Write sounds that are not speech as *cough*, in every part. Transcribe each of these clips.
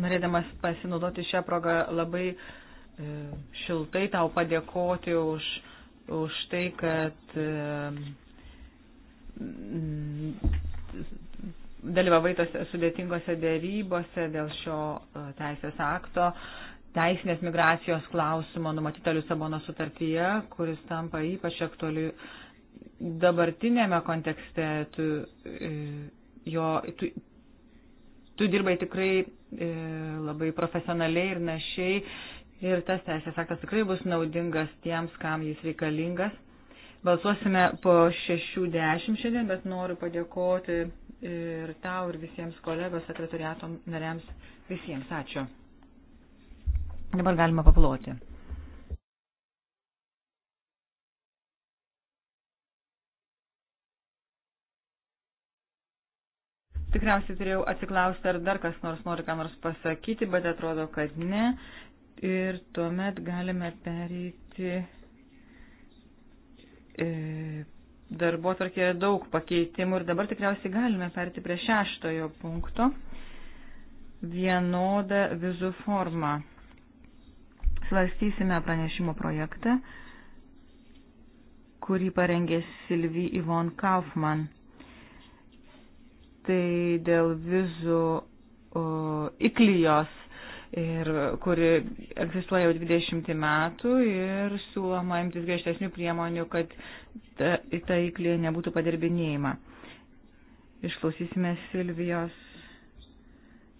norėdamas pasinaudoti šią progą labai e, šiltai tau padėkoti už, už tai, kad e, dalyvavai tose sudėtingose dėrybose dėl šio e, teisės akto, teisinės migracijos klausimo numatyta Lisabono sutartyje, kuris tampa ypač aktualiu dabartinėme kontekste. Tu, jo, tu, tu dirbai tikrai E, labai profesionaliai ir našiai. Ir tas teisės aktas tikrai bus naudingas tiems, kam jis reikalingas. Balsuosime po 6.10 šiandien, bet noriu padėkoti ir tau, ir visiems kolegos, sekretoriato nariams, visiems. Ačiū. Dabar galima paploti. Tikriausiai turėjau atsiklausti, ar dar kas nors nori ką nors pasakyti, bet atrodo, kad ne. Ir tuomet galime pereiti. E, darbo tvarkėje daug pakeitimų ir dabar tikriausiai galime perti prie šeštojo punkto. Vienoda vizų forma. Svarstysime pranešimo projektą, kurį parengė Silvi Ivon Kaufman tai dėl vizų iklijos, ir, kuri egzistuoja jau 20 metų ir siūloma imtis griežtesnių priemonių, kad ta, ta iklija nebūtų padirbinėjama. Išklausysime Silvijos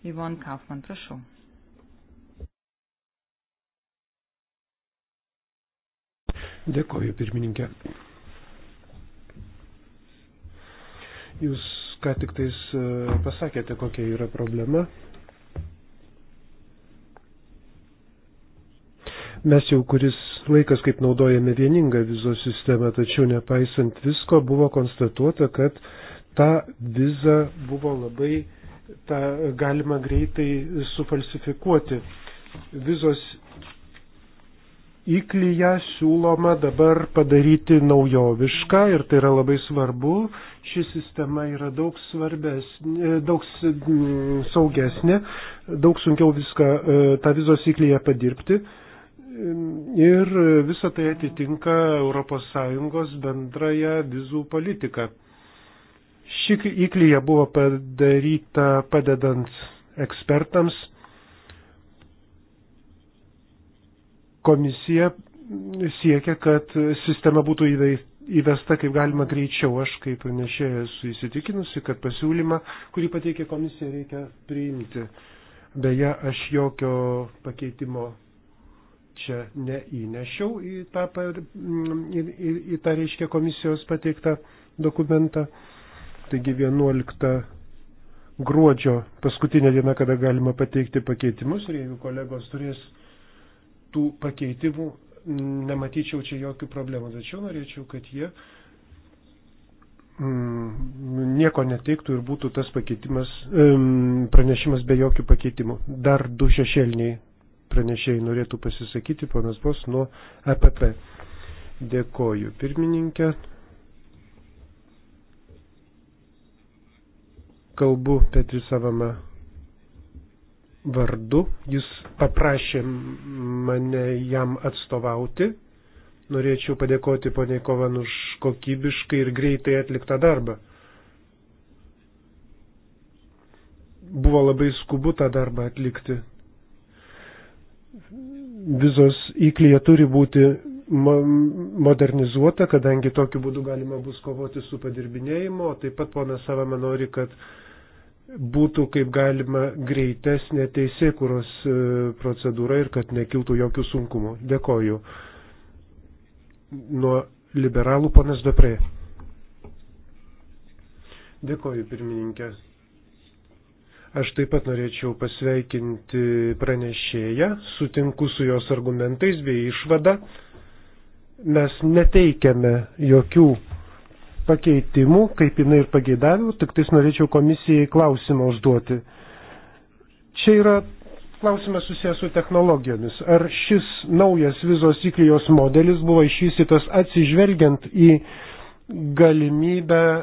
Ivon Kaufman, prašau. Dėkoju, pirmininkė. Jūs ką tik tais e, pasakėte, kokia yra problema. Mes jau kuris laikas, kaip naudojame vieningą vizos sistemą, tačiau nepaisant visko buvo konstatuota, kad ta viza buvo labai, tą galima greitai sufalsifikuoti. Vizos įklyje siūloma dabar padaryti naujovišką ir tai yra labai svarbu. Ši sistema yra daug svarbesnė, daug saugesnė, daug sunkiau viską e, tą vizos įklyje padirbti. Ir visa tai atitinka ES bendrąją vizų politiką. Ši įklyje buvo padaryta padedant ekspertams Komisija siekia, kad sistema būtų įvesta kaip galima greičiau. Aš kaip pranešėja esu įsitikinusi, kad pasiūlymą, kurį pateikė komisija, reikia priimti. Beje, aš jokio pakeitimo čia neįnešiau į tą, į, į, į tą reiškia komisijos pateiktą dokumentą. Taigi 11 gruodžio paskutinė diena, kada galima pateikti pakeitimus ir jeigu kolegos turės tų pakeitimų nematyčiau čia jokių problemų, tačiau norėčiau, kad jie mm, nieko neteiktų ir būtų tas pakeitimas, pranešimas be jokių pakeitimų. Dar du šešėliniai pranešėjai norėtų pasisakyti, ponas Bos nuo EPP. Dėkoju pirmininkė. Kalbu Petri Savama vardu. Jis paprašė mane jam atstovauti. Norėčiau padėkoti poniai Kovan už kokybiškai ir greitai atliktą darbą. Buvo labai skubu tą darbą atlikti. Vizos įklyje turi būti modernizuota, kadangi tokiu būdu galima bus kovoti su padirbinėjimu, o taip pat ponas Savama nori, kad būtų kaip galima greitesnė teisėkuros e, procedūra ir kad nekiltų jokių sunkumų. Dėkoju. Nuo liberalų ponas Depre. Dėkoju, pirmininkė. Aš taip pat norėčiau pasveikinti pranešėją, sutinku su jos argumentais bei išvada. Mes neteikiame jokių pakeitimų, kaip jinai ir pageidavė, tik tais norėčiau komisijai klausimą užduoti. Čia yra klausimas susijęs su technologijomis. Ar šis naujas vizos įklijos modelis buvo išvystytas atsižvelgiant į galimybę e,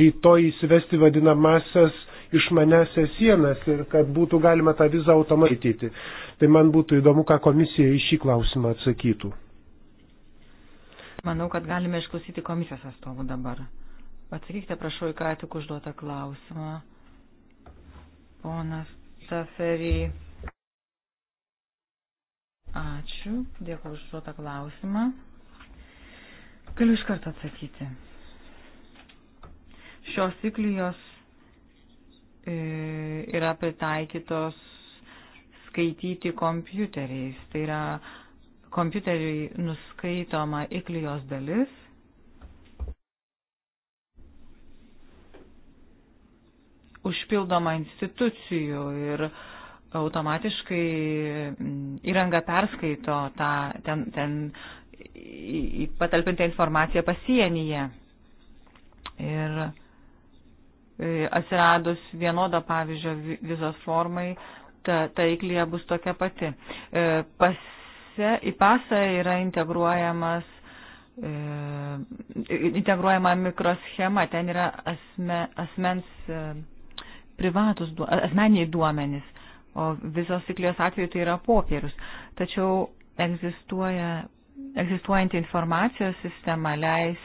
rytoj įsivesti vadinamasias išmanesias sienas ir kad būtų galima tą vizą automatyti. Tai man būtų įdomu, ką komisija į šį klausimą atsakytų. Manau, kad galime išklausyti komisijos atstovų dabar. Atsakykite, prašau, į ką tik užduotą klausimą. Ponas Taferi. Ačiū, dėkui už užduotą klausimą. Galiu iš karto atsakyti. Šios siklijos e, yra pritaikytos skaityti kompiuteriais. Tai yra kompiuteriui nuskaitoma iklijos dalis. Užpildoma institucijų ir automatiškai mm, įranga perskaito tą ten, ten patalpintą informaciją pasienyje. Ir e, atsiradus vienodo pavyzdžio vizos formai, ta taiklija bus tokia pati. E, pas, pase, į pasą yra integruojamas e, integruojama mikroschema, ten yra asme, asmens e, privatus, du, asmeniai duomenys, o visos siklijos atveju tai yra popierius. Tačiau egzistuoja, egzistuojanti informacijos sistema leis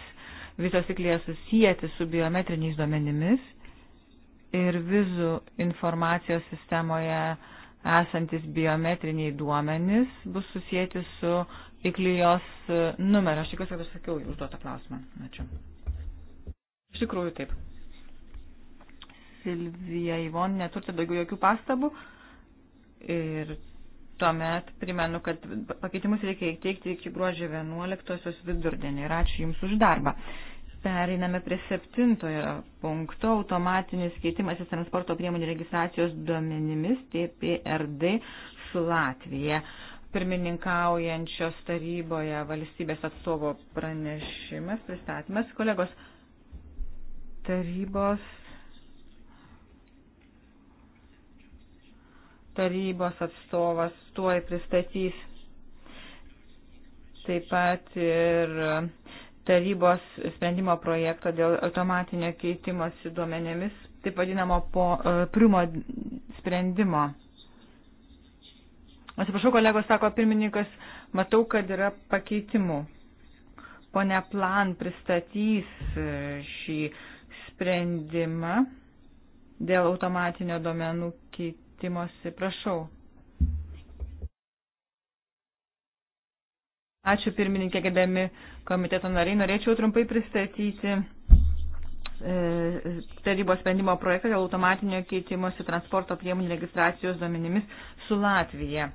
visos siklijos susijęti su biometriniais duomenimis ir vizų informacijos sistemoje e, esantis biometriniai duomenys bus susijęti su įklyjos e, numeriu. Aš tikiuosi, kad aš sakiau jūs duotą klausimą. Ačiū. Iš tikrųjų taip. Silvija Ivon neturite daugiau jokių pastabų ir tuomet primenu, kad pakeitimus reikia įteikti iki gruodžio 11 vidurdienį ir ačiū Jums už darbą. Pereiname prie septintojo punkto - automatinis keitimasis transporto priemonių registracijos duomenimis TPRD su Latvija. Pirmininkaujančios taryboje valstybės atstovo pranešimas, pristatymas. Kolegos, tarybos, tarybos atstovas tuoj pristatys taip pat ir tarybos sprendimo projekto dėl automatinio keitimosi duomenėmis, taip vadinamo po uh, e, primo sprendimo. Atsiprašau, kolegos, sako pirmininkas, matau, kad yra pakeitimų. Pone Plan pristatys e, šį sprendimą dėl automatinio duomenų keitimosi. Prašau. Ačiū pirmininkė, gerbiami uh, komiteto nariai, norėčiau trumpai pristatyti e, tarybos sprendimo projektą dėl automatinio keitimosi transporto priemonių registracijos duomenimis su Latvija.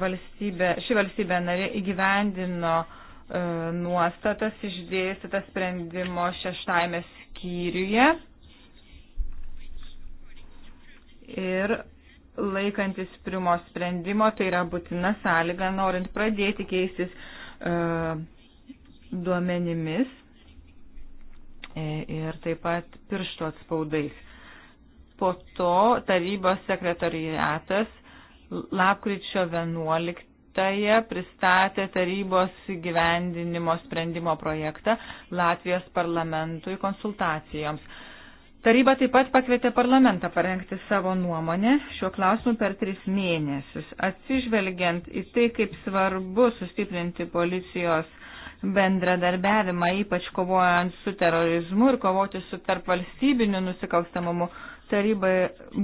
Valstybė, ši valstybė narė įgyvendino e, nuostatas išdėstytas sprendimo šeštajame skyriuje ir laikantis primo sprendimo, tai yra būtina sąlyga, norint pradėti keistis E, duomenimis e, ir taip pat piršto atspaudais. Po to tarybos sekretariatas lapkričio 11 pristatė tarybos gyvendinimo sprendimo projektą Latvijos parlamentui konsultacijoms. Taryba taip pat pakvietė parlamentą parengti savo nuomonę šiuo klausimu per tris mėnesius. Atsižvelgiant į tai, kaip svarbu sustiprinti policijos bendradarbiavimą, ypač kovojant su terorizmu ir kovoti su tarpvalstybiniu nusikalstamumu, taryba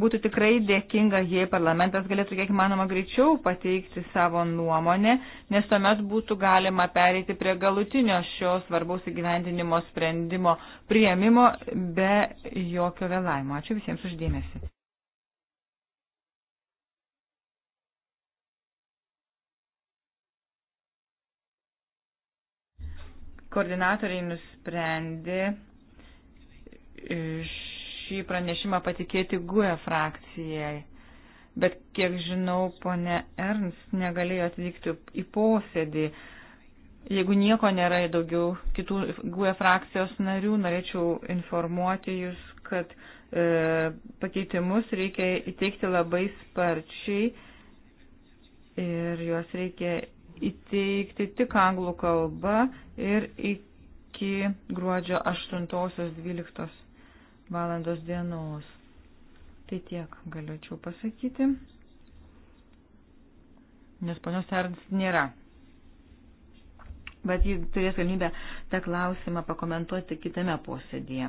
būtų tikrai dėkinga, jei parlamentas galėtų kiek manoma greičiau pateikti savo nuomonę, nes tuomet būtų galima pereiti prie galutinio šio svarbaus įgyvendinimo sprendimo prieimimo be jokio vėlavimo. Ačiū visiems uždėmesi. Koordinatoriai nusprendė iš šį pranešimą patikėti GUE frakcijai. Bet kiek žinau, ponė Ernst negalėjo atvykti į posėdį. Jeigu nieko nėra daugiau kitų GUE frakcijos narių, norėčiau informuoti Jūs, kad e, pakeitimus reikia įteikti labai sparčiai ir juos reikia įteikti tik anglų kalba ir iki gruodžio 8-12 valandos dienos. Tai tiek galėčiau pasakyti, nes ponios Arns nėra. Bet jį turės galimybę tą klausimą pakomentuoti kitame posėdėje.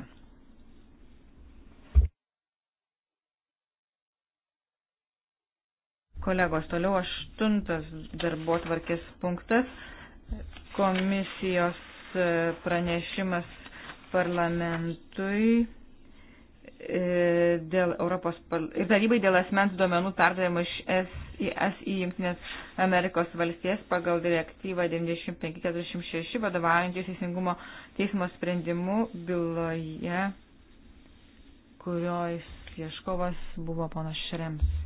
Kolegos, toliau aštuntas darbo tvarkės punktas. Komisijos pranešimas parlamentui E, dėl Europos ir tarybai dėl asmens duomenų perdavimo iš SIS į Junktinės Amerikos valstijas pagal direktyvą 9546 vadovaujantis teisingumo teismo sprendimu byloje, kurios ieškovas buvo ponas Šrems.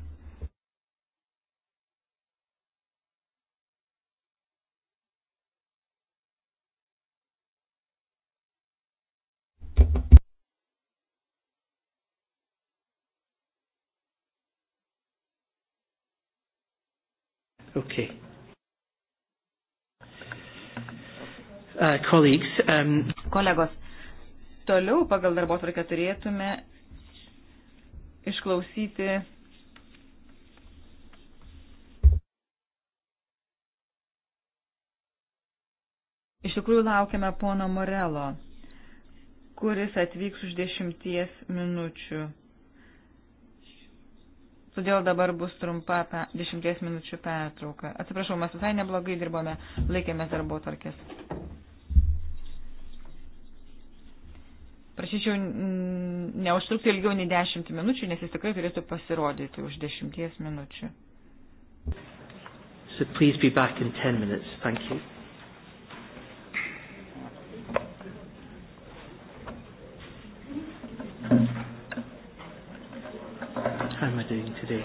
Okay. Uh, colleagues, um... Kolegos, toliau pagal darbo tvarkę turėtume išklausyti Iš tikrųjų laukiame pono Morelo, kuris atvyks už dešimties minučių todėl dabar bus trumpa 10 minučių pertrauka. Atsiprašau, mes visai neblogai dirbome, laikėmės darbo tvarkės. Prašyčiau neužtrukti ilgiau nei 10 minučių, nes jis tikrai turėtų pasirodyti už 10 minučių. So please be back in 10 minutes. Thank you. accommodating today.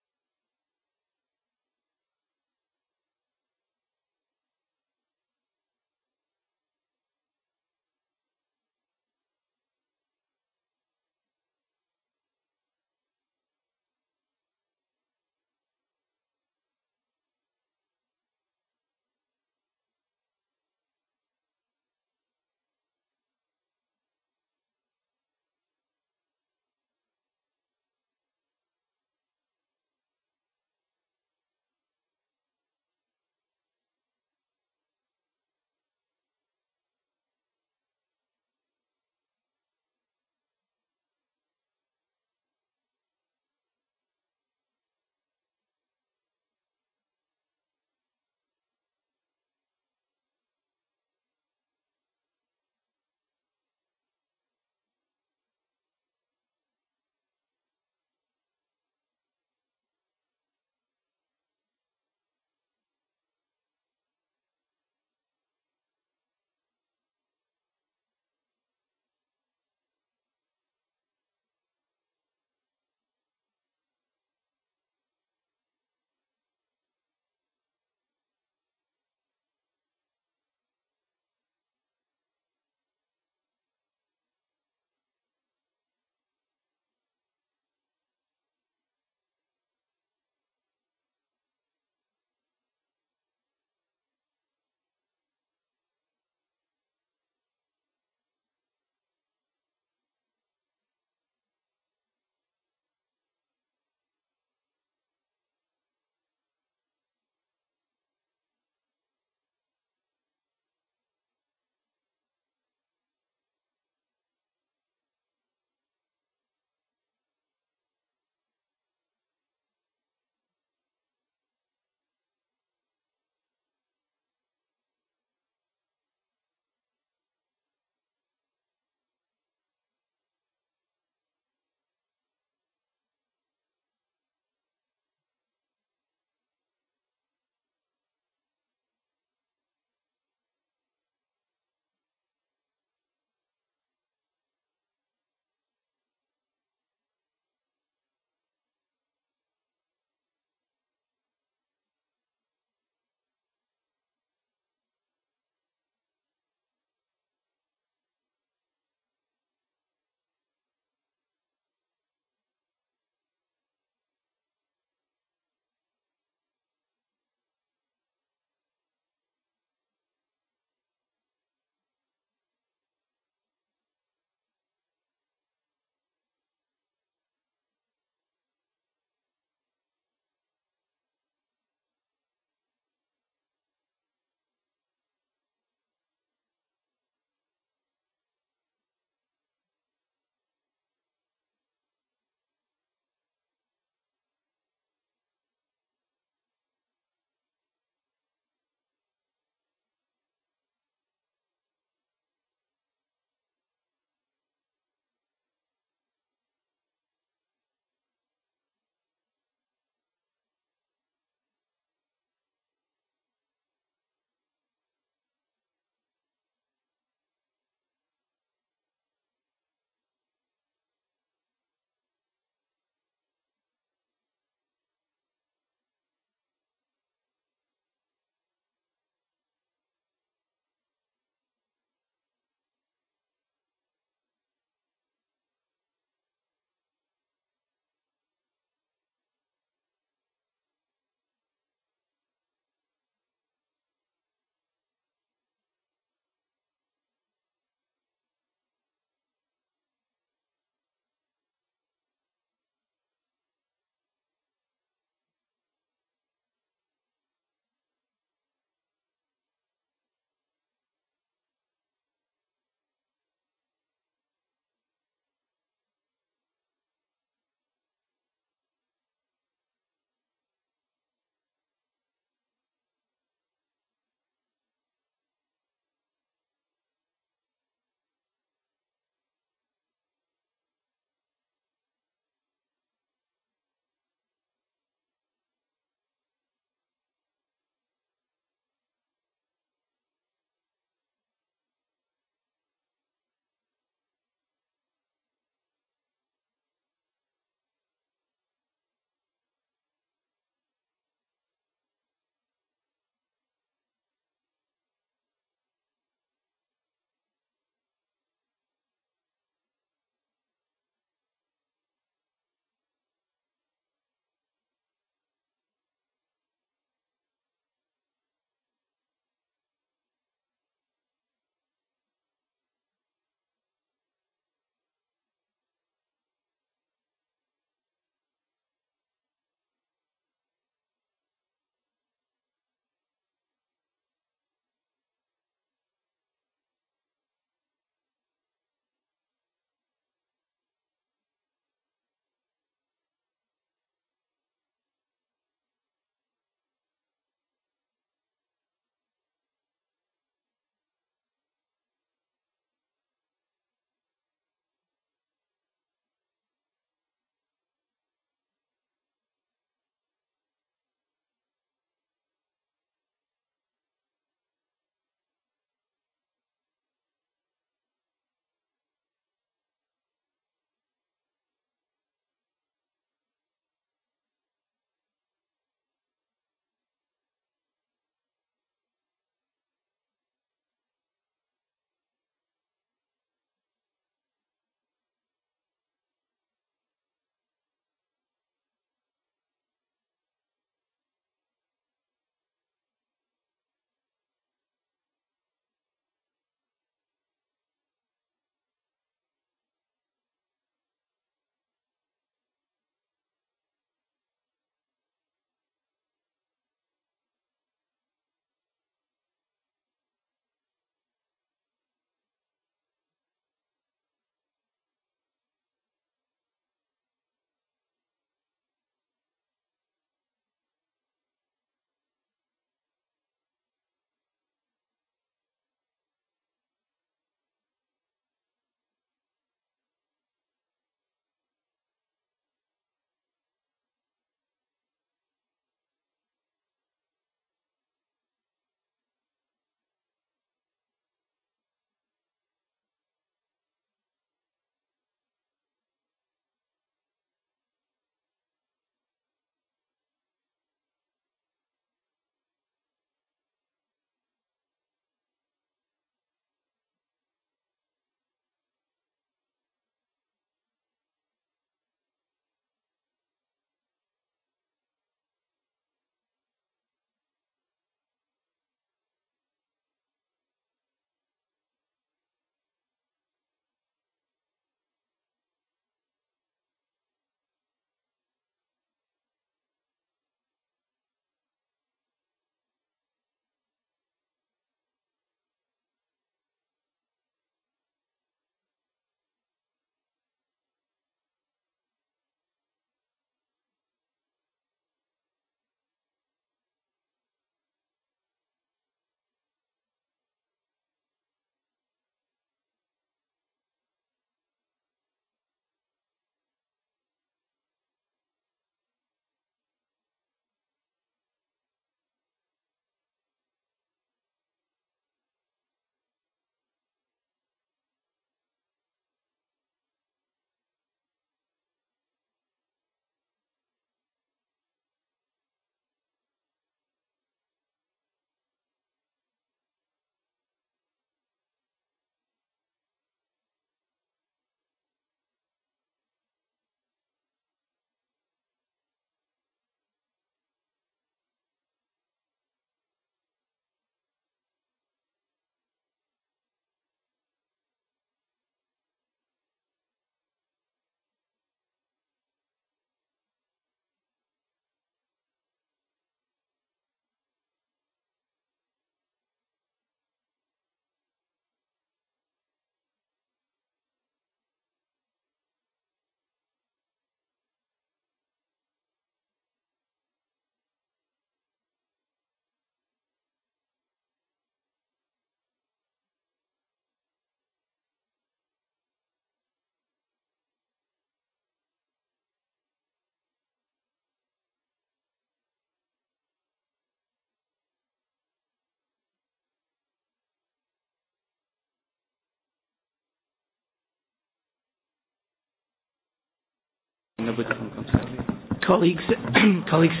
nobody from concern. Colleagues, *clears throat* colleagues.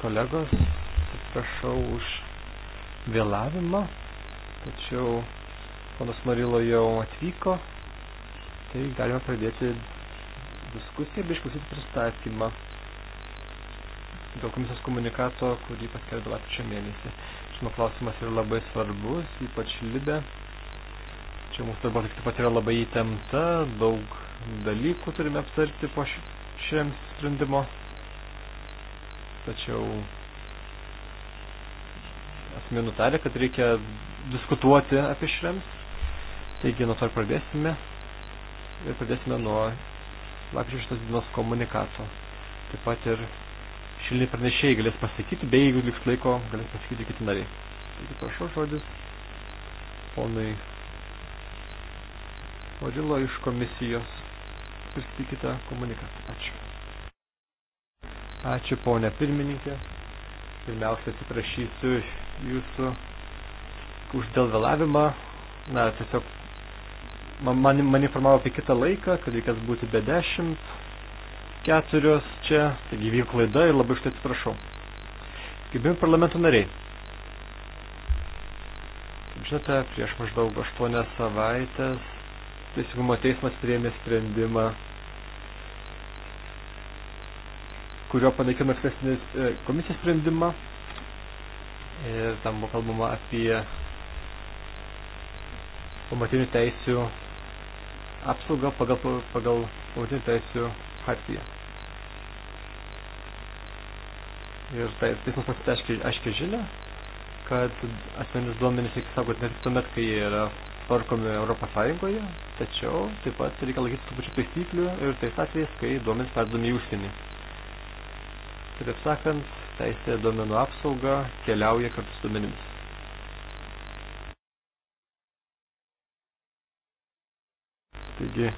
Kolegos, atsiprašau už vėlavimą, tačiau ponas Marilo jau atvyko, tai galime pradėti diskusiją bei išklausyti pristatymą dėl komisijos komunikato, kurį paskelbė lapkričio mėnesį. Žinoma, klausimas yra labai svarbus, ypač libe. Čia mūsų darbas taip pat yra labai įtempta, daug dalykų turime aptarti po, ši, šiems sprendimo. Tačiau esmė nutarė, kad reikia diskutuoti apie šrems. Taigi nuo to ir pradėsime. Ir pradėsime nuo lapkričio šitos dienos komunikato. Taip pat ir šiliniai pranešėjai galės pasakyti, bei jeigu liks laiko, galės pasakyti kiti nariai. Taigi prašau žodis ponui Odilo iš komisijos pristatykite komunikatą. Ačiū. Ačiū, ponė pirmininkė. Pirmiausia, atsiprašysiu jūsų už dėl vėlavimą. Na, tiesiog man, man, man informavo apie kitą laiką, kad reikės būti be dešimt keturios čia, taigi vyko klaida ir labai štai atsiprašau. Gerbimi parlamento nariai, kaip žinote, prieš maždaug aštuonias savaitės Teisingumo teismas priėmė sprendimą, kurio panaikino ekspresinės e, komisijos sprendimą. Ir tam buvo kalbama apie pamatinių teisių apsaugą pagal, pagal pamatinių teisių hartiją. Ir tai teismas pasitė aiškiai žinia, kad asmenys duomenys reikia saugoti ne tik tuomet, kai jie yra tvarkomi Europos Sąjungoje, tačiau taip pat reikia laikytis tų pačių taisyklių ir tais atvejais, kai duomenys perdomi į užsienį. Taip sakant, teisė duomenų apsauga keliauja kartu su duomenimis. Taigi,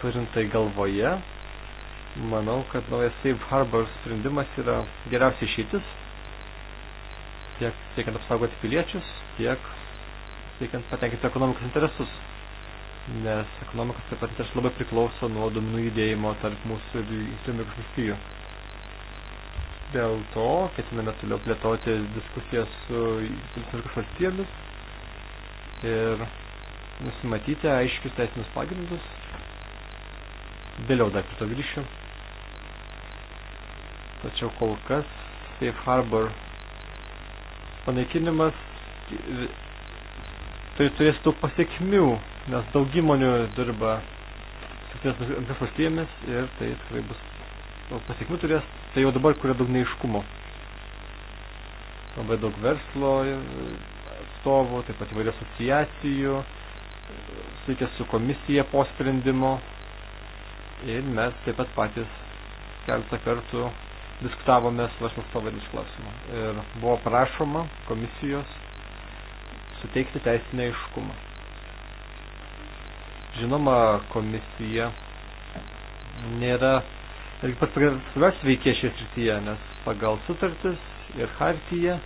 turint tai galvoje, manau, kad naujas Safe Harbor sprendimas yra geriausiai išytis, tiek siekiant apsaugoti piliečius, tiek siekiant patenkinti ekonomikos interesus, nes ekonomikos taip pat interesai labai priklauso nuo duomenų judėjimo tarp mūsų ir jungtinių valstijų. Dėl to ketiname toliau plėtoti diskusijas su jungtinėmis valstijomis ir nusimatyti aiškius teisinius pagrindus. Vėliau dar prie to grįšiu. Tačiau kol kas Safe Harbor panaikinimas tai turės daug pasiekmių, nes daug įmonių dirba jungtinės valstybėmis ir tai tikrai bus pasiekmių turės, tai jau dabar kuria daug neiškumo. Labai daug verslo atstovų, taip pat įvairių asociacijų, suteikia su komisija po sprendimo ir mes taip pat patys keletą kartų diskutavome su aš atstovai iš klausimų. Ir buvo prašoma komisijos suteikti teisinę iškumą. Žinoma, komisija nėra irgi pats svarbiausias veikėjas šioje srityje, nes pagal sutartis ir hartiją,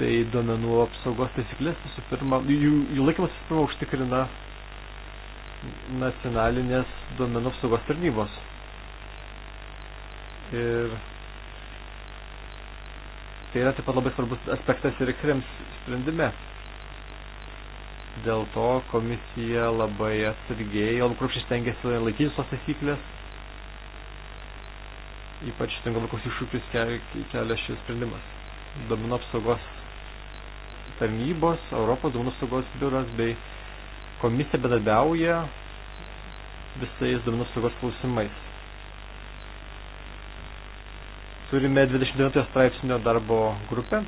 tai duomenų apsaugos taisyklės visų pirma, jų, jų laikymas visų pirma užtikrina nacionalinės duomenų apsaugos tarnybos. Ir tai yra taip pat labai svarbus aspektas ir krims sprendime. Dėl to komisija labai atsargiai, jau krupščiai stengiasi laikytis tos taisyklės. Ypač tinkamu koks iššūkis kelia šis sprendimas. Domino apsaugos tarnybos, Europos domino apsaugos biuras bei komisija bedarbiauja visais domino apsaugos klausimais. Turime 29 straipsnio darbo grupę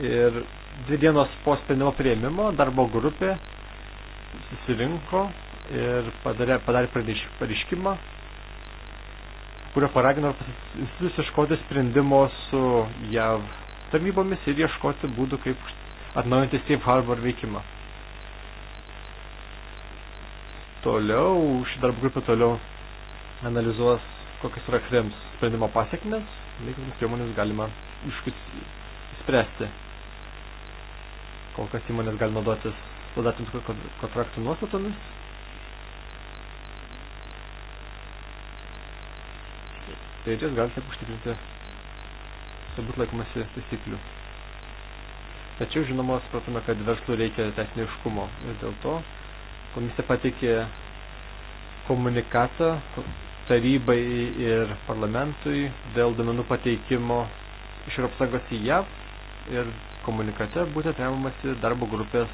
ir dvi dienos po sprendimo prieimimo darbo grupė susirinko ir padarė, padarė pareiškimą, kurio paragino institucijus ieškoti sprendimo su JAV tarnybomis ir ieškoti būdų, kaip atnaujinti Safe Harbor veikimą. Toliau, ši darbo grupė toliau analizuos, kokias yra krems sprendimo pasiekmes, laikas priemonės galima iškus spręsti kol kas įmonės gali naudotis nuodatams kontraktų nuostatomis. Tai ir jas gali tiek užtikrinti, kad būtų laikomasi taisyklių. Tačiau, žinoma, supratome, kad verslui reikia teisinio iškumo. Ir dėl to komisija pateikė komunikatą tarybai ir parlamentui dėl domenų pateikimo iš Europos Sąjungos į JAV ir komunikate būtent remamasi darbo grupės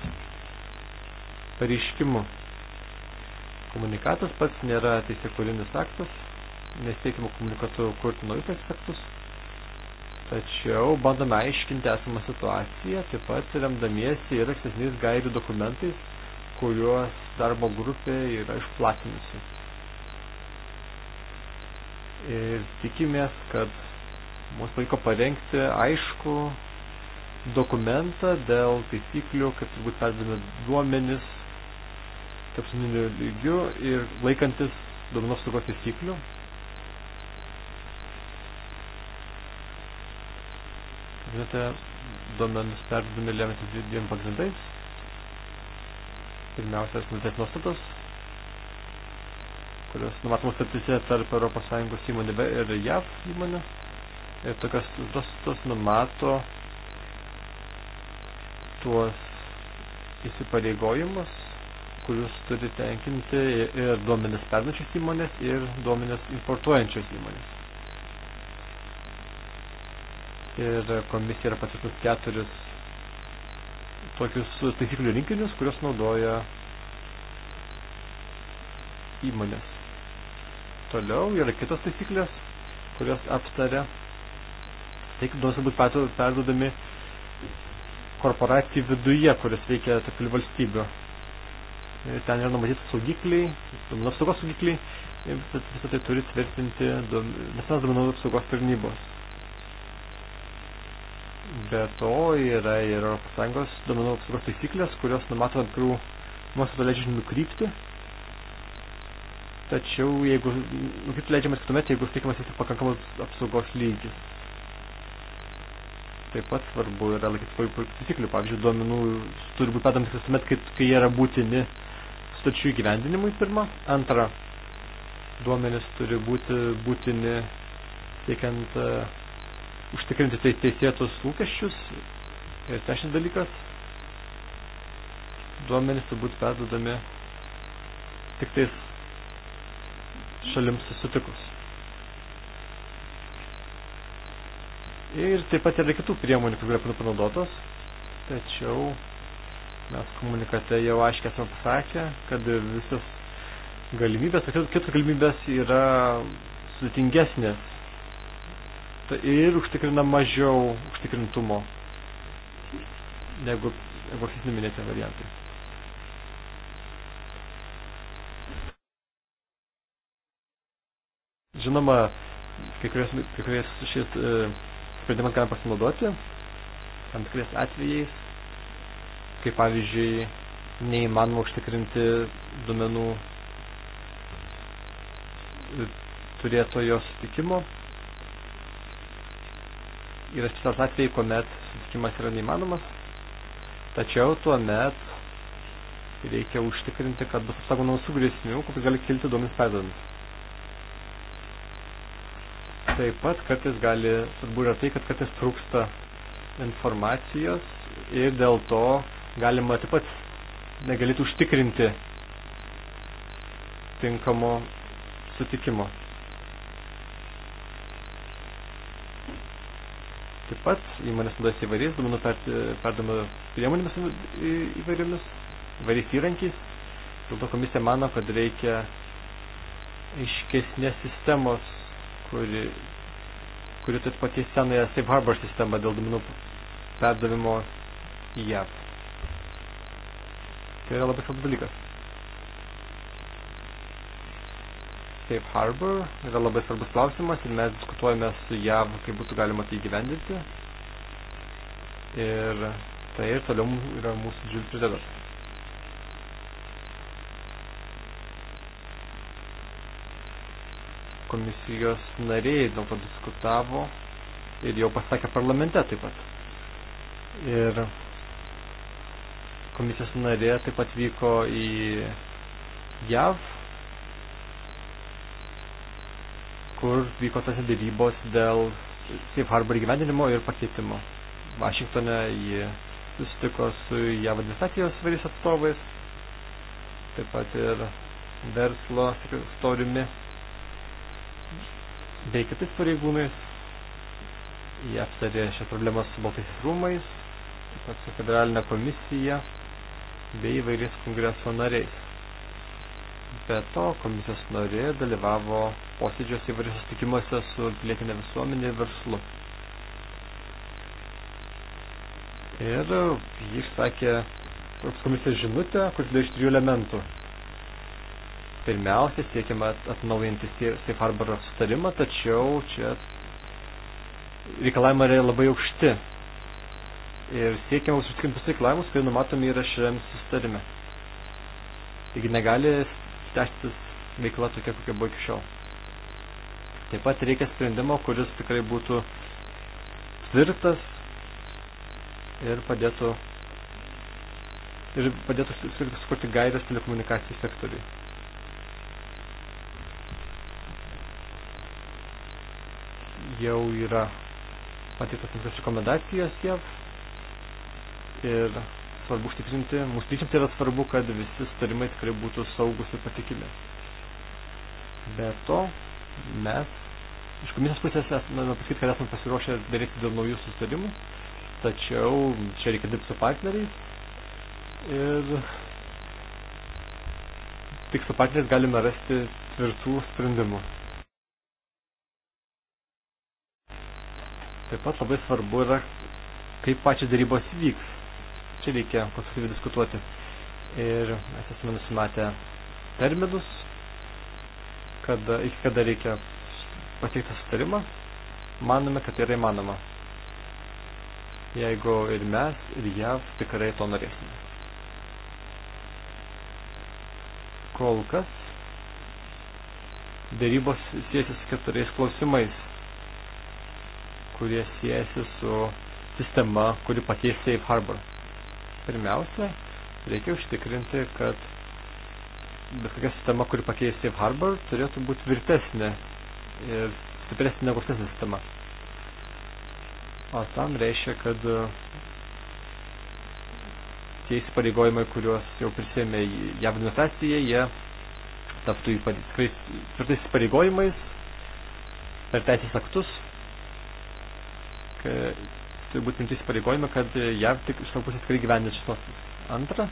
pareiškimu. Komunikatas pats nėra teisėkūrinis aktas, nesiekimo komunikatu kurti naujus aspektus, tačiau bandome aiškinti esamą situaciją, taip pat remdamiesi ir ankstesniais gairių dokumentais, kuriuos darbo grupė yra išplatinusi. Ir tikimės, kad mums pavyko parengti aišku dokumentą dėl taisyklių, kaip turbūt perdami duomenis tarptautiniu lygiu ir laikantis duomenų apsaugos taisyklių. Žinote, duomenus perdami lemiantis dviem pagrindais. Pirmiausia, asmenitės nuostatos, kurios numatomos tarptise tarp ES įmonių ir JAV įmonių. Ir tokios nuostatos numato tuos įsipareigojimus, kuriuos turi tenkinti ir duomenis perdančios įmonės, ir duomenis importuojančios įmonės. Ir komisija yra patvirtinus keturis tokius taisyklių rinkinius, kuriuos naudoja įmonės. Toliau yra kitos taisyklės, kurios aptaria, tai duos būti perduodami korporacijų viduje, kuris veikia tokių valstybių. Ten yra numatyti saugikliai, duomenų apsaugos saugikliai, visą tai turi tvirtinti visas duomenų apsaugos tarnybos. Be to yra ir ES duomenų apsaugos taisyklės, kurios numato atkrų nuostatų leidžiančių nukrypti. Tačiau jeigu nukrypti leidžiamas tuomet, jeigu steikiamas esi pakankamas apsaugos lygis taip pat svarbu yra laikytis taisyklių. Pavyzdžiui, duomenų turi būti pedams visuomet, kai, kai jie yra būtini stačių įgyvendinimui pirma. Antra, duomenys turi būti būtini siekiant uh, užtikrinti tai teisėtus lūkesčius. Ir trečias dalykas, duomenys turi būti perdodami tik tais šalims susitikus. Ir taip pat yra kitų priemonių, kurios yra panaudotos, tačiau mes komunikate jau aiškiai esame pasakę, kad visas galimybės, kitos galimybės yra sudėtingesnės ir užtikrina mažiau užtikrintumo negu ankstesni minėti variantai. Žinoma, kai kurios, kai kurios šis, e, sprendimą galime pasinaudoti tam tikrais atvejais, kaip pavyzdžiui, neįmanoma užtikrinti duomenų turėtojo sutikimo. Yra specialus atvejai, kuomet sutikimas yra neįmanomas, tačiau tuomet reikia užtikrinti, kad bus apsaugomų nausų grėsmių, kokios gali kilti duomenys perdodant. Taip pat kartais gali atbūrė tai, kad kartais trūksta informacijos ir dėl to galima taip pat negalėtų užtikrinti tinkamo sutikimo. Taip pat įmonės naudojasi įvairiais duomenų perdavimo priemonėmis įvairiomis, įvairiais įrankiais. Dėl to komisija mano, kad reikia aiškesnės sistemos, kuri kuri taip pakeis senąją Safe Harbor sistemą dėl duomenų perdavimo į JAV. Tai yra labai svarbus dalykas. Safe Harbor yra labai svarbus klausimas ir mes diskutuojame su JAV, kaip būtų galima tai gyvendinti. Ir tai ir toliau yra mūsų didžiulis prioritetas. komisijos nariai dėl to diskutavo ir jau pasakė parlamente taip pat. Ir komisijos narė taip pat vyko į JAV, kur vyko tas dėrybos dėl Safe Harbor gyvendinimo ir pakeitimo. Vašingtone ji susitiko su JAV administracijos vairiais atstovais, taip pat ir verslo sekretoriumi bei kitais pareigūnais. Jie aptarė šią problemą su Baltaisiais rūmais, taip pat su federalinė komisija bei įvairiais kongreso nariais. Be to, komisijos narė dalyvavo posėdžiuose įvairiuose sutikimuose su pilietinė visuomenė ir verslu. Ir jis sakė komisijos žinutę, kuris yra iš trijų elementų. Pirmiausia, siekiama atnaujinti Safe Harbor sutarimą, tačiau čia reikalavimai yra labai aukšti. Ir siekiama užtikrintus reikalavimus, kurie numatomi yra šiame sutarime. Taigi negali tęstis veikla tokia, kokia buvo iki šiol. Taip pat reikia sprendimo, kuris tikrai būtų tvirtas ir padėtų ir padėtų sukurti gairias telekomunikacijų sektoriui. jau yra pateiktos visas rekomendacijos jav ir svarbu užtikrinti, mūsų tyčiams yra svarbu, kad visi sutarimai tikrai būtų saugus ir patikimi. Be to, mes iš komisijos pusės esame pasakyti, kad esame pasiruošę daryti dėl naujų sustarimų, tačiau čia reikia dirbti su partneriais ir tik su partneriais galime rasti tvirtų sprendimų. Taip pat labai svarbu yra, kaip pačios darybos vyks. Čia reikia konstruktyviai diskutuoti. Ir mes esame nusimatę terminus, kada, iki kada reikia pasiekti sutarimą. Manome, kad tai yra įmanoma. Jeigu ir mes, ir JAV tikrai to norėsime. Kol kas darybos siejasi su keturiais klausimais kurie siejasi su sistema, kuri pakeis Safe Harbor. Pirmiausia, reikia užtikrinti, kad bet kokia sistema, kuri pakeis Safe Harbor, turėtų būti virtesnė ir stipresnė negu sesnė sistema. O tam reiškia, kad e, tie įsipareigojimai, kuriuos jau prisėmė JAV administracija, jie taptų tikrai tvirtais įsipareigojimais per teisės aktus E, turi būti imtis pareigojimai, kad e, JAV tik iš savo pusės tikrai gyvendės šitos. Antra,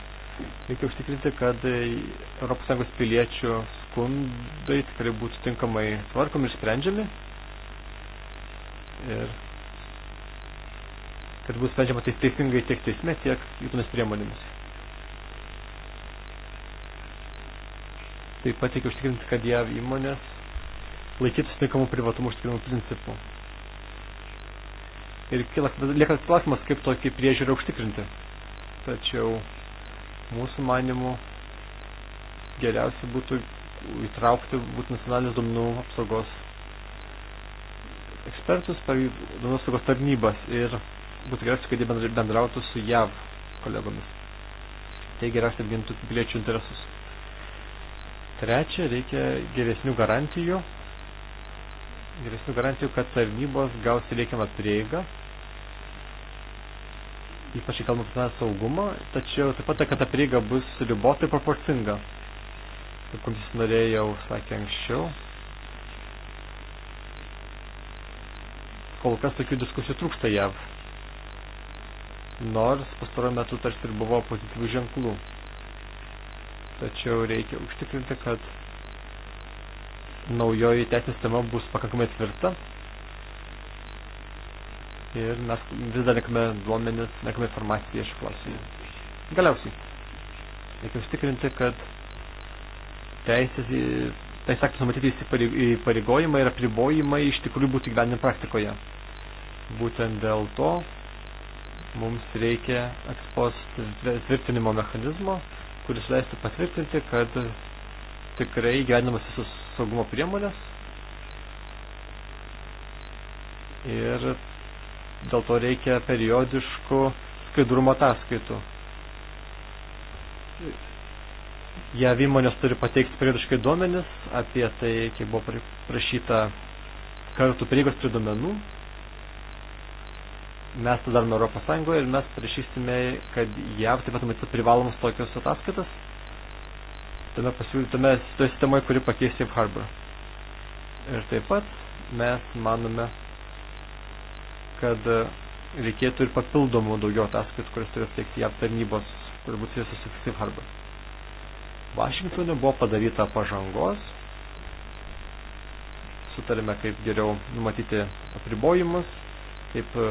reikia užtikrinti, kad ES piliečių skundai tikrai būtų tinkamai tvarkomi ir sprendžiami. Ir kad bus sprendžiama taip teisingai tiek teisme, tiek kitomis priemonėmis. Taip pat reikia užtikrinti, kad JAV įmonės laikytųsi tinkamų privatumo užtikrinimo principų ir lieka klausimas, kaip tokį priežiūrą užtikrinti. Tačiau mūsų manimų geriausia būtų įtraukti būtų nacionalinės duomenų apsaugos ekspertus, duomenų apsaugos tarnybas ir būtų geriausia, kad jie bendrautų su JAV kolegomis. Tai geriausia apgintų piliečių interesus. Trečia, reikia geresnių garantijų geresnių garantijų, kad tarnybos gaus reikiamą prieigą, ypač kalbant apie saugumą, tačiau taip pat, kad ta prieiga bus ribotai proporcinga. Kaip komisijos norėjau, sakė anksčiau. Kol kas tokių diskusijų trūksta jav. Nors pastaruoju metu tarsi ir buvo pozityvių ženklų. Tačiau reikia užtikrinti, kad naujoji teisės sistema bus pakankamai tvirta. Ir mes vis dar nekame duomenis, nekame informaciją iš klausimų. Galiausiai, reikia užtikrinti, kad teisės, teisės aktus numatyti įpareigojimai ir apribojimai iš tikrųjų būtų gyvenime praktikoje. Būtent dėl to mums reikia ekspost tvirtinimo mechanizmo, kuris leistų patvirtinti, kad tikrai gyvenimas visus saugumo priemonės. Ir dėl to reikia periodiškų skaidrumo ataskaitų. Jav įmonės turi pateikti periodiškai duomenis apie tai, kiek buvo prašyta kartų prieigos prie duomenų. Mes tą darome Europos Sąjungoje ir mes prašysime, kad JAV taip pat matytų privalomus tokius ataskaitas tame pasiūlytame toje sistemoje, kuri pakeis Safe Harbor. Ir taip pat mes manome, kad e, reikėtų ir papildomų daugiau ataskaitų, kurias turės teikti JAV tarnybos, kur bus jėsus su Safe Harbor. Vašingtonė buvo padaryta pažangos, sutarėme, kaip geriau numatyti apribojimus, kaip e,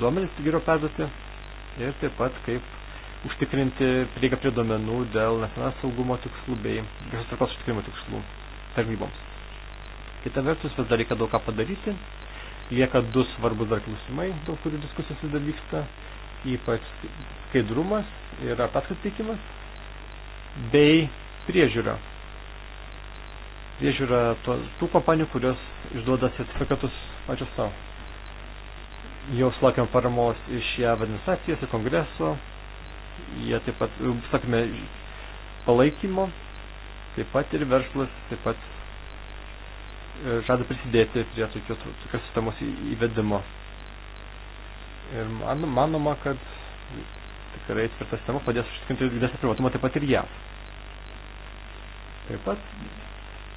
duomenis geriau perduoti ir taip pat kaip užtikrinti prieigą prie domenų dėl nacionalinio saugumo tikslų bei viešos tvarkos užtikrimo tikslų tarnyboms. Kita vertus, vis dar reikia daug ką padaryti. Lieka du svarbus dar klausimai, daug kurių diskusijos vis dar vyksta, ypač skaidrumas ir ataskaitikimas bei priežiūra. Priežiūra to, tų kompanijų, kurios išduoda sertifikatus pačios savo. Jau sulaukėm paramos iš JAV administracijos ir kongreso, jie taip pat, e, sakome, palaikymo, taip pat ir verslas, taip pat e, žada prisidėti prie tokios, tokios sistemos įvedimo. Ir man, manoma, kad tikrai tvirta sistema padės užtikrinti didesnį privatumą taip pat ir jav. Taip pat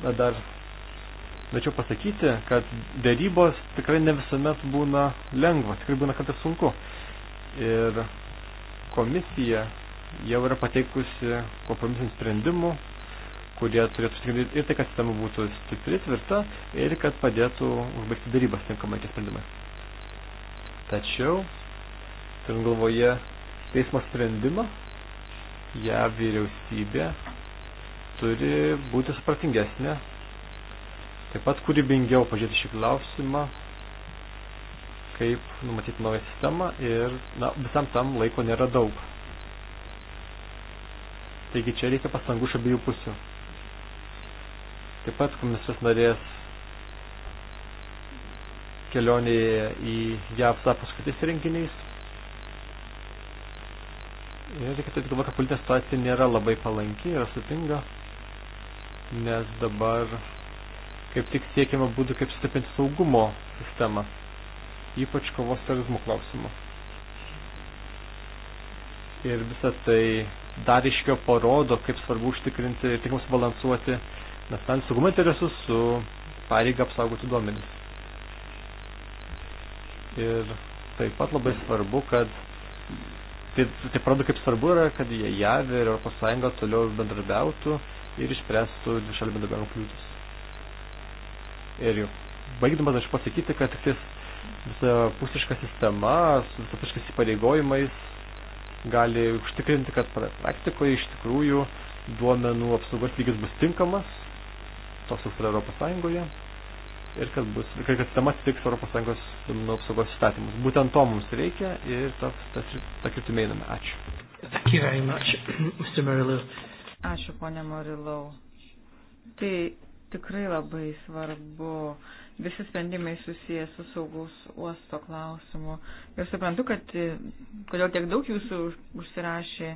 na, dar norėčiau pasakyti, kad dėrybos tikrai ne visuomet būna lengvos, tikrai būna kartais sunku. Ir komisija jau yra pateikusi kompromisinių sprendimų, kurie turėtų stikrinti ir tai, kad sistema būtų stipri, tvirta ir kad padėtų užbaigti darybas tinkamai tie sprendimai. Tačiau, turim galvoje teismo sprendimą, ją vyriausybė turi būti supratingesnė, taip pat kūrybingiau pažiūrėti šį klausimą kaip numatyti naują sistemą ir na, visam tam laiko nėra daug. Taigi čia reikia pastangų iš abiejų pusių. Taip pat komisijos narės kelionėje į JAV tapus kitais renginiais. Ir reikia turėti galvoje, kad politinė situacija nėra labai palanki, yra sutinga, nes dabar kaip tik siekiama būdų, kaip sustiprinti saugumo sistemą ypač kovos terorizmo klausimu. Ir visą tai dar iškio parodo, kaip svarbu užtikrinti ir tikimus balansuoti nacionalinį saugumo interesus su pareiga apsaugoti duomenis. Ir taip pat labai svarbu, kad tai, tai parodo, kaip svarbu yra, kad jie JAV ir Europos Sąjunga toliau bendradarbiautų ir išspręstų dvišalį bendradarbiavimo kliūtis. Ir jau, baigdamas aš pasakyti, kad tik visapusiška sistema, su visapusiškais įpareigojimais gali užtikrinti, kad praktikoje iš tikrųjų duomenų apsaugos lygis bus tinkamas, toks jis yra Europos Sąjungoje, ir kad, bus, kad, kad sistema atitiks Europos Sąjungos duomenų apsaugos įstatymus. Būtent to mums reikia ir tas, tas, tą kryptimį einame. Ačiū. Thank you very much, *clears throat* Mr. Marilau. Ačiū, ponė Marilau. Tai tikrai labai svarbu visi sprendimai susijęs su saugaus uosto klausimu. Ir suprantu, kad e, kodėl tiek daug jūsų užsirašė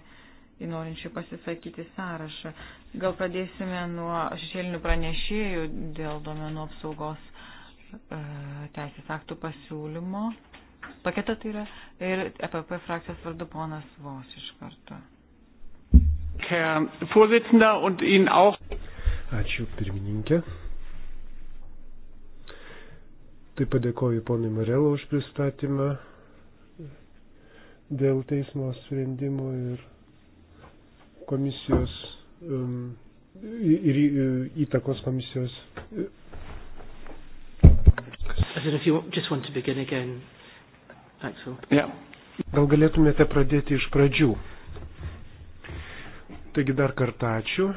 į norinčių pasisakyti sąrašą. Gal pradėsime nuo šešėlinių pranešėjų dėl domenų apsaugos e, teisės aktų pasiūlymo. Paketą tai yra ir EPP frakcijos vardu ponas Vos iš karto. Herr Vorsitzender und Ihnen auch. Ačiū pirmininkė. Taip padėkoju ponui Marelo už pristatymą dėl teismo sprendimo ir komisijos um, ir įtakos komisijos. E, again, yeah. Gal galėtumėte pradėti iš pradžių? Taigi dar kartą ačiū.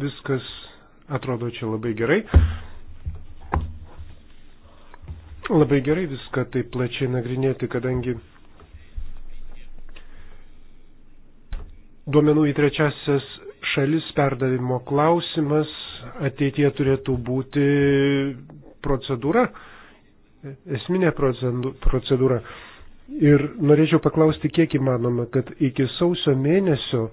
Viskas atrodo čia labai gerai. Labai gerai viską taip plačiai nagrinėti, kadangi duomenų į trečiasias šalis perdavimo klausimas ateitie turėtų būti procedūra, esminė procedūra. Ir norėčiau paklausti, kiek įmanoma, kad iki sausio mėnesio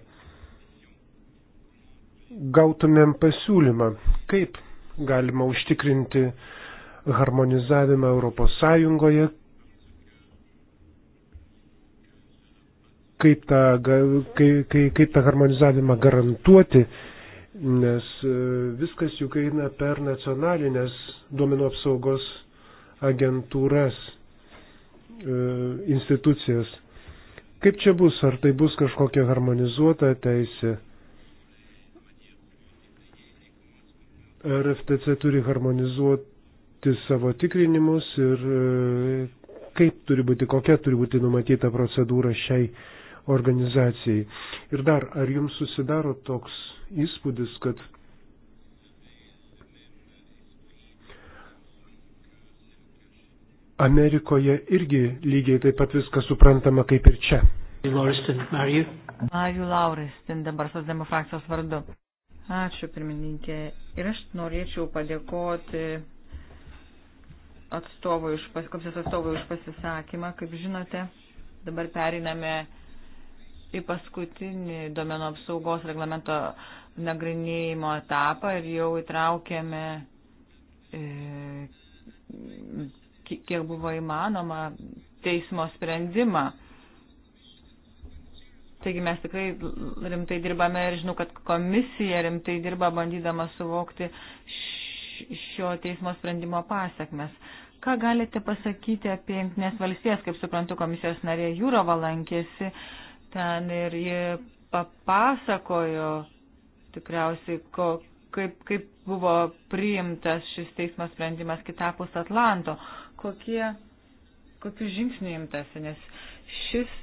gautumėm pasiūlymą, kaip galima užtikrinti uh, harmonizavimą Europos Sąjungoje, kaip tą, kaip, kaip, kaip tą harmonizavimą garantuoti, nes e, viskas juk eina per nacionalinės duomenų apsaugos agentūras, e, institucijas. Kaip čia bus, ar tai bus kažkokia harmonizuota teisė? Ar FTC turi harmonizuot, atlikti savo tikrinimus ir e, kaip turi būti, kokia turi būti numatyta procedūra šiai organizacijai. Ir dar, ar jums susidaro toks įspūdis, kad Amerikoje irgi lygiai taip pat viskas suprantama kaip ir čia? Lauristin, Mariju. Mariju Lauristin, dabar Sosdemų frakcijos vardu. Ačiū, pirmininkė. Ir aš norėčiau padėkoti atstovų iš, komisijos atstovų už pasisakymą. Kaip žinote, dabar periname į paskutinį domenų apsaugos reglamento nagrinėjimo etapą ir jau įtraukėme, e, kiek buvo įmanoma, teismo sprendimą. Taigi mes tikrai rimtai dirbame ir žinau, kad komisija rimtai dirba bandydama suvokti šio teismo sprendimo pasiekmes. Ką galite pasakyti apie Junktinės valstijas, kaip suprantu, komisijos narė Jūrova lankėsi ten ir ji papasakojo tikriausiai, ko, kaip, kaip buvo priimtas šis teismo sprendimas kitapus Atlanto, kokie, kokius žingsnių imtasi, nes šis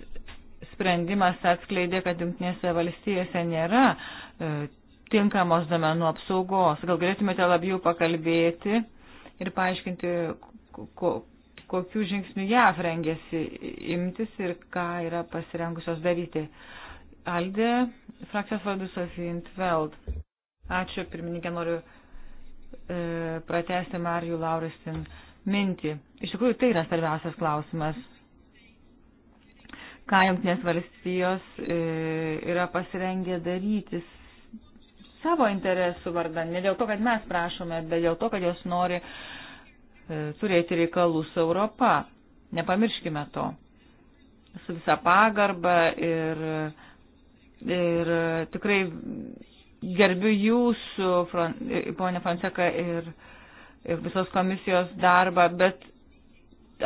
sprendimas atskleidė, kad Junktinėse valstijose nėra e, tinkamos domenų apsaugos. Gal galėtumėte labiau pakalbėti? ir paaiškinti, ko, kokių žingsnių JAV rengėsi imtis ir ką yra pasirengusios daryti. Aldė, frakcijos vardu Sofija Intveld. Ačiū, pirmininkė, noriu e, pratesti Marijų Lauristin mintį. Iš tikrųjų, tai yra svarbiausias klausimas. Ką jungtinės valstijos e, yra pasirengę daryti savo interesų vardan, ne dėl to, kad mes prašome, bet dėl to, kad jos nori e, E, turėti reikalų su Europa. Nepamirškime to. Su visa pagarba ir, ir tikrai gerbiu jūsų, ponė Fonseka, ir, ir visos komisijos darbą, bet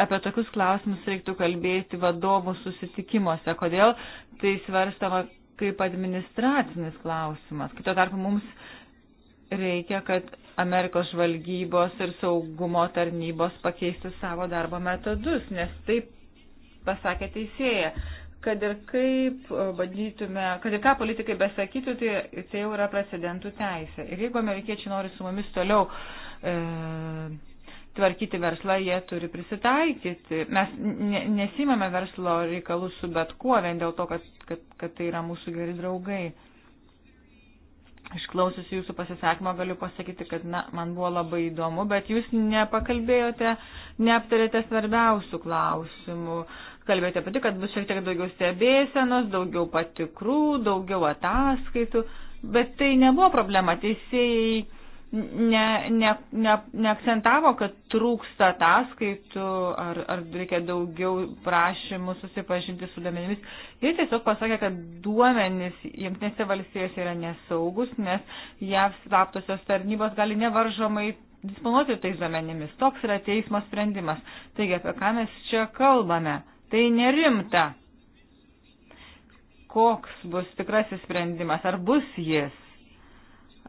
apie tokius klausimus reiktų kalbėti vadovų susitikimuose. Kodėl tai svarstama kaip administracinis klausimas. Kito tarpu mums reikia, kad Amerikos žvalgybos ir saugumo tarnybos pakeistų savo darbo metodus, nes taip pasakė teisėja. Kad ir kaip e, bandytume, kad ir ką politikai besakytų, tai, tai jau yra precedentų teisė. Ir jeigu amerikiečiai nori su mumis toliau e, tvarkyti verslą, jie turi prisitaikyti. Mes ne, nesimame verslo reikalų su bet kuo, vien dėl to, kad, kad, kad tai yra mūsų geri draugai. Išklausius jūsų pasisakymą galiu pasakyti, kad na, man buvo labai įdomu, bet jūs nepakalbėjote, neaptarėte svarbiausių klausimų. Kalbėjote apie tai, kad bus šiek tiek daugiau stebėsenos, daugiau patikrų, daugiau ataskaitų, bet tai nebuvo problema. Teisėjai ne, ne, ne, neakcentavo, kad trūksta ataskaitų ar, ar reikia daugiau prašymų susipažinti su duomenimis. Jis tiesiog pasakė, kad duomenys jungtinėse valstijose yra nesaugus, nes JAV slaptosios tarnybos gali nevaržomai disponuoti tais duomenimis. Toks yra teismo sprendimas. Taigi, apie ką mes čia kalbame? Tai nerimta. Koks bus tikrasis sprendimas? Ar bus jis?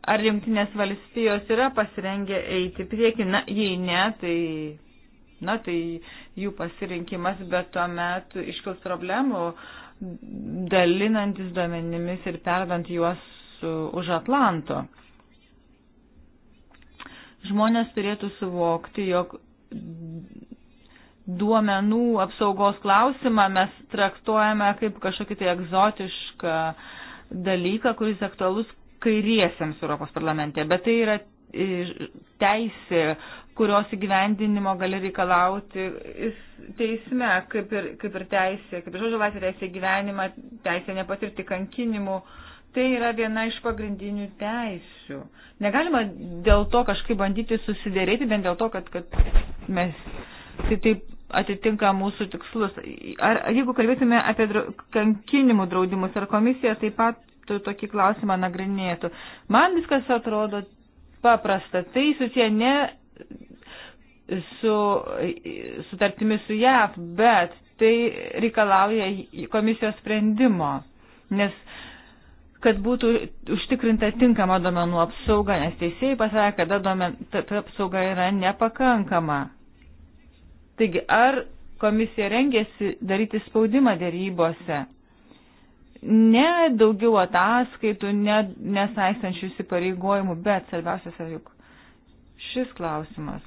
Ar jungtinės valstijos yra pasirengę eiti priekin? Na, jei ne, tai, na, tai jų pasirinkimas, bet tuomet iškils problemų dalinantis duomenimis ir perdant juos už Atlanto. Žmonės turėtų suvokti, jog duomenų apsaugos klausimą mes traktuojame kaip kažkokį tai egzotišką dalyką, kuris aktualus kairiesiams Europos parlamente, bet tai yra e, teisė, kurios įgyvendinimo gali reikalauti teisme, kaip ir, kaip ir teisė, kaip ir žodžio laisvė teisė gyvenimą, teisė nepatirti kankinimų. Tai yra viena iš pagrindinių teisių. Negalima dėl to kažkaip bandyti susidėrėti, bent dėl to, kad, kad mes tai taip atitinka mūsų tikslus. Ar jeigu kalbėtume apie dra kankinimų draudimus, ar komisija taip pat tokį klausimą nagrinėtų. Man viskas atrodo paprasta. Tai susiję ne su sutartimi su JAV, bet tai reikalauja komisijos sprendimo. Nes kad būtų užtikrinta tinkama domenų apsauga, nes teisėjai pasakė, kada domen, ta, ta apsauga yra nepakankama. Taigi, ar komisija rengėsi daryti spaudimą dėrybose? ne daugiau ataskaitų, ne, nesaistančių įsipareigojimų, bet svarbiausias yra juk šis klausimas.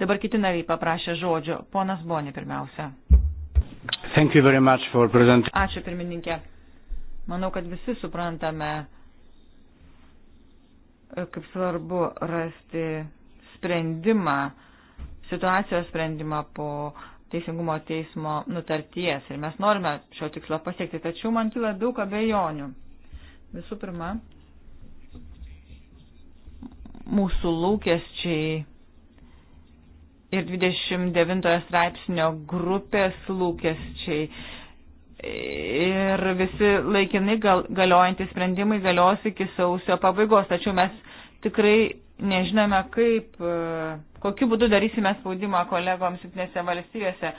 Dabar kiti nariai paprašė žodžio. Ponas Boni pirmiausia. Ačiū pirmininkė. Manau, kad visi suprantame, kaip svarbu rasti sprendimą, situacijos sprendimą po teisingumo teismo nutarties ir mes norime šio tikslo pasiekti, tačiau man kyla daug abejonių. Visų pirma, mūsų lūkesčiai ir 29 straipsnio grupės lūkesčiai ir visi laikinai gal, galiojantys sprendimai galios iki sausio pabaigos, tačiau mes tikrai nežinome, kaip, e, kokiu būdu darysime spaudimą kolegoms jungtinėse valstijose.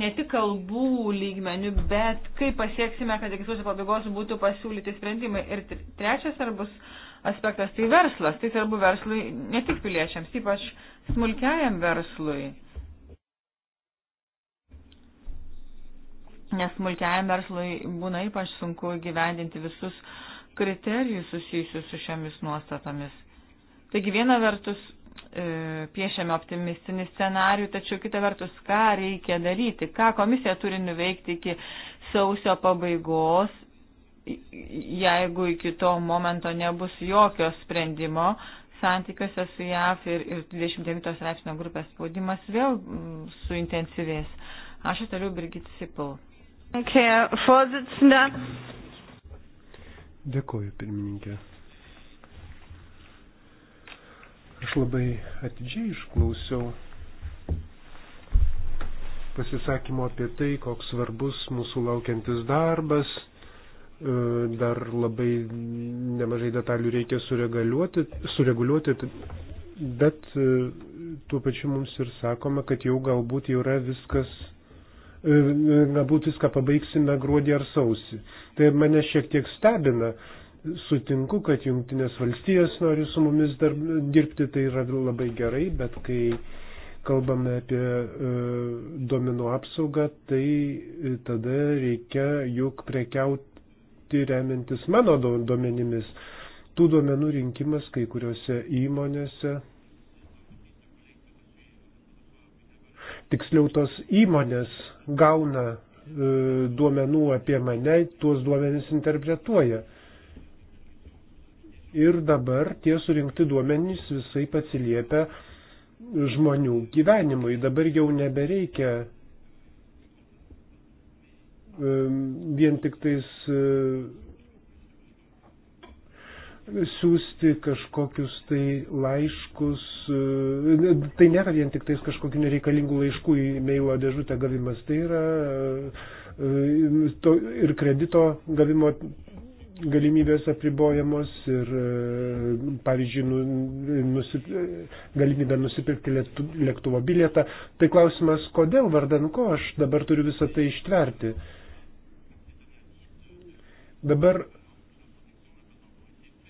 Ne tik kalbų lygmenių, bet kaip pasieksime, kad iki sausio pabaigos būtų pasiūlyti sprendimai. Ir trečias svarbus aspektas tai verslas. Tai svarbu verslui, ne tik piliečiams, ypač smulkiajam verslui. Nes smulkiajam verslui būna ypač sunku gyvendinti visus kriterijus susijusius su šiomis nuostatomis Taigi viena vertus e, piešiame optimistinį scenarių, tačiau kita vertus, ką reikia daryti, ką komisija turi nuveikti iki sausio pabaigos, jeigu iki to momento nebus jokio sprendimo, santykiuose su JAF ir, ir 29 straipsnio grupės spaudimas vėl mm, suintensyvės. Aš toliau Birgit Sipil. Dėkuoju, pirmininkė. Aš labai atidžiai išklausiau pasisakymo apie tai, koks svarbus mūsų laukiantis darbas. E, dar labai nemažai detalių reikia sureguliuoti, sureguliuoti bet e, tuo pačiu mums ir sakoma, kad jau galbūt jau yra viskas, e, galbūt viską pabaigsime gruodį ar sausį. Tai mane šiek tiek stebina, sutinku, kad Junktinės valstijos nori su mumis dar, dirbti, tai yra labai gerai, bet kai kalbame apie e, duomenų apsaugą, tai e, tada reikia juk prekiauti remiantis mano duomenimis. Tų duomenų rinkimas kai kuriuose įmonėse tiksliau tos įmonės gauna e, duomenų apie mane, tuos duomenys interpretuoja ir dabar tie surinkti duomenys visai atsiliepia žmonių gyvenimui. Dabar jau nebereikia vien tik tais siūsti kažkokius tai laiškus, tai nėra vien tik tais kažkokių nereikalingų laiškų į mailo dėžutę gavimas, tai yra to, ir kredito gavimo galimybės apribojamos ir, e, pavyzdžiui, nu, nusip, galimybė nusipirkti lėktuvo bilietą. Tai klausimas, kodėl vardan ko aš dabar turiu visą tai ištverti. Dabar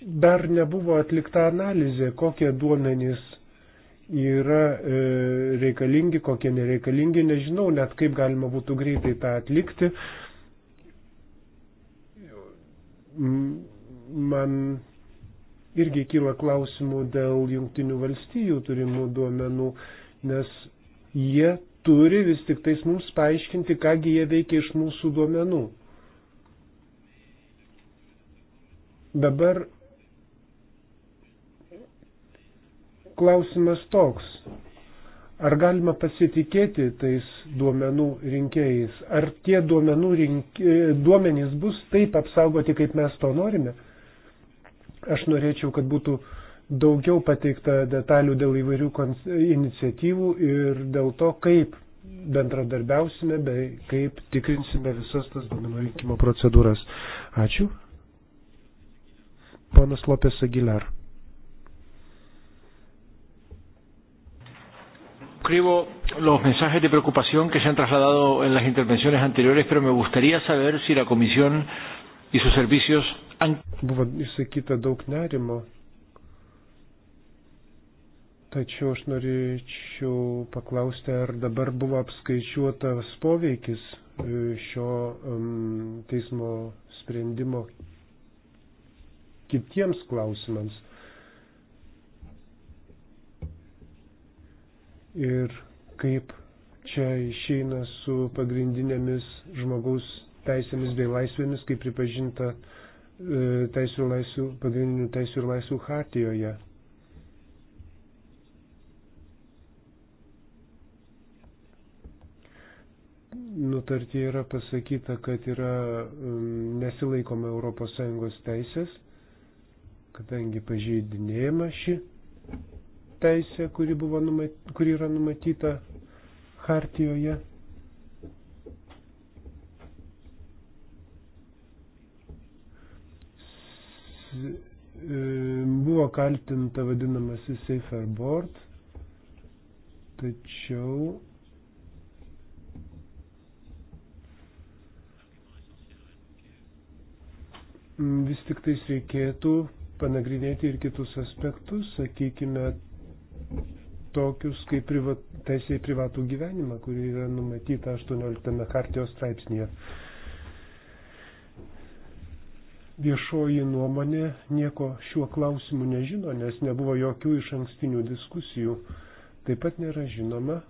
dar nebuvo atlikta analizė, kokie duomenys yra e, reikalingi, kokie nereikalingi, nežinau net kaip galima būtų greitai tą atlikti. E, man irgi kyla klausimų dėl jungtinių valstijų turimų duomenų, nes jie turi vis tik tais mums paaiškinti, kągi jie veikia iš mūsų duomenų. Dabar klausimas toks. Ar galima pasitikėti tais duomenų rinkėjais? Ar tie duomenų rink... duomenys bus taip apsaugoti, kaip mes to norime? Aš norėčiau, kad būtų daugiau pateikta detalių dėl įvairių iniciatyvų ir dėl to, kaip bendradarbiausime bei kaip tikrinsime visas tas duomenų rinkimo procedūras. Ačiū. Ponas Lopės Agilar. suscribo los mensajes de preocupación que se han trasladado en las intervenciones anteriores, pero me gustaría saber si la Comisión y sus servicios han. Buvo išsakyta daug nerimo. Tačiau aš norėčiau paklausti, ar dabar buvo apskaičiuotas poveikis e, šio um, teismo sprendimo kitiems klausimams. ir kaip čia išeina su pagrindinėmis žmogaus teisėmis bei laisvėmis, kaip pripažinta e, teisų laisvių, pagrindinių teisų ir laisvių hartijoje. Nutartyje yra pasakyta, kad yra um, nesilaikoma ES teisės, kadangi pažeidinėjama ši teisė, kuri, buvo numat, kuri yra numatyta hartijoje. E, buvo kaltinta vadinamasis Safer Board, tačiau vis tik tais reikėtų panagrinėti ir kitus aspektus, sakykime, tokius kaip privat, teisė į privatų gyvenimą, kuri yra numatyta 18 hartijos straipsnėje. Viešoji nuomonė nieko šiuo klausimu nežino, nes nebuvo jokių iš ankstinių diskusijų. Taip pat nėra žinoma,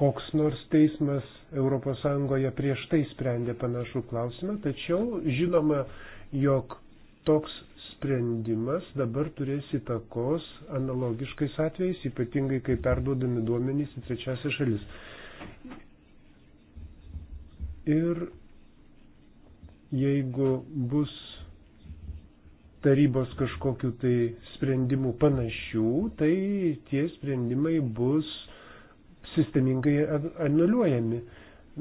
koks nors teismas ES prieš tai sprendė panašų klausimą, tačiau žinoma, jog toks sprendimas dabar turės įtakos analogiškais atvejais, ypatingai kai perduodami duomenys į trečiasią šalis. Ir jeigu bus tarybos kažkokiu tai sprendimu panašių, tai tie sprendimai bus sistemingai anuliuojami,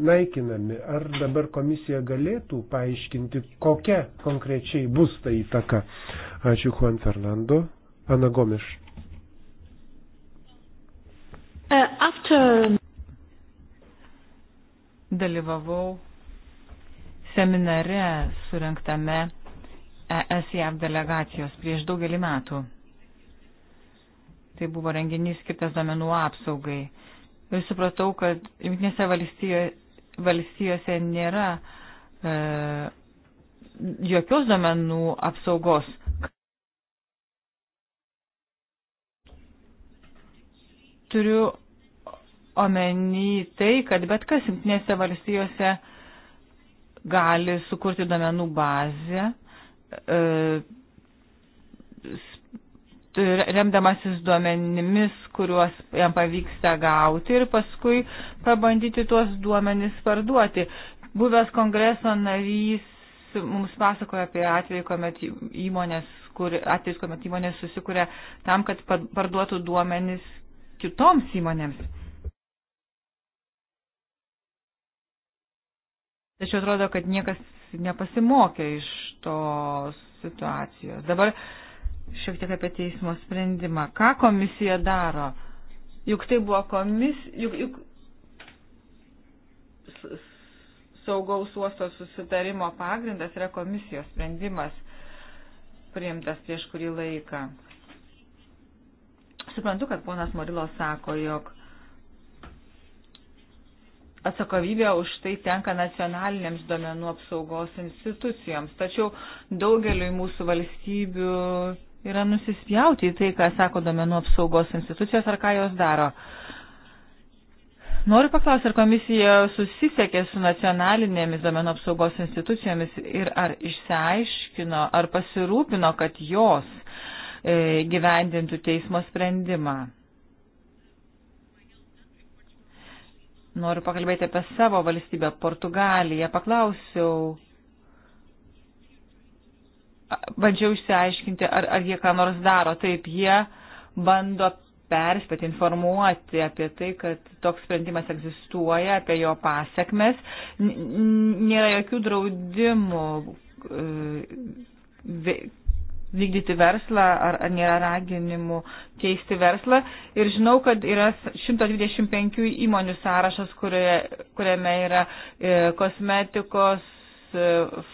naikinami. Ar dabar komisija galėtų paaiškinti, kokia konkrečiai bus ta įtaka? Ačiū Juan Fernando. Ana Gomiš. Uh, after... Dalyvavau seminare surinktame ES JAV delegacijos prieš daugelį metų. Tai buvo renginys skirtas domenų apsaugai ir supratau, kad jungtinėse valstijose, valstijose nėra e, jokios domenų apsaugos. Turiu omeny tai, kad bet kas jungtinėse valstijose gali sukurti domenų bazę, e, remdamasis duomenimis, kuriuos jam pavyksta gauti ir paskui pabandyti tuos duomenis parduoti. Buvęs kongreso narys mums pasakoja apie atvejį, kuomet įmonės, kur, atvejus, kuomet įmonės susikuria tam, kad parduotų duomenis kitoms įmonėms. Tačiau atrodo, kad niekas nepasimokė iš tos situacijos. Dabar uh, šiek tiek apie teismo sprendimą. Ką komisija daro? Juk tai buvo komisija, juk, juk saugaus uosto susitarimo pagrindas yra komisijos sprendimas priimtas prieš kurį laiką. Suprantu, kad ponas Morilo sako, jog atsakomybė už tai tenka nacionalinėms duomenų apsaugos institucijoms. Tačiau daugeliui mūsų valstybių yra nusispjauti į tai, ką sako domenų apsaugos institucijos ar ką jos daro. Noriu paklausti, ar komisija susisiekė su nacionalinėmis domenų apsaugos institucijomis ir ar išsiaiškino, ar pasirūpino, kad jos e, gyvendintų teismo sprendimą. Noriu pakalbėti apie savo valstybę Portugaliją. Paklausiau bandžiau išsiaiškinti, ar, ar jie ką nors daro. Taip, jie bando perspėti, informuoti apie tai, kad toks sprendimas egzistuoja, apie jo pasiekmes. Nėra jokių draudimų e, vykdyti verslą ar, ar nėra raginimų keisti verslą. Ir žinau, kad yra 125 įmonių sąrašas, kurie, kuriame yra e, kosmetikos, e,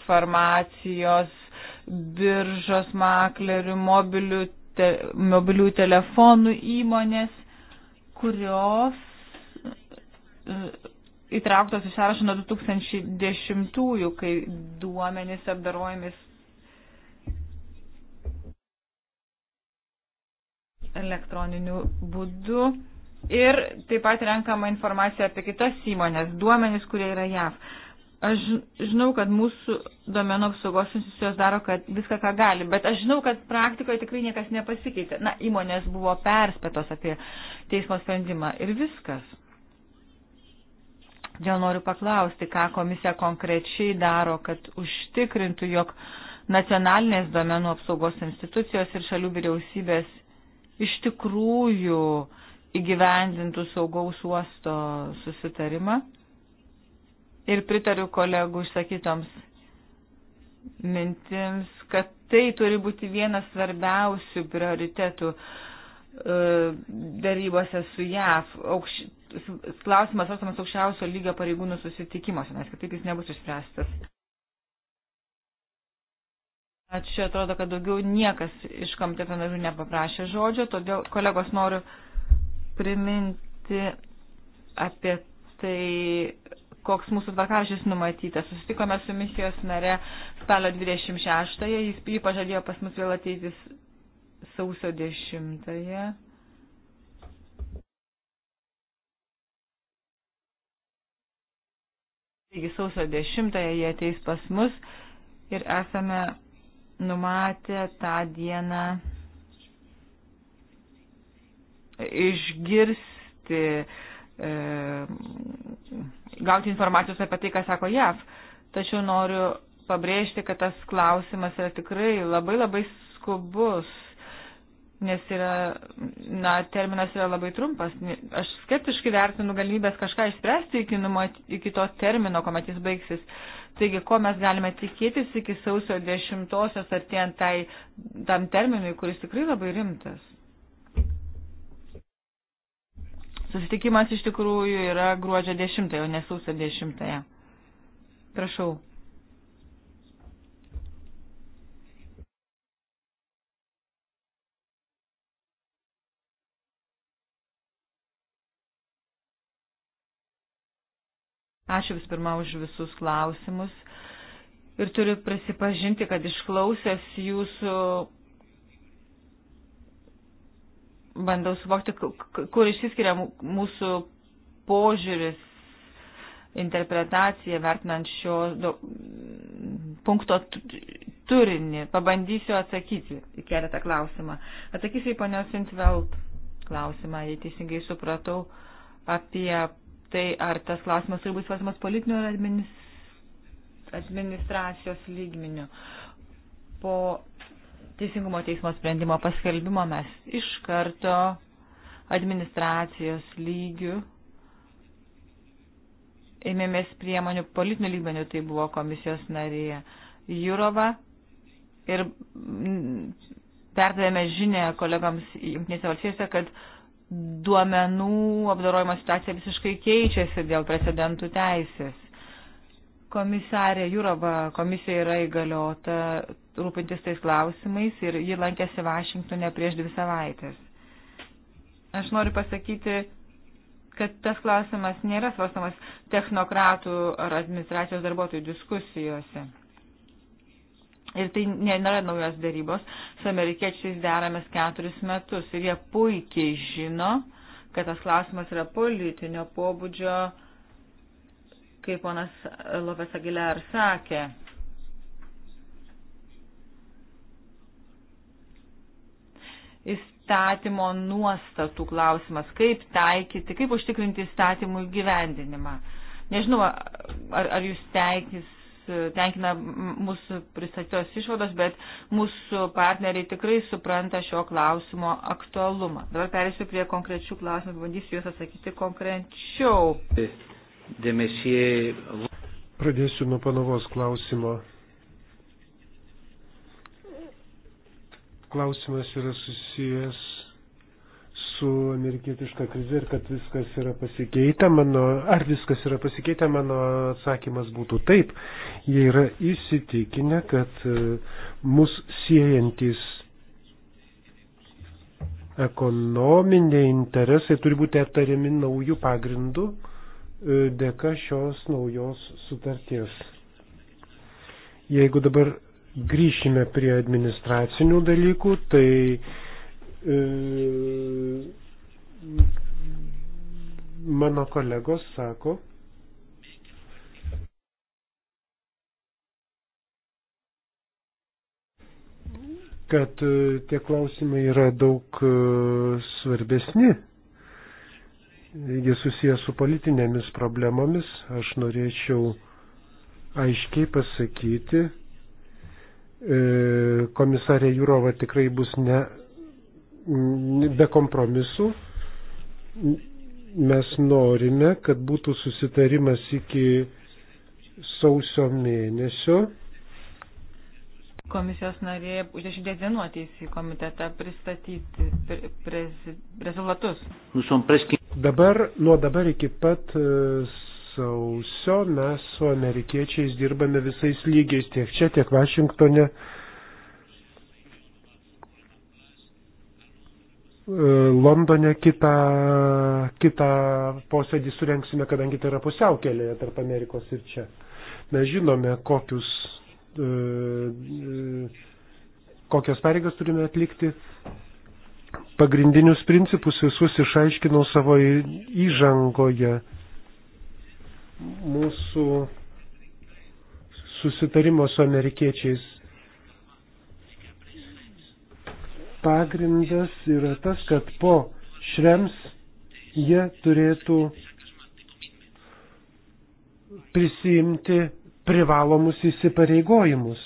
farmacijos, biržos maklerių, mobilių, te, mobilių telefonų įmonės, kurios e, įtrauktos į sąrašą nuo 2010-ųjų, kai duomenys apdarojami elektroniniu būdu. Ir taip pat renkama informacija apie kitas įmonės, duomenys, kurie yra JAV. Aš žinau, kad mūsų domenų apsaugos institucijos daro kad viską, ką gali, bet aš žinau, kad praktikoje tikrai niekas nepasikeitė. Na, įmonės buvo perspėtos apie teismo sprendimą ir viskas. Dėl noriu paklausti, ką komisija konkrečiai daro, kad užtikrintų, jog nacionalinės domenų apsaugos institucijos ir šalių vyriausybės iš tikrųjų įgyvendintų saugaus uosto susitarimą ir pritariu kolegų išsakytoms mintims, kad tai turi būti vienas svarbiausių prioritetų e, darybose su JAF. Aukš... Klausimas svarstamas aukščiausio lygio pareigūnų susitikimuose, nes kitaip jis nebus išspręstas. Ačiū, atrodo, kad daugiau niekas iš komiteto narių nepaprašė žodžio, todėl kolegos noriu priminti apie tai, koks mūsų tvarkarašys numatytas. Susitikome su misijos nare spalio 26-ąją, jis jį pažadėjo pas mus vėl ateiti sausio 10-ąją. Taigi sausio 10-ąją jie ateis pas mus ir esame numatę tą dieną išgirsti e, gauti informacijos apie tai, ką sako JAV. Tačiau noriu pabrėžti, kad tas klausimas yra tikrai labai labai skubus, nes yra, na, terminas yra labai trumpas. Aš skeptiškai vertinu galimybės kažką išspręsti iki, numat, iki to termino, kuomet jis baigsis. Taigi, ko mes galime tikėtis iki sausio dešimtosios artėjant tai, tam terminui, kuris tikrai labai rimtas. Susitikimas iš tikrųjų yra gruodžio 10, o ne sausio 10. Prašau. Ačiū vis pirma už visus klausimus. Ir turiu prisipažinti, kad išklausęs jūsų bandau suvokti, kur išsiskiria mūsų požiūris, interpretacija, vertinant šio do, punkto turinį. Pabandysiu atsakyti į keletą klausimą. Atsakysiu į ponios Intveld klausimą, jei teisingai supratau, apie tai, ar tas klausimas turi būti svarstamas politinio ar administracijos lygminiu. Po Teisingumo teismo sprendimo paskelbimo mes iš karto administracijos lygių ėmėmės priemonių politinių lygmenių, tai buvo komisijos narėje Jurova ir mm, perdavėme žinę kolegams Junktinėse valstijose, kad duomenų apdarojimo situacija visiškai keičiasi dėl precedentų teisės. Komisarė Jurova komisija yra įgaliota rūpintis tais klausimais ir ji lankėsi Vašingtonė prieš dvi savaitės. Aš noriu pasakyti, kad tas klausimas nėra svarstamas technokratų ar administracijos darbuotojų diskusijose. Ir tai nėra naujos darybos. Su amerikiečiais deramės keturis metus ir jie puikiai žino, kad tas klausimas yra politinio pobūdžio, kaip ponas Lopes Aguilar sakė. įstatymo nuostatų klausimas, kaip taikyti, kaip užtikrinti įstatymų gyvendinimą. Nežinau, ar, ar jūs teikis, tenkina mūsų pristatytos išvados, bet mūsų partneriai tikrai supranta šio klausimo aktualumą. Dabar perėsiu prie konkrečių klausimų, bandysiu juos atsakyti konkrečiau. Dėmesie... Pradėsiu nuo panovos klausimo klausimas yra susijęs su amerikietiška krize ir kad viskas yra pasikeitę, mano, ar viskas yra pasikeitę, mano atsakymas būtų taip. Jie yra įsitikinę, kad e, mus siejantis ekonominiai interesai turi būti aptariami naujų pagrindų e, dėka šios naujos sutarties. Jeigu dabar grįšime prie administracinių dalykų, tai e, mano kolegos sako, kad e, tie klausimai yra daug e, svarbesni. Jie susijęs su politinėmis problemomis. Aš norėčiau aiškiai pasakyti, E, komisarė Jurova tikrai bus ne, be kompromisų. Mes norime, kad būtų susitarimas iki sausio mėnesio. Komisijos narė už 10 dienų ateis į komitetą pristatyti pre, pre, rezultatus. Dabar, nuo dabar iki pat e, sausio mes su amerikiečiais dirbame visais lygiais tiek čia, tiek Vašingtone. E, Londone kitą, kitą posėdį surenksime, kadangi tai yra pusiaukelėje tarp Amerikos ir čia. Mes žinome, kokius, e, e, kokias pareigas turime atlikti. Pagrindinius principus visus išaiškinau savo įžangoje mūsų susitarimo su amerikiečiais pagrindas yra tas, kad po šrems jie turėtų prisijimti privalomus įsipareigojimus.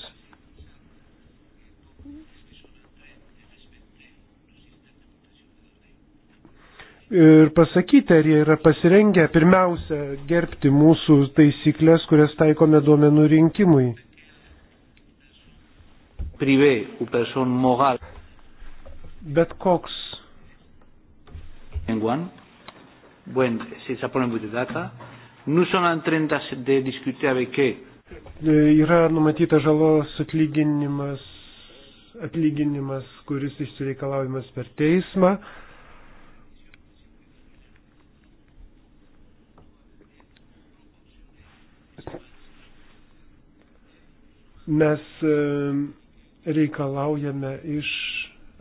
ir pasakyti, ar jie yra pasirengę pirmiausia gerbti mūsų taisyklės, kurias taikome duomenų rinkimui. Privé, Bet koks. Buen, si ça prend beaucoup de data. Nous sommes en train de discuter avec eux. Yra numatyta žalos atlyginimas, atlyginimas, kuris išsireikalaujamas per teismą. Mes e, reikalaujame iš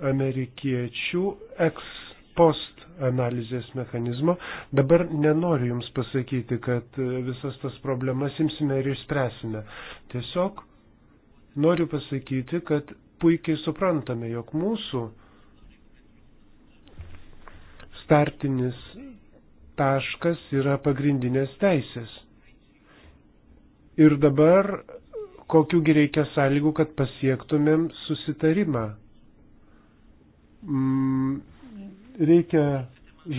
amerikiečių ekspost analizės mechanizmo. Dabar nenoriu Jums pasakyti, kad e, visas tas problemas imsime ir išspręsime. Tiesiog noriu pasakyti, kad puikiai suprantame, jog mūsų startinis taškas yra pagrindinės teisės. Ir dabar kokiugi reikia sąlygų, kad pasiektumėm susitarimą. Mm, reikia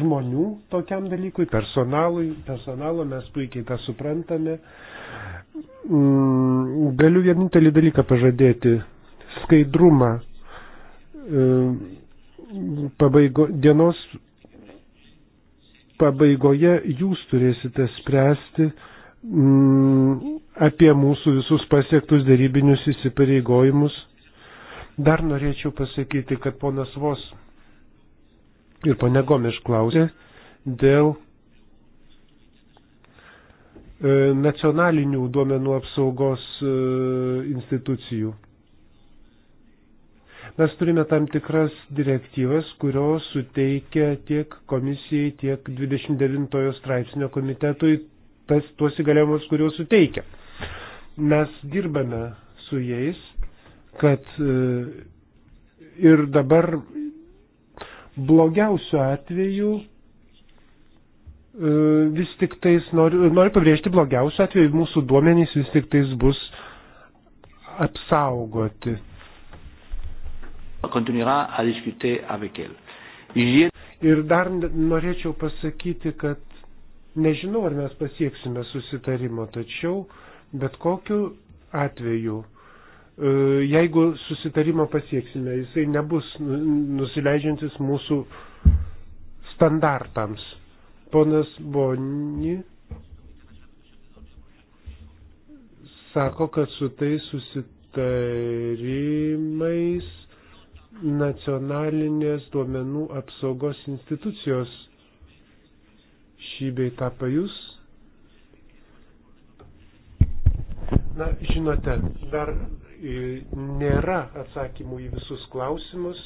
žmonių tokiam dalykui, personalui, personalo mes puikiai tą suprantame. Mm, galiu vienintelį dalyką pažadėti - skaidrumą. E, pabaigo, dienos pabaigoje jūs turėsite spręsti, mm, apie mūsų visus pasiektus darybinius įsipareigojimus. Dar norėčiau pasakyti, kad ponas Vos ir ponė Gomiš klausė dėl e, nacionalinių duomenų apsaugos e, institucijų. Mes turime tam tikras direktyvas, kurios suteikia tiek komisijai, tiek 29 straipsnio komitetui tas, tuos įgaliojimus, kuriuos suteikia. Mes dirbame su jais, kad e, ir dabar blogiausiu atveju e, vis tik tais, noriu, noriu pabrėžti, blogiausiu atveju mūsų duomenys vis tik tais bus apsaugoti. Ir dar norėčiau pasakyti, kad Nežinau, ar mes pasieksime susitarimo, tačiau bet kokiu atveju, e, jeigu susitarimo pasieksime, jisai nebus nu, nusileidžiantis mūsų standartams. Ponas Boni sako, kad su tai susitarimais nacionalinės duomenų apsaugos institucijos vyriausybei tą pajus? Na, žinote, dar e, nėra atsakymų į visus klausimus.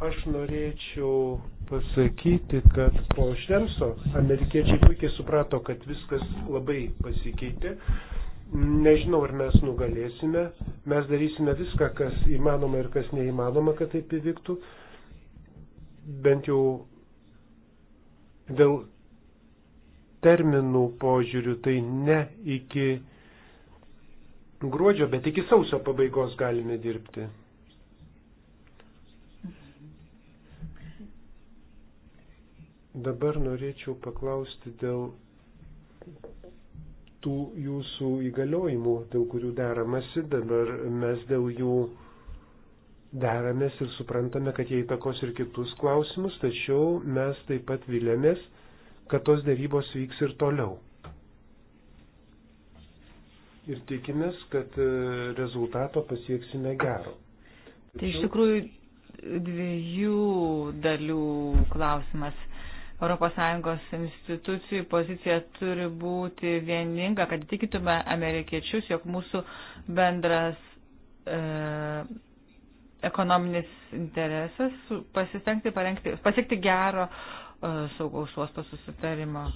aš norėčiau pasakyti, kad po Šemso amerikiečiai puikiai suprato, kad viskas labai pasikeitė Nežinau, ar mes nugalėsime. Mes darysime viską, kas įmanoma ir kas neįmanoma, kad taip įvyktų. Bent jau dėl terminų požiūrių tai ne iki gruodžio, bet iki sausio pabaigos galime dirbti. Dabar norėčiau paklausti dėl tų jūsų įgaliojimų, dėl kurių deramasi, dabar mes dėl jų deramės ir suprantame, kad jie įtakos ir kitus klausimus, tačiau mes taip pat vilėmės, kad tos dėrybos vyks ir toliau. Ir tikimės, kad e, rezultato pasieksime gero. Tačiau... Tai iš tikrųjų dviejų dalių klausimas ES institucijų pozicija turi būti vieninga, kad tikitume amerikiečius, jog mūsų bendras e, ekonominis interesas pasistengti parengti, pasiekti gero e, saugaus uosto susitarimo.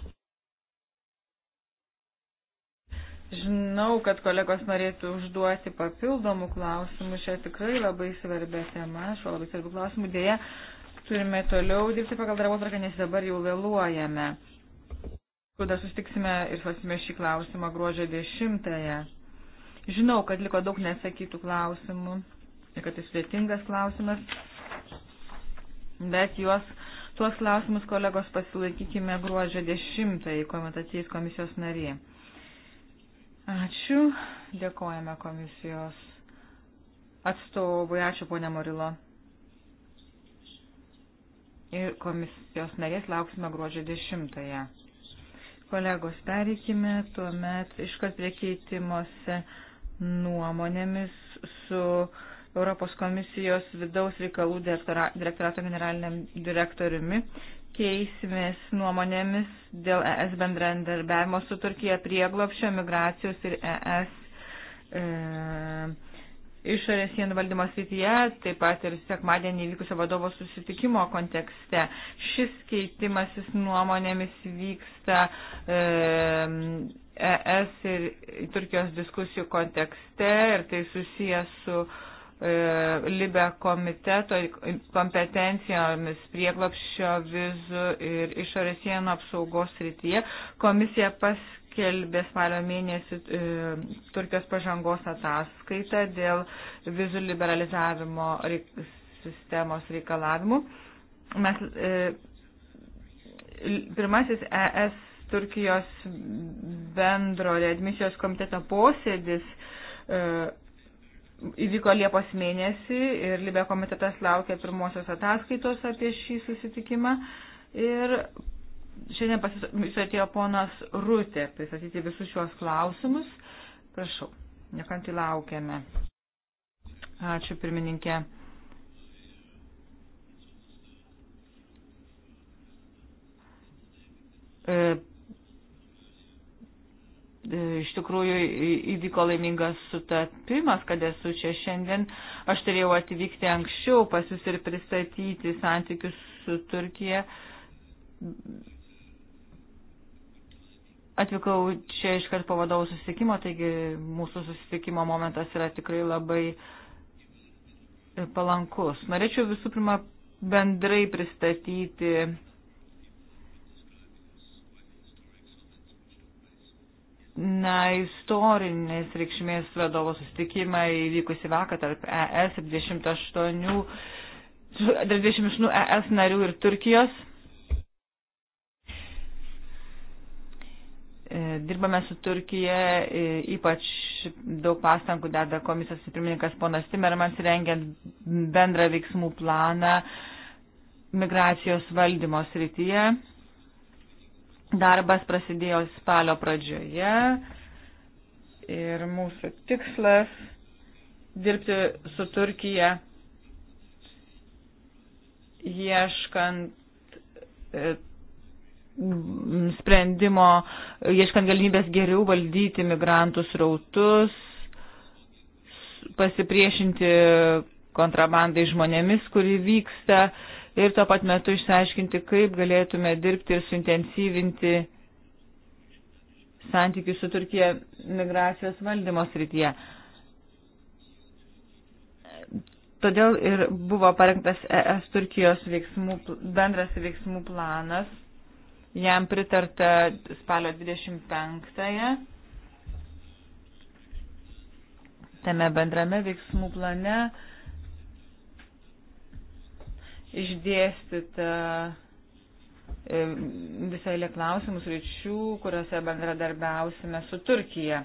Žinau, kad kolegos norėtų užduoti papildomų klausimų. Šia tikrai labai svarbia tema, šio labai svarbių klausimų. Dėja, e, Turime toliau dirbti pagal darbo tvarką, nes dabar jau vėluojame. Kada sustiksime ir svarsime šį klausimą gruodžio 10-ąją. Žinau, kad liko daug nesakytų klausimų ir kad tai sudėtingas klausimas, bet juos, tuos klausimus kolegos pasilaikykime gruodžio 10-ąjį, kuomet ateis komisijos narė. Ačiū, dėkojame komisijos atstovui, ačiū ponia Morilo ir komisijos narės lauksime gruodžio 10. -ąją. Kolegos, pereikime tuomet iškart prie keitimuose nuomonėmis su Europos komisijos vidaus reikalų direktorato generaliniam direktoriumi. Keisimės nuomonėmis dėl ES bendradarbiavimo su Turkija prieglopščio migracijos ir ES. E, e išorės sienų valdymo srityje, taip pat ir sekmadienį vykusio vadovo susitikimo kontekste. Šis keitimasis nuomonėmis vyksta e, ES ir Turkijos diskusijų kontekste ir tai susijęs su e, Libe komiteto kompetencijomis prieglapščio vizų ir išorės sienų apsaugos srityje. Komisija paskirė paskelbė spalio mėnesį e, Turkijos pažangos ataskaitą dėl vizų liberalizavimo reik, sistemos reikalavimų. Mes, e, pirmasis ES Turkijos bendro readmisijos komiteto posėdis e, įvyko Liepos mėnesį ir Libė komitetas laukia pirmosios ataskaitos apie šį susitikimą. Ir Šiandien pasisatėjo ponas Rutė pristatyti visus šiuos klausimus. Prašau, nekantį laukiame. Ačiū pirmininkė. E, e iš tikrųjų įvyko laimingas sutapimas, kad esu čia šiandien. Aš turėjau atvykti anksčiau pas jūs ir pristatyti santykius su Turkija, Atvykau čia iškart po vadovų susitikimo, taigi mūsų susitikimo momentas yra tikrai labai palankus. Norėčiau visų pirma bendrai pristatyti na, istorinės reikšmės vadovo susitikimą įvykusi vakar tarp ES 28, 28 ES narių ir Turkijos. E, dirbame su Turkija, e, ypač daug pastangų deda komisijos pirmininkas ponas Timermans, rengiant bendrą veiksmų planą migracijos valdymo srityje. Darbas prasidėjo spalio pradžioje ir mūsų tikslas dirbti su Turkija ieškant e, Mm, sprendimo, ieškant galimybės geriau valdyti migrantus rautus, pasipriešinti kontrabandai žmonėmis, kuri vyksta ir tuo pat metu išsiaiškinti, kaip galėtume dirbti ir suintensyvinti santykių su Turkija migracijos valdymo srityje. Todėl ir buvo parengtas ES Turkijos veiksmų, bendras veiksmų planas Jam pritarta spalio 25-ąją. Tame bendrame veiksmų plane išdėstyta e, visai lė klausimus ryčių, kuriuose bendradarbiausime su Turkija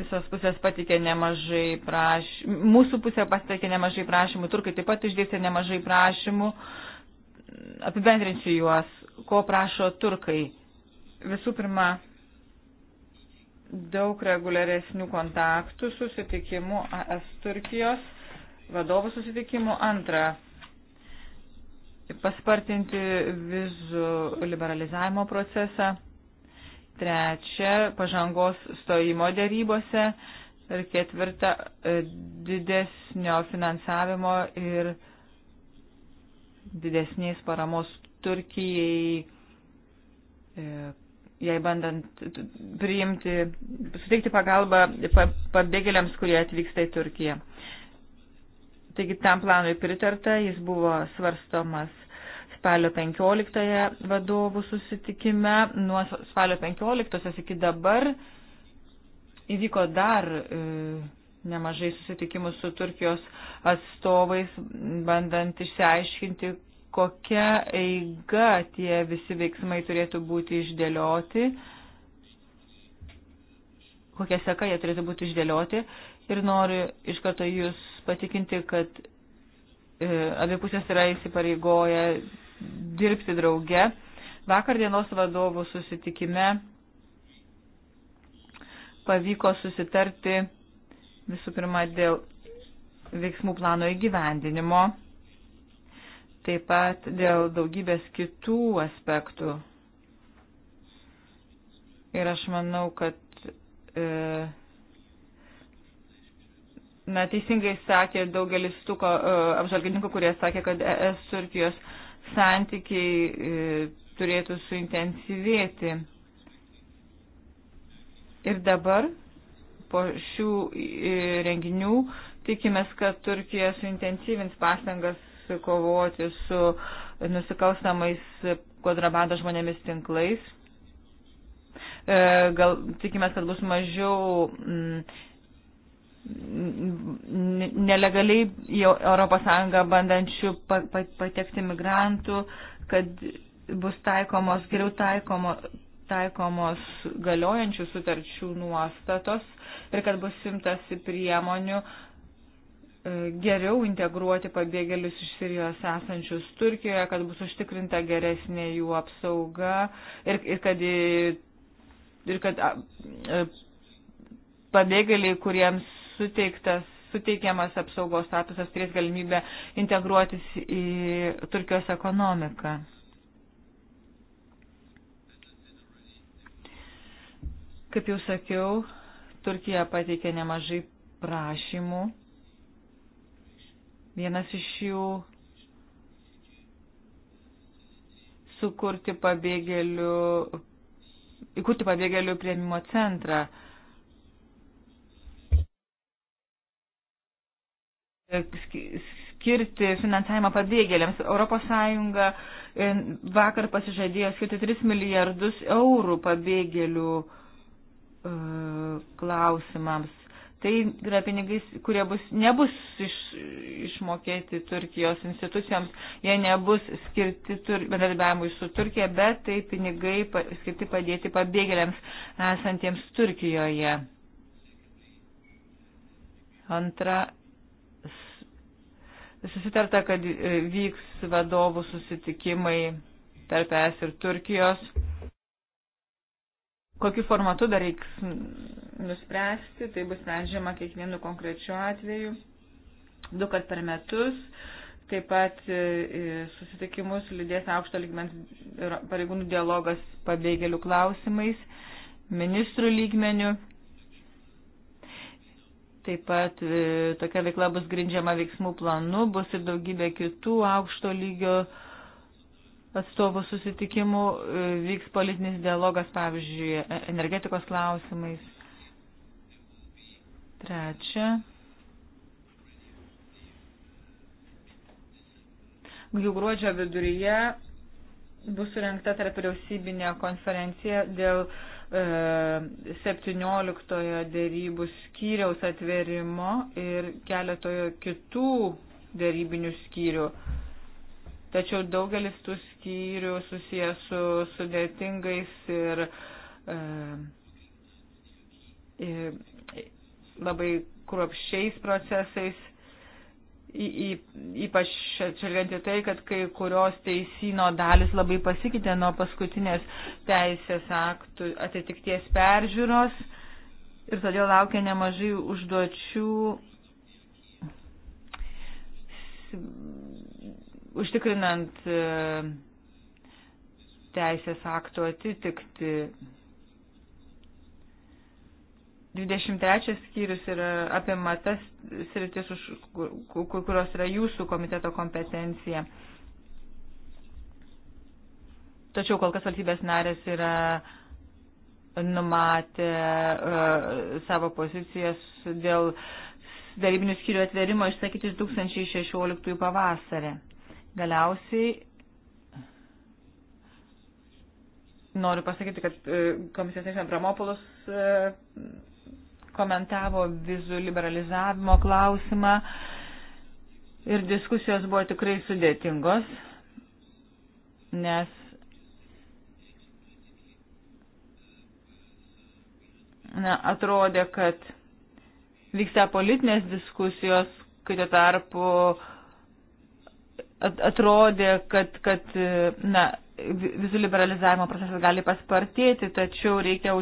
visos pusės patikė nemažai prašymų, mūsų pusė pasitikė nemažai prašymų, turkai taip pat išdėstė nemažai prašymų apibendrinsiu juos, ko prašo turkai. Visų pirma, daug reguliaresnių kontaktų, susitikimų AS Turkijos vadovų susitikimų. Antra, paspartinti vizų liberalizavimo procesą. Trečia, pažangos stojimo dėrybose. Ir ketvirta, didesnio finansavimo ir didesnės paramos Turkijai, e, jai bandant priimti, suteikti pagalbą pabėgėliams, kurie atvyksta į Turkiją. Taigi tam planui pritarta, jis buvo svarstomas spalio 15 vadovų susitikime. Nuo spalio 15 iki dabar įvyko dar e, nemažai susitikimų su Turkijos atstovais, bandant išsiaiškinti, kokia eiga tie visi veiksmai turėtų būti išdėlioti, kokia seka jie turėtų būti išdėlioti. Ir noriu iš karto jūs patikinti, kad e, abipusės yra įsipareigoję dirbti drauge. Vakar dienos vadovų susitikime pavyko susitarti Visų pirma, dėl veiksmų plano įgyvendinimo, taip pat dėl daugybės kitų aspektų. Ir aš manau, kad e, na, teisingai sakė daugelis tų e, apžalgininkų, kurie sakė, kad ES Turkijos santykiai e, turėtų suintensyvėti. Ir dabar po šių e, renginių tikimės, kad Turkija suintensyvins pastangas kovoti su nusikalstamais kontrabandos žmonėmis tinklais. E, gal tikimės, kad bus mažiau mm, nelegaliai į ES bandančių patekti migrantų, kad bus taikomos, geriau taikomo, taikomos galiojančių sutarčių nuostatos ir kad bus simtasi priemonių e, geriau integruoti pabėgėlius iš Sirijos esančius Turkijoje, kad bus užtikrinta geresnė jų apsauga ir, ir kad, ir kad a, a, e, pabėgėliai, kuriems suteiktas suteikiamas apsaugos statusas turės galimybę integruotis į Turkijos ekonomiką. Kaip jau sakiau, Turkija pateikė nemažai prašymų. Vienas iš jų sukurti pabėgėlių, įkurti pabėgėlių prieimimo centrą. Skirti finansavimą pabėgėliams. ES eh, vakar pasižadėjo skirti 3 milijardus eurų pabėgėlių uh, E, klausimams. Tai yra pinigai, kurie bus, nebus iš, išmokėti Turkijos institucijoms, jie nebus skirti bendradarbiavimui su Turkija, bet tai pinigai pa, skirti padėti pabėgėliams esantiems Turkijoje. Antra, susitarta, kad e, vyks vadovų susitikimai tarp es ir Turkijos kokiu formatu dar reiks nuspręsti, tai bus sprendžiama kiekvienu konkrečiu atveju, du kart per metus. Taip pat e, e, susitikimus lydės aukšto lygmens pareigūnų dialogas pabėgėlių klausimais, ministrų lygmenių. Taip pat e, tokia veikla bus grindžiama veiksmų planu, bus ir daugybė kitų aukšto lygio uh, atstovų susitikimų e, vyks politinis dialogas, pavyzdžiui, e, energetikos klausimais. Trečia. Jau gruodžio viduryje bus surinkta tarp vyriausybinė konferencija dėl e, 17 dėrybų skyriaus atverimo ir keletojo kitų dėrybinių skyrių. E, tačiau daugelis tų skyrių susijęs su sudėtingais ir, ir e, e, labai kruopščiais procesais, y, y, ypač atšvelgiant į tai, kad kai kurios teisino dalis labai pasikeitė nuo paskutinės teisės aktų atitikties peržiūros ir todėl laukia nemažai užduočių užtikrinant e, teisės aktų atitikti. 23 skyrius yra apima tas sritis, kurios yra jūsų komiteto kompetencija. Tačiau kol kas valstybės narės yra numatė uh, e, savo pozicijas dėl darybinių skyrių atverimo išsakyti 2016 pavasarį. Galiausiai noriu pasakyti, kad e, komisijos narys Abramopoulos e, komentavo vizų liberalizavimo klausimą ir diskusijos buvo tikrai sudėtingos, nes na, atrodė, kad vyksta politinės diskusijos, kai tuo tarpu uh, atrodė, kad, kad e, na, vizų liberalizavimo procesas gali paspartėti, tačiau reikia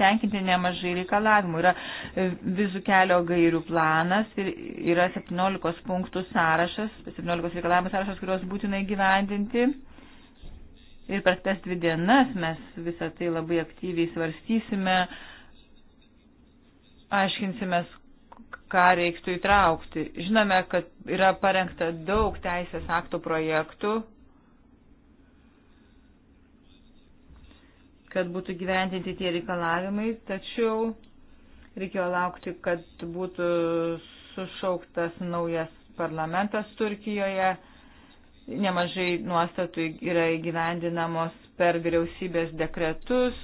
tenkinti nemažai reikalavimų. Yra e, vizų kelio gairių planas ir yra 17 punktų sąrašas, 17 reikalavimų sąrašas, kuriuos būtina įgyvendinti. Ir per tas dvi dienas mes visą tai labai aktyviai svarstysime, aiškinsimės, ką reiktų įtraukti. Žinome, kad yra parengta daug teisės aktų projektų, kad būtų gyventinti tie reikalavimai, tačiau reikėjo laukti, kad būtų sušauktas naujas parlamentas Turkijoje. Nemažai nuostatų yra įgyvendinamos per vyriausybės dekretus,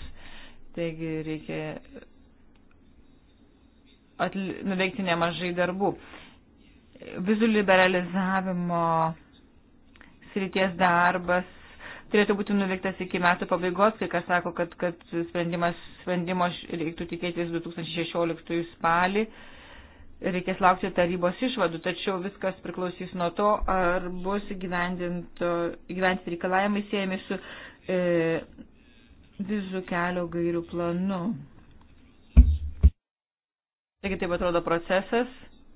taigi reikia nuveikti nemažai darbų. Vizų liberalizavimo srities darbas turėtų būti nuveiktas iki metų pabaigos, kai kas sako, kad, kad sprendimas, sprendimo reiktų tikėtis 2016 spalį, reikės laukti tarybos išvadų, tačiau viskas priklausys nuo to, ar bus gyventi reikalavimai siejami su e, vizų kelio gairių planu. Taigi taip atrodo procesas,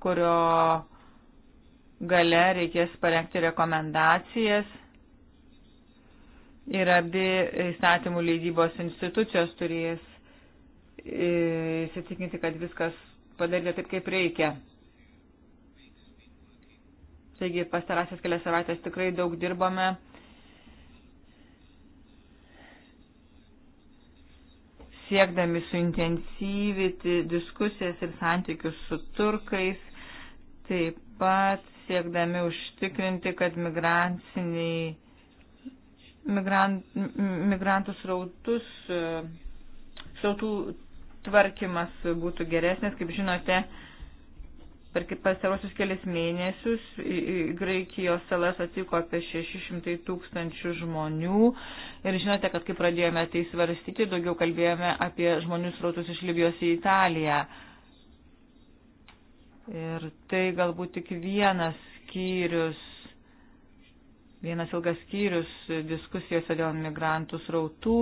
kurio gale reikės parengti rekomendacijas ir abi įstatymų leidybos institucijos turės e, įsitikinti, kad viskas padaryta taip, kaip reikia. Taigi pastarąsias kelias savaitės tikrai daug dirbame siekdami suintensyvyti diskusijas ir santykius su turkais, taip pat siekdami užtikrinti, kad migraciniai migrant, migrantų srautus, srautų tvarkymas būtų geresnis. Kaip žinote, Per pastarosius kelias mėnesius į Graikijos salas atvyko apie 600 tūkstančių žmonių ir žinote, kad kai pradėjome tai svarstyti, daugiau kalbėjome apie žmonių srautus iš Libijos į Italiją. Ir tai galbūt tik vienas skyrius, vienas ilgas skyrius diskusijose dėl migrantų srautų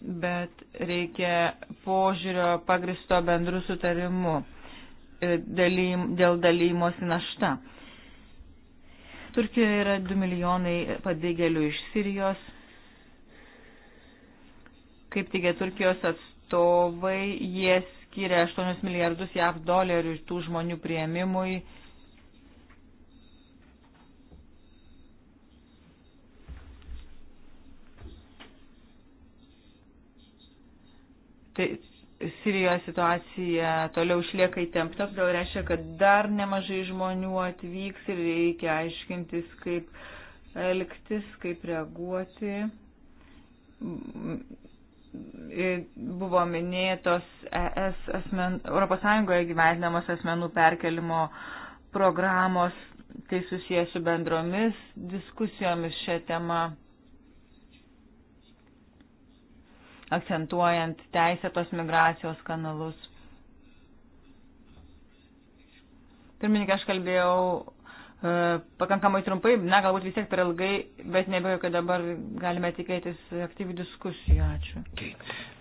bet reikia požiūrio pagristo bendru sutarimu e, dalym, dėl dalymosi našta. Turkijoje yra 2 milijonai pabėgėlių iš Sirijos. Kaip teigia Turkijos atstovai, jie skiria 8 milijardus JAV dolerių tų žmonių prieimimui tai Sirijoje situacija toliau išlieka įtempta, todėl reiškia, kad dar nemažai žmonių atvyks ir reikia aiškintis, kaip elgtis, kaip reaguoti. Buvo minėtos ES asmen, ES gyvenamos asmenų perkelimo programos, tai susijęs su bendromis diskusijomis šią temą. akcentuojant teisėtos migracijos kanalus. Pirmininkė, aš kalbėjau e, pakankamai trumpai, na, galbūt vis tiek per ilgai, bet nebejoju, kad dabar galime tikėtis aktyvių diskusijų. Ačiū.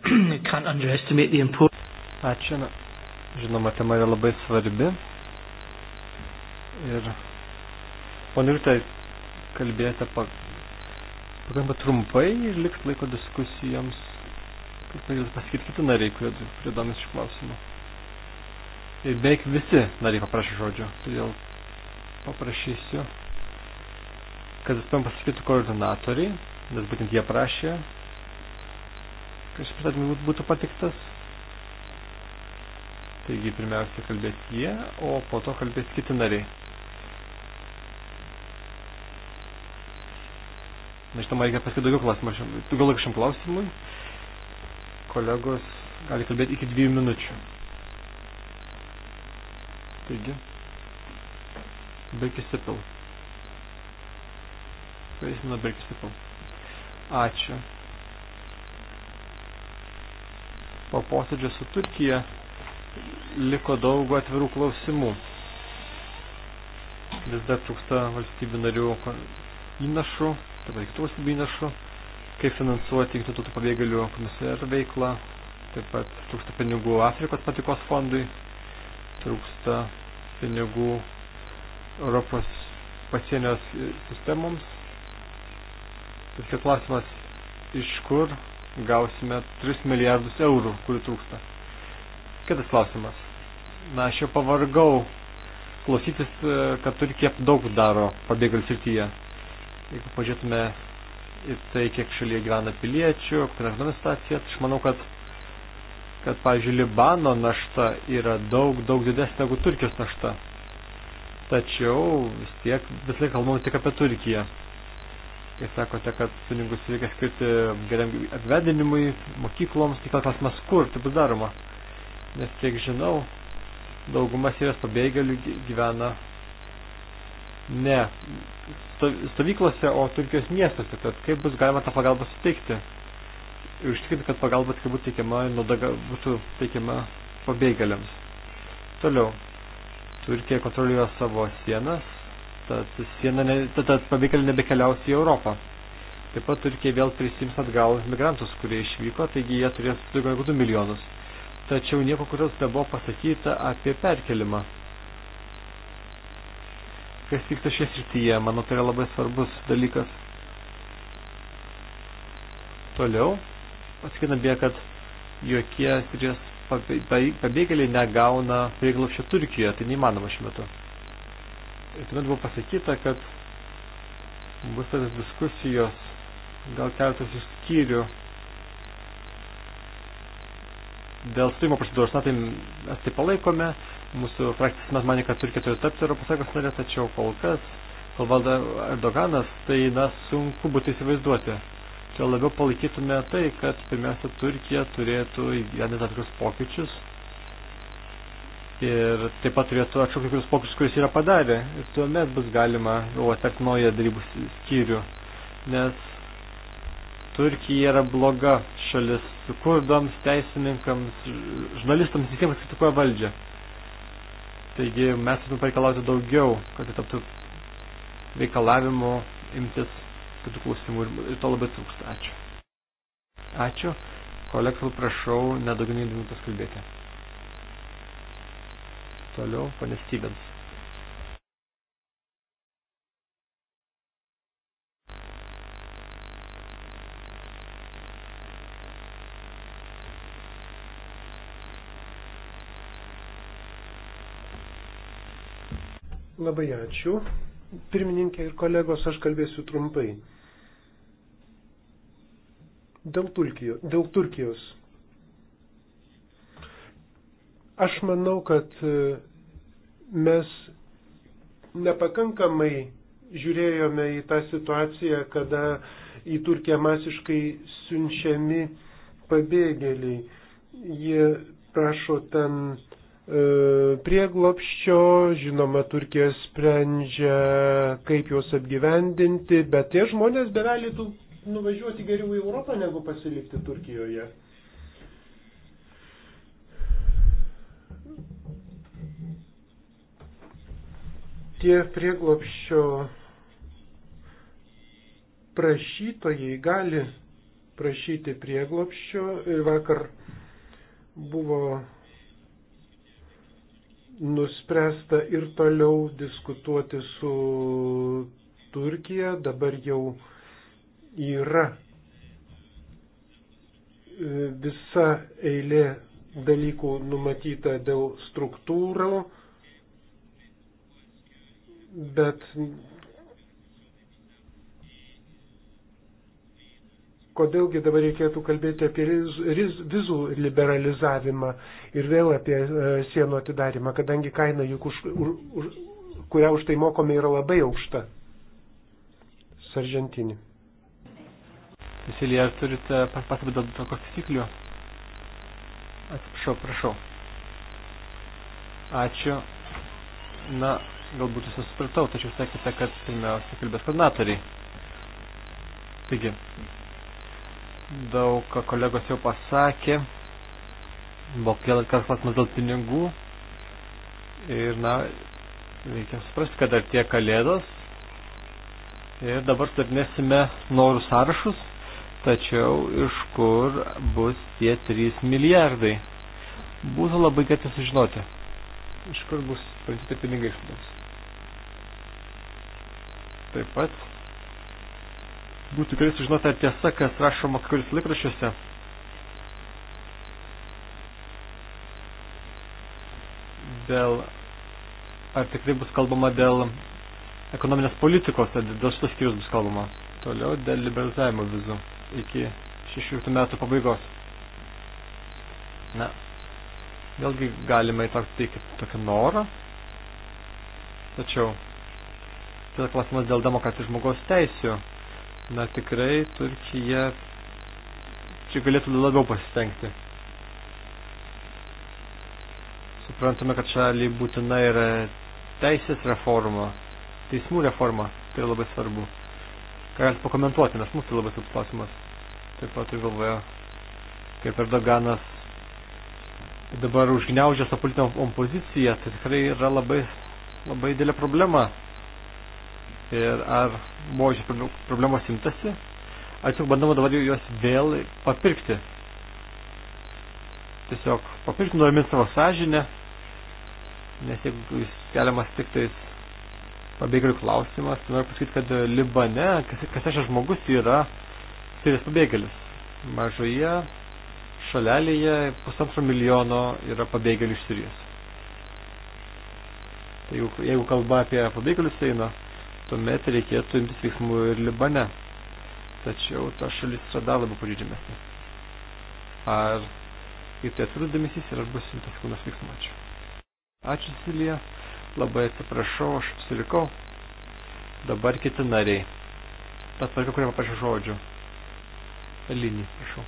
*clears throat* Ačiū. Na, žinoma, tema yra labai svarbi. Ir, ponirtai, kalbėjote pakankamai trumpai ir liks laiko diskusijoms kaip galėtų pasakyti kiti nariai, kurie, kurie domės šių klausimų. Ir beveik visi nariai paprašė žodžio, todėl paprašysiu, kad jūs man pasakytų koordinatoriai, nes būtent jie prašė, kad šis pristatymas būtų patiktas. Taigi pirmiausia kalbės jie, o po to kalbės kiti nariai. Na, žinoma, reikia pasakyti daugiau klausimų. Gal šiam klausimui? kolegos gali kalbėti iki dviejų minučių. Taigi, Birkis Sipil. Praeisime nuo Birkis Sipil. Ačiū. Po posėdžio su Turkija liko daug atvirų klausimų. Vis dar trūksta valstybių narių įnašų, taip pat kitų valstybių įnašų kaip finansuoti jungtinių tautų pabėgėlių komisarų veiklą, taip pat trūksta pinigų Afrikos patikos fondui, trūksta pinigų Europos pasienios sistemoms. Tad kaip klausimas, iš kur gausime 3 milijardus eurų, kurių trūksta. Kitas klausimas. Na, aš jau pavargau klausytis, e, kad Turkija daug daro pabėgėlių srityje. Jeigu pažiūrėtume į tai, kiek šalyje gyvena piliečių, kokia yra situacija. Aš manau, kad, kad pavyzdžiui, Libano našta yra daug, daug didesnė negu Turkijos našta. Tačiau vis tiek vis laik kalbam tik apie Turkiją. Ir sakote, kad pinigus reikia skirti geriam apvedinimui, mokykloms, tik klausimas kur tai bus daroma. Nes kiek žinau, daugumas yra pabėgėlių gyvena ne stovyklose, o Turkijos miestuose, tad kaip bus galima tą pagalbą suteikti ir užtikrinti, kad pagalba tikrai būtų teikiama, nuodaga būtų teikiama pabėgėliams. Toliau, Turkija kontroliuoja savo sienas, tad, siena ne, tad, tad pabėgėliai nebekeliaus į Europą. Taip pat Turkija vėl prisims atgal migrantus, kurie išvyko, taigi jie turės daugiau negu 2 milijonus. Tačiau nieko, kurios nebuvo pasakyta apie perkelimą kas vyksta šioje srityje. Manau, tai yra labai svarbus dalykas. Toliau, pasakina bėga, kad jokie Sirijos pabėgėliai negauna prieglapščio Turkijoje, tai neįmanoma šiuo metu. Ir tuomet buvo pasakyta, kad bus tas diskusijos, gal keletas iš skyrių dėl stojimo procedūros, na tai mes tai palaikome, Mūsų frakcijas mes manė, kad Turkija turi tapti Europos Sąjungos narė, tačiau kol kas, kol valda Erdoganas, tai na, sunku būtų įsivaizduoti. Čia labiau palaikytume tai, kad pirmiausia Turkija turėtų įgyvendinti atskirus pokyčius ir taip pat turėtų atšaukti kurius pokyčius, kuris yra padarę. Ir tuomet bus galima atverti naują darybų skyrių, nes Turkija yra bloga šalis kurdams, teisininkams, žurnalistams, visiems kritikuoja valdžią. Taigi mes turime pareikalauti daugiau, kad tai taptų reikalavimu imtis kitų klausimų ir to labai trūksta. Ačiū. Ačiū. Kolektorių prašau nedaugiau nei minutės kalbėti. Toliau, ponė Stevens. Labai ačiū. Pirmininkė ir kolegos, aš kalbėsiu trumpai. Dėl, Turkijo, dėl Turkijos. Aš manau, kad e, mes nepakankamai žiūrėjome į tą situaciją, kada į Turkiją masiškai siunčiami pabėgėliai. Jie prašo ten E, prieglopščio, žinoma, Turkija sprendžia, kaip juos apgyvendinti, bet tie žmonės bevelėtų nuvažiuoti geriau į Europą, negu pasilikti Turkijoje. Tie prieglopščio prašytojai gali prašyti prieglopščio ir vakar buvo nuspręsta ir toliau diskutuoti su Turkija. Dabar jau yra e, visa eilė dalykų numatyta dėl struktūrų, bet kodėlgi dabar reikėtų kalbėti apie vizų liberalizavimą ir vėl apie e, sienų atidarimą, kadangi kaina, juk už, už, kurią už tai mokome, yra labai aukšta. Saržantinį. Vasilija, ar turite pastabą dėl tokios taisyklių? Atsiprašau, prašau. Ačiū. Na, galbūt jūs supratau, tačiau sakėte, kad pirmiausia kalbės koordinatoriai. Taigi, daug ką kolegos jau pasakė, buvo kėlas klausimas dėl pinigų ir, na, reikia suprasti, kad ar tie kalėdos ir dabar sudarinėsime norų sąrašus, tačiau iš kur bus tie 3 milijardai. Būtų labai gėti tai sužinoti, iš kur bus paimti pinigai iš mūsų. Taip pat būtų gerai sužinoti ar tiesa, kas rašoma kuris laikraščiuose. Dėl, ar tikrai bus kalbama dėl ekonominės politikos, tad dėl šitos skyrius bus kalbama. Toliau dėl liberalizavimo vizų iki 16 metų pabaigos. Na, vėlgi galima įtraukti tai kaip tokį norą, tačiau tai klausimas dėl demokratijos žmogaus teisių. Na tikrai Turkija čia galėtų labiau pasistengti. Suprantame, kad šaliai būtina yra teisės reforma, teismų reforma, tai labai svarbu. Ką galite pakomentuoti, nes mūsų tai labai svarbus klausimas. Taip pat ir galvoja, kaip Erdoganas dabar užgniaužė savo politinę opoziciją, tai tikrai yra labai, labai didelė problema ir ar buvo šios problemos imtasi, ar tiesiog bandoma dabar juos vėl papirkti. Tiesiog papirkti nuramint savo sąžinę, nes jeigu jis keliamas tik tais pabėgėlių klausimas, tai noriu pasakyti, kad Libane, kas, kas šis žmogus yra sirijos tai pabėgėlis. Mažoje šalelėje pusantro milijono yra pabėgėlių iš Sirijos. Tai jeigu, jeigu kalba apie pabėgėlius tai eina, tai tuomet reikėtų imtis veiksmų ir Libane. Tačiau ta šalis yra dar labiau pažydžiamesnė. Ar į tai atsirūs dėmesys ir ar bus imtas kūnas veiksmų? Ačiū. Ačiū, Silija. Labai atsiprašau, aš apsilikau. Dabar kiti nariai. Ta tvarka, kurią paprašiau žodžių. Linį, prašau.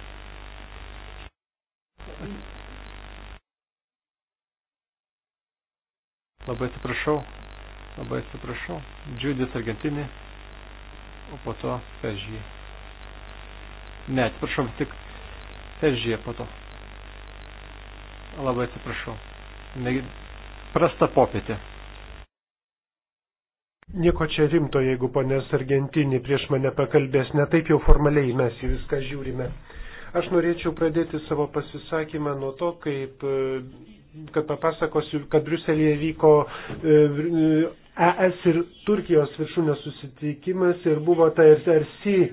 Labai atsiprašau, Labai atsiprašau. Džiudis Argentinį, o po to Peržyje. Ne, atsiprašau, tik Peržyje po to. Labai atsiprašau. Ne, prasta popietė. Nieko čia rimto, jeigu ponės Argentinį prieš mane pakalbės, netaip jau formaliai mes į viską žiūrime. Aš norėčiau pradėti savo pasisakymą nuo to, kaip, e, kad papasakosiu, kad Briuselėje vyko e, ES ir Turkijos viršūnės susitikimas ir buvo TRC e,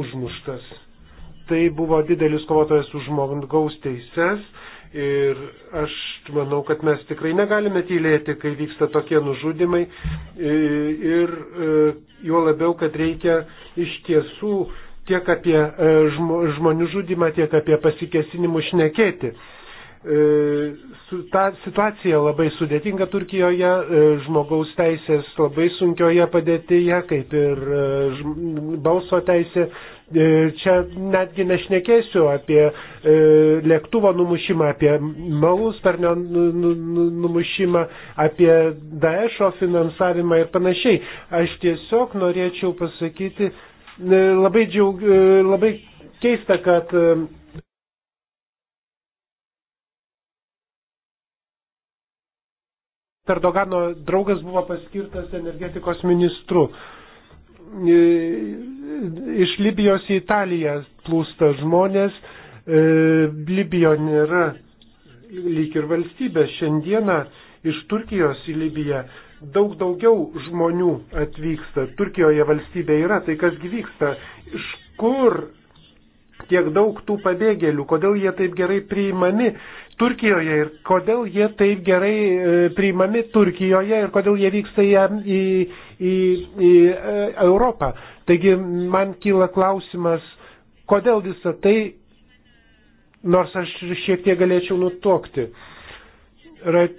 užmuštas. Tai buvo didelis kovotojas už žmogaus teises ir aš manau, kad mes tikrai negalime tylėti, kai vyksta tokie nužudimai e, ir e, juo labiau, kad reikia iš tiesų tiek apie e, žmonių žudimą, tiek apie pasikesinimus šnekėti. E, ta situacija labai sudėtinga Turkijoje, e, žmogaus teisės labai sunkioje padėtyje, kaip ir e, balso teisė. Čia netgi nešnekėsiu apie lėktuvo numušimą, apie malus per nu, nu, nu, numušimą, apie Daesho finansavimą ir panašiai. Aš tiesiog norėčiau pasakyti, labai, džiaug, labai keista, kad Perdogano draugas buvo paskirtas energetikos ministru. E, iš Libijos į Italiją plūsta žmonės. E, Libijo nėra lyg ir valstybė. Šiandieną iš Turkijos į Libiją daug daugiau žmonių atvyksta. Turkijoje valstybė yra, tai kas vyksta? Iš kur tiek daug tų pabėgėlių, kodėl jie taip gerai priimami Turkijoje ir kodėl jie taip gerai e, priimami Turkijoje ir kodėl jie vyksta į, į, į, į e, Europą. Taigi man kyla klausimas, kodėl visą tai, nors aš šiek tiek galėčiau nutokti. Right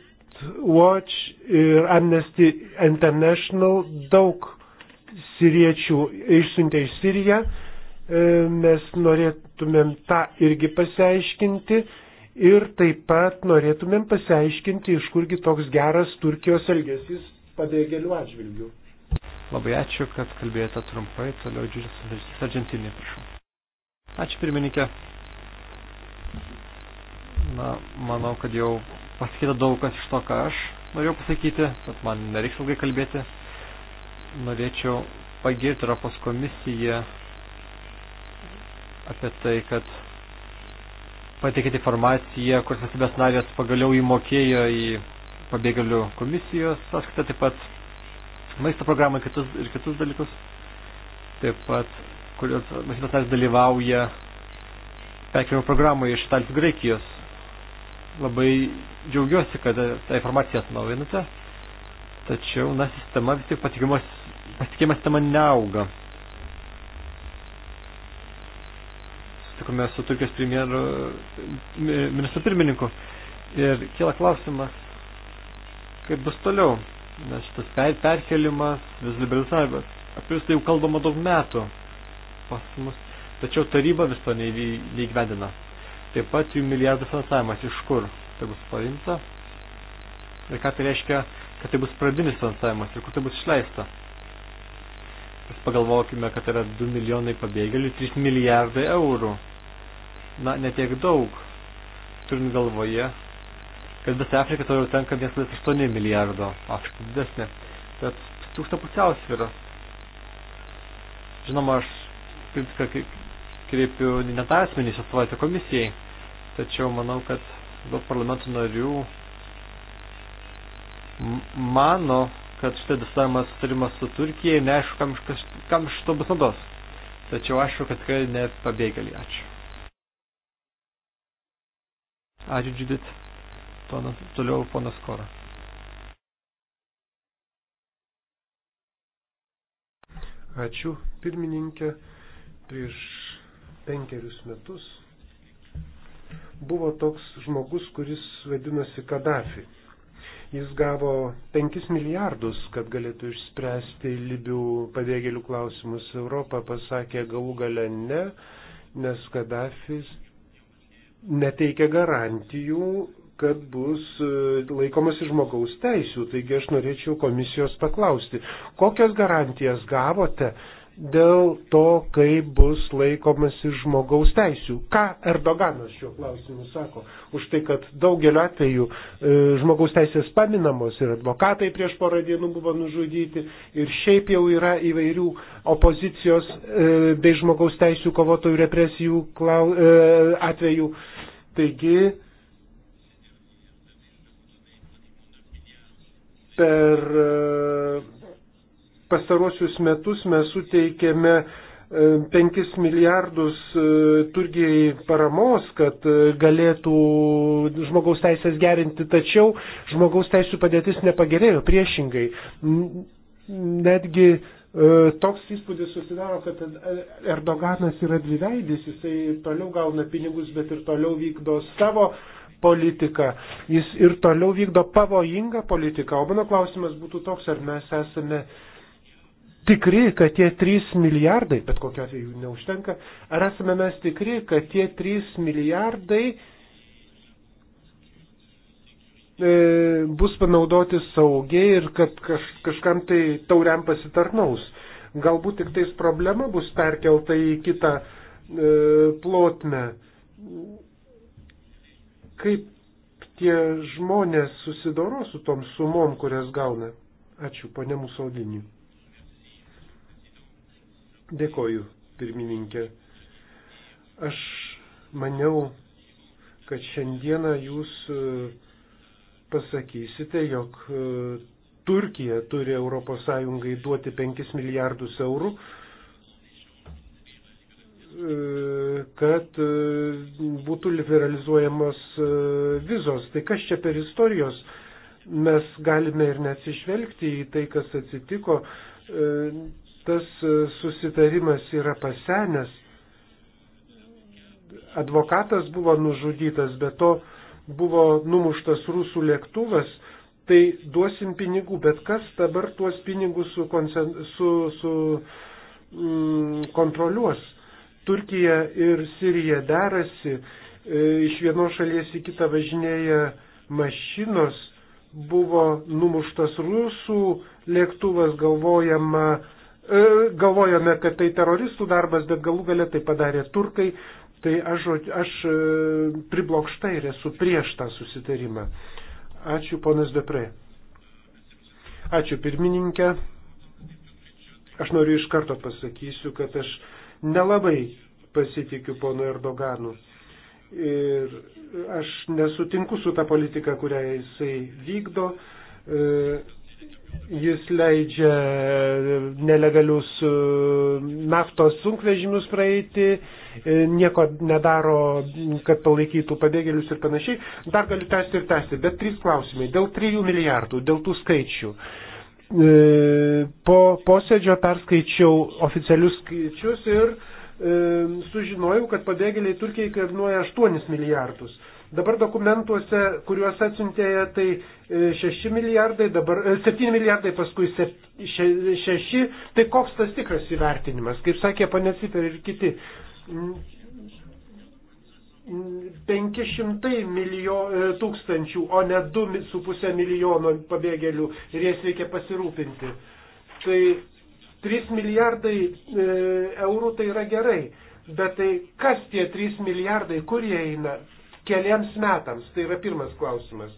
Watch ir Amnesty International daug siriečių išsiuntė į Siriją E, mes norėtumėm tą irgi pasiaiškinti ir taip pat norėtumėm pasiaiškinti, iš kurgi toks geras Turkijos elgesys pabėgėlių atžvilgių. Labai ačiū, kad kalbėjote trumpai, toliau Džiulis Sargentinė, prašau. Ačiū pirmininkė. Na, manau, kad jau pasakyta daug kas iš to, ką aš norėjau pasakyti, tad man nereiks ilgai kalbėti. Norėčiau pagirti Europos komisiją apie tai, kad pateikėte informaciją, kur valstybės narės pagaliau įmokėjo į pabėgėlių komisijos sąskaitą, taip pat maisto programą kitus, ir kitus dalykus, taip pat, kurios valstybės narės dalyvauja perkelimo programoje iš Italijos Graikijos. Labai džiaugiuosi, kad tą informaciją atnaujinate, tačiau, na, sistema vis tik patikima sistema neauga. susitikome su Turkijos premjeru, ministru pirmininku. Ir kyla klausimas, kaip bus toliau, nes šitas per, perkelimas, vis liberalizavimas, apie jūs tai jau kalbama daug metų pas mus, tačiau taryba vis to neįgyvendina. Taip pat jų milijardų finansavimas, iš kur tai bus paimta ir ką tai reiškia, kad tai bus pradinis finansavimas ir kur tai bus išleista. Mes pagalvokime, kad tai yra 2 milijonai pabėgėlių, 3 milijardai eurų na, netiek daug, turint galvoje, kad visą Afriką toliau tenka 1,8 milijardo, Afrika didesnė, bet trūksta pusiausvyrą. Žinoma, aš kritiką kreipiu ne tą asmenį šią savaitę komisijai, tačiau manau, kad daug parlamentų narių mano, kad štai dislojamas sutarimas su Turkija, neaišku, kam, kam šito bus naudos. Tačiau aišku, kad tikrai ne pabėgėliai. Ačiū. Ačiū, Judith. Toliau ponas Kora. Ačiū, pirmininkė. Prieš penkerius metus buvo toks žmogus, kuris vadinosi Kadafi. Jis gavo 5 milijardus, kad galėtų išspręsti Libių pabėgėlių klausimus. Europą pasakė galų gale ne, nes Kadafis neteikia garantijų, kad bus e, laikomasi žmogaus teisų. Taigi aš norėčiau komisijos paklausti, kokias garantijas gavote, dėl to, kaip bus laikomasi žmogaus teisių. Ką Erdoganas šiuo klausimu sako? Už tai, kad daugeliu atveju e, žmogaus teisės paminamos ir advokatai prieš porą dienų buvo nužudyti ir šiaip jau yra įvairių opozicijos e, bei žmogaus teisų kovotojų represijų klau, e, atveju. Taigi, per e, pastarosius metus mes suteikėme 5 e, milijardus e, Turkijai paramos, kad e, galėtų žmogaus teisės gerinti, tačiau žmogaus teisų padėtis nepagerėjo, priešingai. Netgi toks įspūdis susidaro, kad Erdoganas yra dviveidis, jisai toliau gauna pinigus, bet ir toliau vykdo savo politiką. Jis ir toliau vykdo pavojingą politiką. O mano klausimas būtų toks, ar mes esame uh, tikri, kad tie 3 milijardai, bet kokiu atveju jų neužtenka, ar esame mes tikri, kad tie 3 milijardai e, bus panaudoti saugiai ir kad kaž, kažkam tai tauriam pasitarnaus. Galbūt tik tais problema bus perkelta į kitą e, plotmę. Kaip tie žmonės susidoro su tom sumom, kurias gauna? Ačiū, ponė mūsų audiniui. Dėkoju, pirmininkė. Aš maniau, kad šiandieną jūs e, pasakysite, jog e, Turkija turi ES duoti 5 milijardus eurų, e, kad būtų liberalizuojamos vizos. Tai kas čia per istorijos? Mes galime ir neatsižvelgti į tai, kas atsitiko tas e, susitarimas yra pasenęs. Advokatas buvo nužudytas, bet to buvo numuštas rusų lėktuvas, tai duosim pinigų, bet kas dabar tuos pinigus su, su, su mm, kontroliuos? Turkija ir Sirija derasi, e, iš vienos šalies į kitą važinėja mašinos, buvo numuštas rusų lėktuvas, galvojama, E, galvojome, kad tai teroristų darbas, bet galų galę tai padarė turkai. Tai aš, aš e, priblokšta ir esu prieš tą susitarimą. Ačiū, ponas Depre. Ačiū, pirmininkė. Aš noriu iš karto pasakysiu, kad aš nelabai pasitikiu ponu Erdoganu. Ir aš nesutinku su tą politiką, kurią jisai vykdo. E, Jis leidžia nelegalius e, naftos sunkvežimius praeiti, e, nieko nedaro, kad palaikytų pabėgėlius ir panašiai. Dar galiu tęsti ir tęsti, bet trys klausimai. Dėl 3 milijardų, dėl tų skaičių. E, po posėdžio perskaičiau oficialius skaičius ir sužinojau, kad pabėgėliai Turkijai kainuoja 8 milijardus. Dabar dokumentuose, kuriuos atsiuntėje, tai 6 e, milijardai, dabar 7 e, milijardai, paskui 6. Tai koks tas tikras įvertinimas, kaip sakė panesiper ir kiti. 500 milijo, e, tūkstančių, o ne 2,5 milijono pabėgėlių ir jas reikia pasirūpinti. Tai 3 milijardai eurų tai yra gerai, bet tai kas tie 3 milijardai, kur jie eina, keliams metams? Tai yra pirmas klausimas.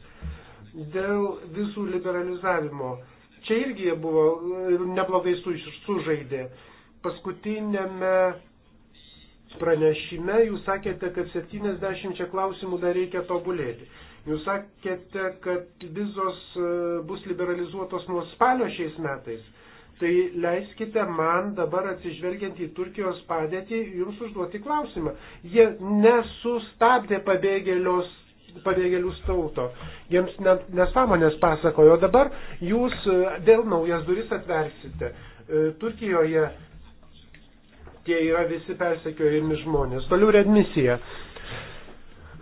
Dėl visų liberalizavimo. Čia irgi jie buvo e, neblogai sužaidė. Paskutinėme pranešime jūs sakėte, kad 70 klausimų dar reikia tobulėti. Jūs sakėte, kad vizos e, bus liberalizuotos nuo spalio šiais metais. Tai leiskite man dabar atsižvelgiant į Turkijos padėtį jums užduoti klausimą. Jie nesustabdė pabėgėlios pabėgėlių stauto. Jiems nesąmonės pasakojo, dabar jūs e, vėl naujas duris atversite. E, Turkijoje tie yra visi persekiojami žmonės. Toliau redmisija.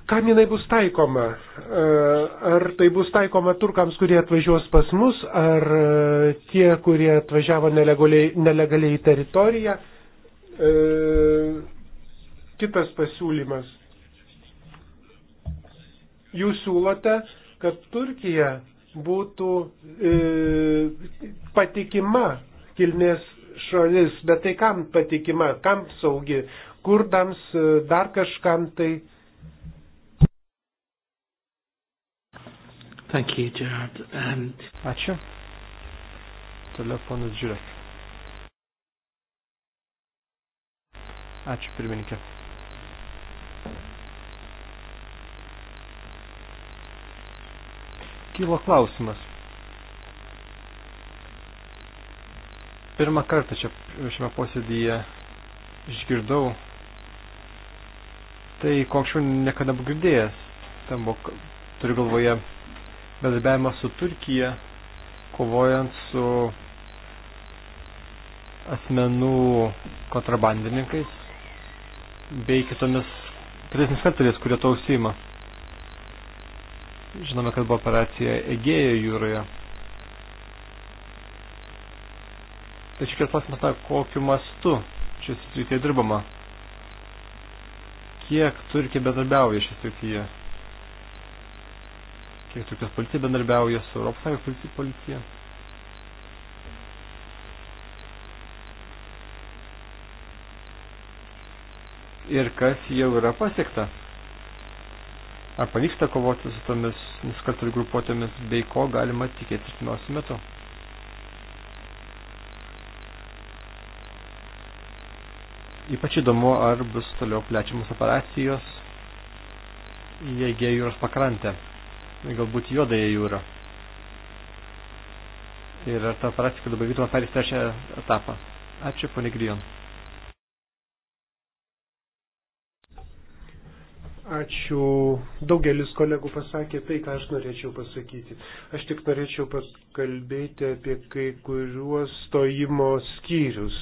Kam jinai bus taikoma? E, ar tai bus taikoma turkams, kurie atvažiuos pas mus, ar e, tie, kurie atvažiavo nelegaliai, nelegaliai į teritoriją? E, kitas pasiūlymas. Jūs siūlote, kad Turkija būtų e, patikima kilmės šalis, bet tai kam patikima, kam saugi, kurdams dar kažkam tai Thank you, Gerard. Um... Ačiū. Telefonas žiūrėk. Ačiū pirmininkė. Kilo klausimas. Pirmą kartą čia šiame posėdyje išgirdau tai, ko anksčiau niekada buvau girdėjęs. Ten buvo, turiu galvoje, bendradarbiavimą su Turkija, kovojant su asmenų kontrabandininkais bei kitomis krizėmis sektoriais, kurie to užsima. Žinome, kad buvo operacija Egėjo jūroje. Tačiau kiek klausimas, kokiu mastu šis srityje dirbama? Kiek Turkija bedarbiauja šis srityje? kiek Turkijos policija bendarbiauja su Europos Sąjungos policija. Ir kas jau yra pasiekta? Ar pavyksta kovoti su tomis nusikaltelių grupuotėmis, bei ko galima tikėtis artimiausiu metu? Ypač įdomu, ar bus toliau plečiamos operacijos į Egėjų jūros pakrantę galbūt juodąją jūrą. Ir ar ta praktika dabar vykdoma peris trečią etapą? Ačiū, ponė Grijon. Ačiū. Daugelis kolegų pasakė tai, ką aš norėčiau pasakyti. Aš tik norėčiau pakalbėti apie kai kuriuos stojimo skyrius.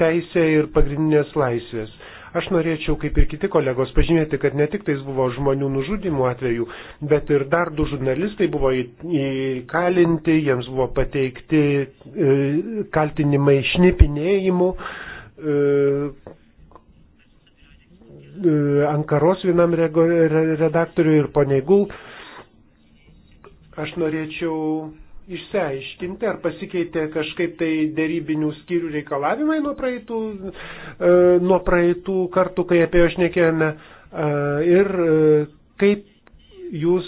Teisė ir pagrindinės laisvės Aš norėčiau, kaip ir kiti kolegos, pažymėti, kad ne tik tais buvo žmonių nužudimų atvejų, bet ir dar du žurnalistai buvo įkalinti, jiems buvo pateikti e, kaltinimai šnipinėjimu. E, e, Ankaros vienam redaktoriui ir poneigul. Aš norėčiau išsiaiškinti, ar pasikeitė kažkaip tai dėrybinių skyrių reikalavimai nuo praeitų, e, nuo praeitų kartų, kai apie juos nekėjome, e, ir e, kaip jūs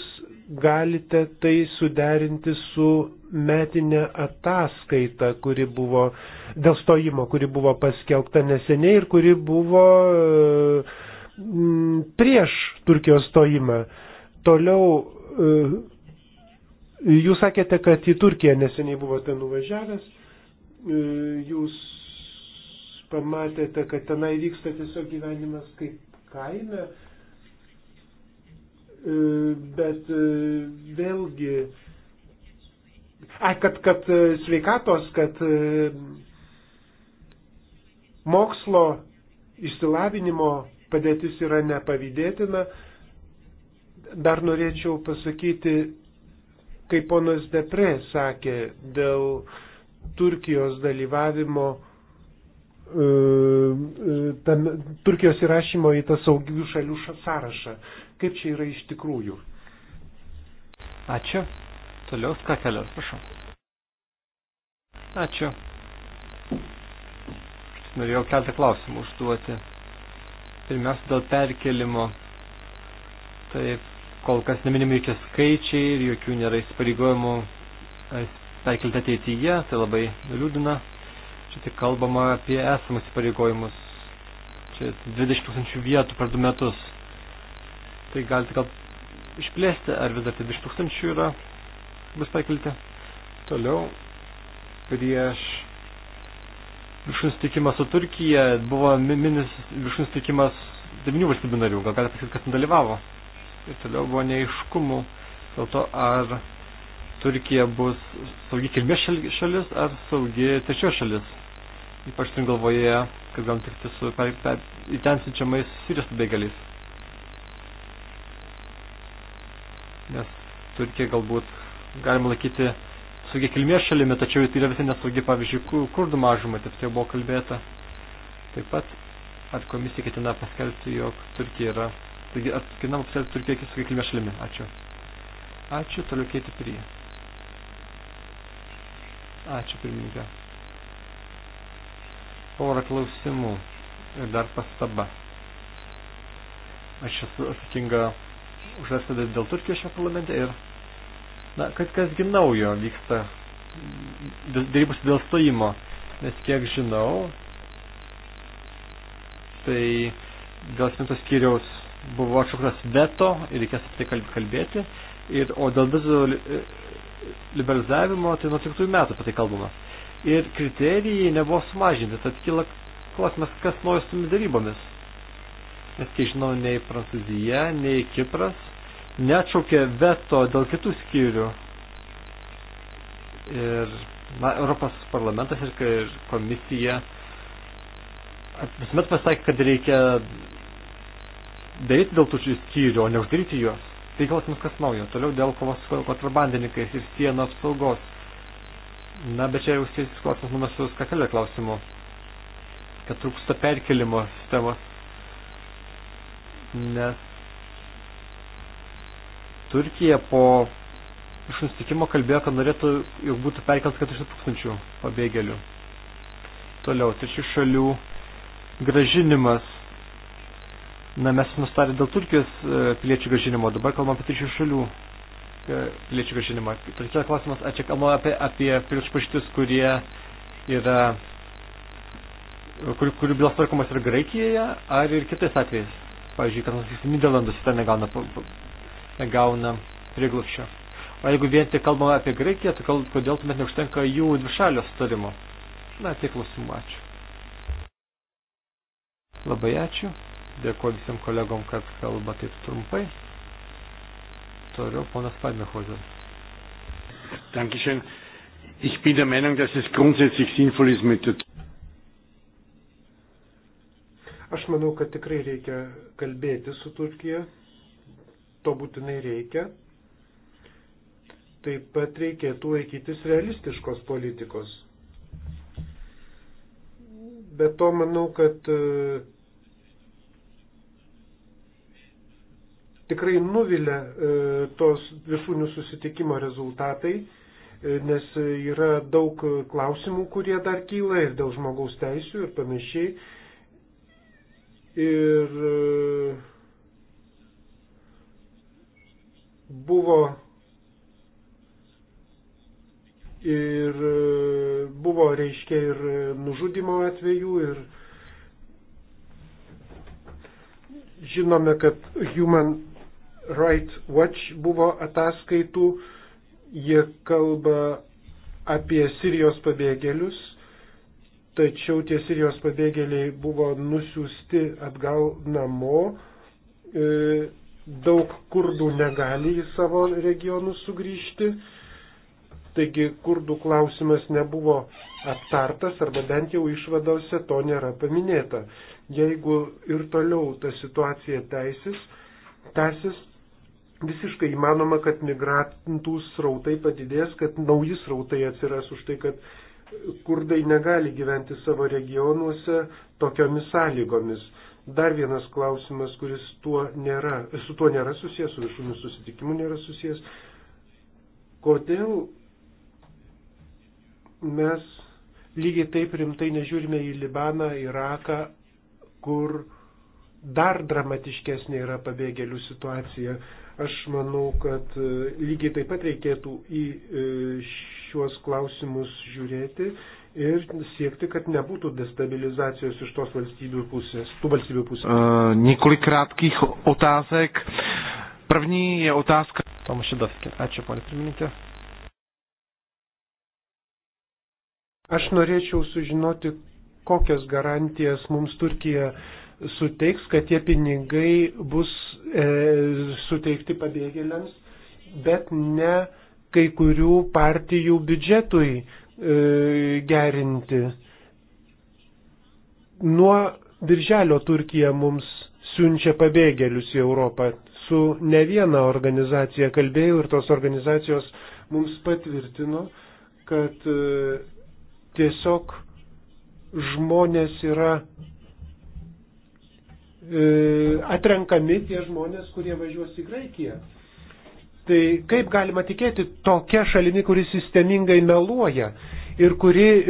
galite tai suderinti su metinė ataskaita, kuri buvo dėl stojimo, kuri buvo paskelbta neseniai ir kuri buvo e, prieš Turkijos stojimą. Toliau e, Jūs sakėte, kad į Turkiją neseniai buvote nuvažiavęs, e, jūs pamatėte, kad tenai vyksta tiesiog gyvenimas kaip kaime, e, bet e, vėlgi, ai, kad, kad sveikatos, kad mokslo išsilavinimo padėtis yra nepavydėtina, dar norėčiau pasakyti, kaip ponas Depre sakė, dėl Turkijos dalyvavimo, e, e, tam, Turkijos įrašymo į tą saugių šalių sąrašą. Kaip čia yra iš tikrųjų? Ačiū. Toliau skatelio, prašau. Ačiū. Norėjau keltą klausimų užduoti. Pirmiausia, dėl perkelimo. Taip, kol kas neminimi jokie skaičiai ir jokių nėra įsipareigojimų e, perkelti ateityje, tai labai liūdina. Čia tik kalbama apie esamus įsipareigojimus. Čia 20 tūkstančių vietų per du metus. Tai galite gal išplėsti, ar vis dar tai 20 tūkstančių yra, bus perkelti. Toliau, prieš viršūnų sutikimą su Turkija buvo minis viršūnų sutikimas devinių valstybių narių. Gal galite pasakyti, kas ten dalyvavo? ir toliau buvo neiškumų dėl to, ar Turkija bus saugi kilmės šalis ar saugi trečio šalis. Ypač turint galvoje, kad galim tikti su į ten siunčiamais Sirijos pabėgėliais. Nes Turkija galbūt galima laikyti saugi kilmės šalimi, tačiau tai yra visai nesaugi, pavyzdžiui, kurdų mažumai, taip tai buvo kalbėta. Taip pat, ar komisija ketina paskelbti, jog Turkija yra Taigi atskirinam apsėti Turkiją su kiekviena šalimi. Ačiū. Ačiū, toliau keiti prie. Ačiū, pirmininkė. Porą klausimų ir dar pastaba. Aš esu atsakinga už SED dėl Turkijos šią parlamente ir na, kad kasgi naujo vyksta dėrybus dėl stojimo, nes kiek žinau, tai dėl simtos skyriaus buvo atšauktas veto ir reikės apie tai kalbėti. Ir, o dėl vizų liberalizavimo, tai nuo 13 metų apie tai kalbama. Ir kriterijai nebuvo sumažinti, tad kyla klausimas, kas nori su darybomis. Nes, kiek žinau, nei Prancūzija, nei Kipras neatšaukė veto dėl kitų skyrių. Ir na, Europos parlamentas ir komisija visuomet pasakė, kad reikia daryti dėl tų skyrių, o neuždaryti juos. Tai klausimas kas naujo. Toliau dėl kovos su kontrabandininkais ir sienų apsaugos. Na, bet čia jau sėsis klausimas numas su skatelė klausimu, kad trūksta perkelimo sistemos. Nes Turkija po iš nusitikimo kalbėjo, kad norėtų, jog būtų perkeltas 4 tūkstančių pabėgėlių. Toliau, trečių šalių gražinimas Na, mes nustarė dėl Turkijos e, piliečių gražinimo, dabar kalbam apie trečių šalių e, piliečių gražinimą. Turkijos klausimas, ar čia kalbam apie, apie piliečių paštus, kurie yra, kur, kurių bylas tvarkomas yra Graikijoje, ar ir kitais atvejais. Pavyzdžiui, kad nors Niderlandus ten negauna, negauna prieglupščio. O jeigu vien tik kalbame apie Graikiją, tai kodėl tuomet neužtenka jų dvišalio sutarimo? Na, tiek klausimų, ačiū. Labai ačiū. Dėkuoju visiems kolegom, kad kalba taip trumpai. Toliau ponas Padmehozer. Dankeschön. Ich bin der Meinung, dass es grundsätzlich sinnvoll ist mit der Aš manau, kad tikrai reikia kalbėti su Turkija. To būtinai reikia. Taip pat reikėtų laikytis realistiškos politikos. Bet to manau, kad uh, tikrai nuvilia e, tos viršūnių susitikimo rezultatai, e, nes yra daug klausimų, kurie dar kyla ir dėl žmogaus teisų ir panašiai. Ir e, buvo ir buvo, reiškia, ir nužudimo atvejų, ir žinome, kad Human Right Watch buvo ataskaitų, jie kalba apie Sirijos pabėgėlius, tačiau tie Sirijos pabėgėliai buvo nusiųsti atgal namo, e, daug kurdų negali į savo regionus sugrįžti, taigi kurdų klausimas nebuvo aptartas arba bent jau išvadose to nėra paminėta. Jeigu ir toliau ta situacija teisis, tęsis, visiškai įmanoma, kad migrantų srautai padidės, kad nauji srautai atsiras už tai, kad kurdai negali gyventi savo regionuose tokiomis sąlygomis. Dar vienas klausimas, kuris tuo nėra, su tuo nėra susijęs, su viršūnių susitikimu nėra susijęs. Kodėl mes lygiai taip rimtai nežiūrime į Libaną, Iraką, kur dar dramatiškesnė yra pabėgėlių situacija? Aš manau, kad e, lygiai taip pat reikėtų į e, šiuos klausimus žiūrėti ir siekti, kad nebūtų destabilizacijos iš tos valstybių pusės, tų valstybių pusės. Uh, e, Několik krátkých otázek. První je otázka. Tomas Šidovskis. Ačiū, ponė pirmininkė. Aš norėčiau sužinoti, kokias garantijas mums Turkija uh, suteiks, kad tie pinigai bus e, suteikti pabėgėliams, bet ne kai kurių partijų biudžetui e, gerinti. Nuo birželio Turkija mums siunčia pabėgėlius į Europą. Su ne viena organizacija kalbėjau ir tos organizacijos mums patvirtino, kad e, tiesiog žmonės yra E, atrenkami tie žmonės, kurie važiuos į Graikiją. Tai kaip galima tikėti tokia šalimi, kuri sistemingai meluoja ir kuri e,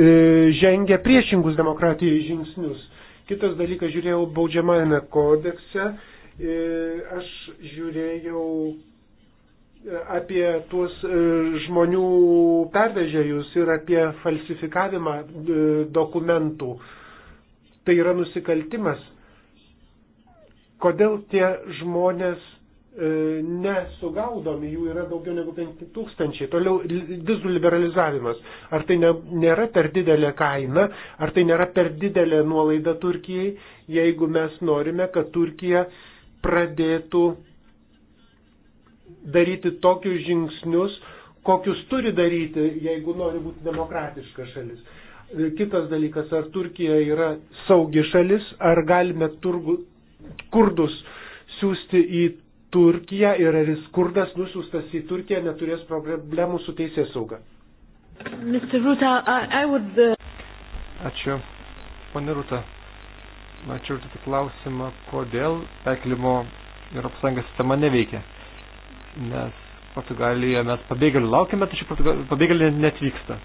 žengia priešingus demokratijai žingsnius. Kitas dalykas, žiūrėjau baudžiamajame kodekse, e, aš žiūrėjau e, apie tuos e, žmonių pervežėjus ir apie falsifikavimą dokumentų. Tai yra nusikaltimas Kodėl tie žmonės e, nesugaudomi, jų yra daugiau negu 5000. Toliau vizų liberalizavimas. Ar tai ne, nėra per didelė kaina, ar tai nėra per didelė nuolaida Turkijai, jeigu mes norime, kad Turkija pradėtų daryti tokius žingsnius, kokius turi daryti, jeigu nori būti demokratiška šalis. E, kitas dalykas, ar Turkija yra saugi šalis, ar galime turgu, kurdus siūsti į Turkiją ir ar jis kurdas nusiųstas į Turkiją neturės problemų su teisės sauga. Ruta, I, I would... Uh, Ačiū. Pane Rūta, mačiau tik klausimą, kodėl perkelimo Europos Sąjungos sistema neveikia. Nes Portugalijoje mes pabėgėlių laukiame, tačiau pabėgėliai netvyksta.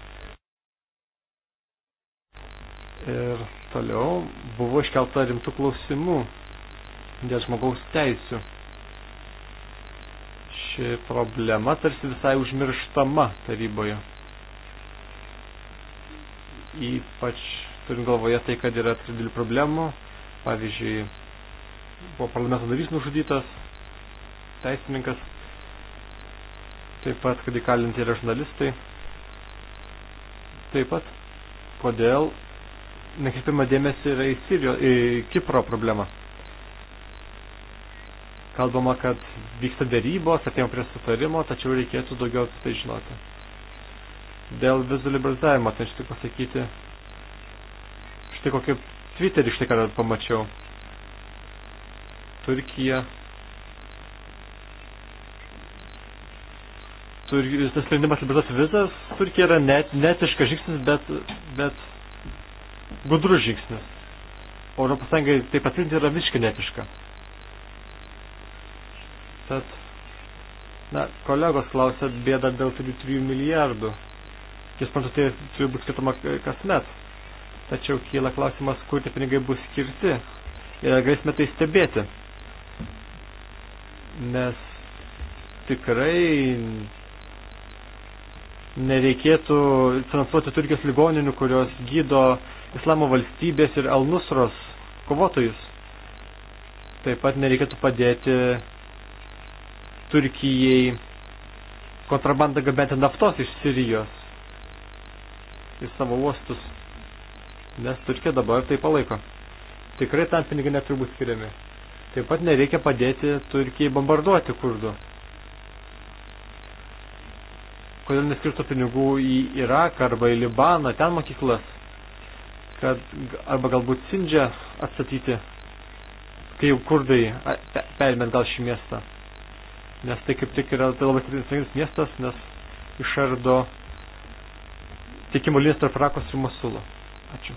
Ir toliau buvo iškelta rimtų klausimų dėl žmogaus teisių. Ši problema tarsi visai užmirštama taryboje. Ypač turint galvoje tai, kad yra didelių problemų, pavyzdžiui, buvo parlamento narys nužudytas, teisininkas, taip pat, kad įkalinti yra žurnalistai, taip pat, kodėl nekreipima dėmesį yra į, Sirio, į Kipro problemą kalbama, kad vyksta dėrybos, atėjom prie sutarimo, tačiau reikėtų daugiau tai žinoti. Dėl vizų liberalizavimo, tai aš tik pasakyti, štai kokį Twitterį štai kada pamačiau. Turkija. Tur, tas sprendimas liberalizuoti vizas, Turkija yra net, netiškas žingsnis, bet, bet gudrus žingsnis. Europos Sąjungai taip pat yra visiškai netiška. Tad, na, kolegos klausė bėdą dėl 3 milijardų. Jis panašu, tai turi būti skirtama kasmet. Tačiau kyla klausimas, kur tie pinigai bus skirti. Ir galėsime tai stebėti. Nes tikrai nereikėtų finansuoti Turkijos ligoninių, kurios gydo Islamo valstybės ir Alnusros kovotojus. Taip pat nereikėtų padėti Turkijai kontrabandą gabenti naftos iš Sirijos į savo uostus, nes Turkija dabar tai palaiko. Tikrai tam pinigai neturi būti skiriami. Taip pat nereikia padėti Turkijai bombarduoti kurdų. Kodėl neskirto pinigų į Iraką arba į Libaną, ten mokyklas, kad arba galbūt Sindžią atstatyti, kai jau kurdai perėmėt gal šį miestą nes tai kaip tik yra tai labai tradicinis miestas, nes išardo tiekimo linijas tarp Rakos ir Mosulo. Ačiū.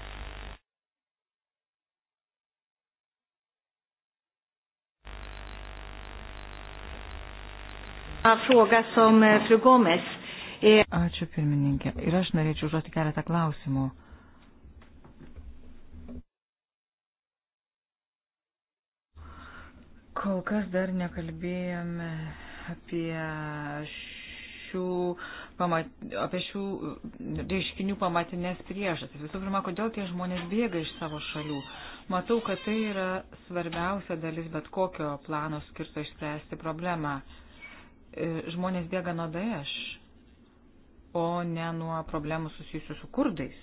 Eh, Ačiū pirmininkė. Ir aš norėčiau užduoti keletą klausimų. Kol kas dar nekalbėjome apie šių, pamat, apie šių reiškinių pamatinės priežastis. Visų pirma, kodėl tie žmonės bėga iš savo šalių. Matau, kad tai yra svarbiausia dalis bet kokio plano skirto išspręsti problemą. E, žmonės bėga nuo Daesh, o ne nuo problemų susijusių su kurdais.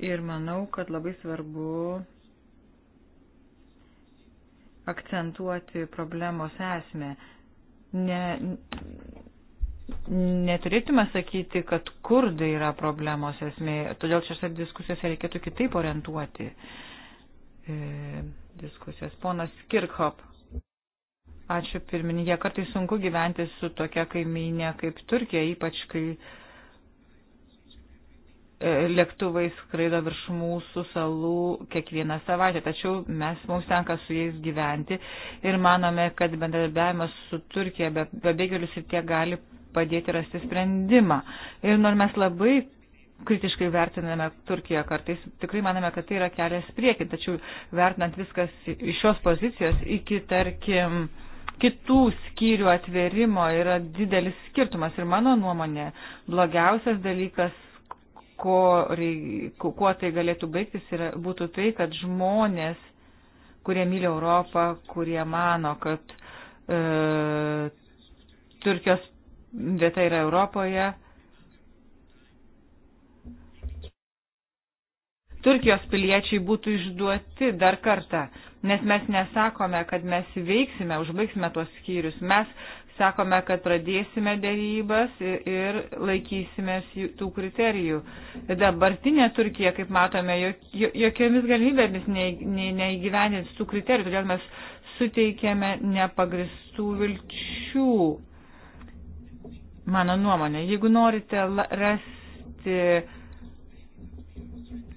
Ir manau, kad labai svarbu akcentuoti problemos esmę. Ne, neturėtume sakyti, kad kurdai yra problemos esmė, todėl šiose diskusijose reikėtų kitaip orientuoti e, diskusijas. Ponas Kirkhop, ačiū pirmininkė, kartai sunku gyventi su tokia kaiminė kaip Turkija, ypač kai E, lėktuvai skraido virš mūsų salų kiekvieną savaitę, tačiau mes mums tenka su jais gyventi ir manome, kad bendradarbiavimas su Turkija be pabėgėlius ir tie gali padėti rasti sprendimą. Ir nors mes labai kritiškai vertiname Turkiją kartais, tikrai manome, kad tai yra kelias prieki, tačiau vertinant viskas iš šios pozicijos iki, tarkim, kitų skyrių atverimo yra didelis skirtumas. Ir mano nuomonė, blogiausias dalykas ko, kuo tai galėtų baigtis, yra, būtų tai, kad žmonės, kurie myli Europą, kurie mano, kad e, Turkijos vieta yra Europoje, Turkijos piliečiai būtų išduoti dar kartą, nes mes nesakome, kad mes veiksime, užbaigsime tuos skyrius, mes sakome, kad pradėsime dėrybas ir laikysimės tų kriterijų. Dabartinė Turkija, kaip matome, jokiomis galimybėmis neįgyvendins tų kriterijų, todėl mes suteikėme nepagristų vilčių. Mano nuomonė, jeigu norite rasti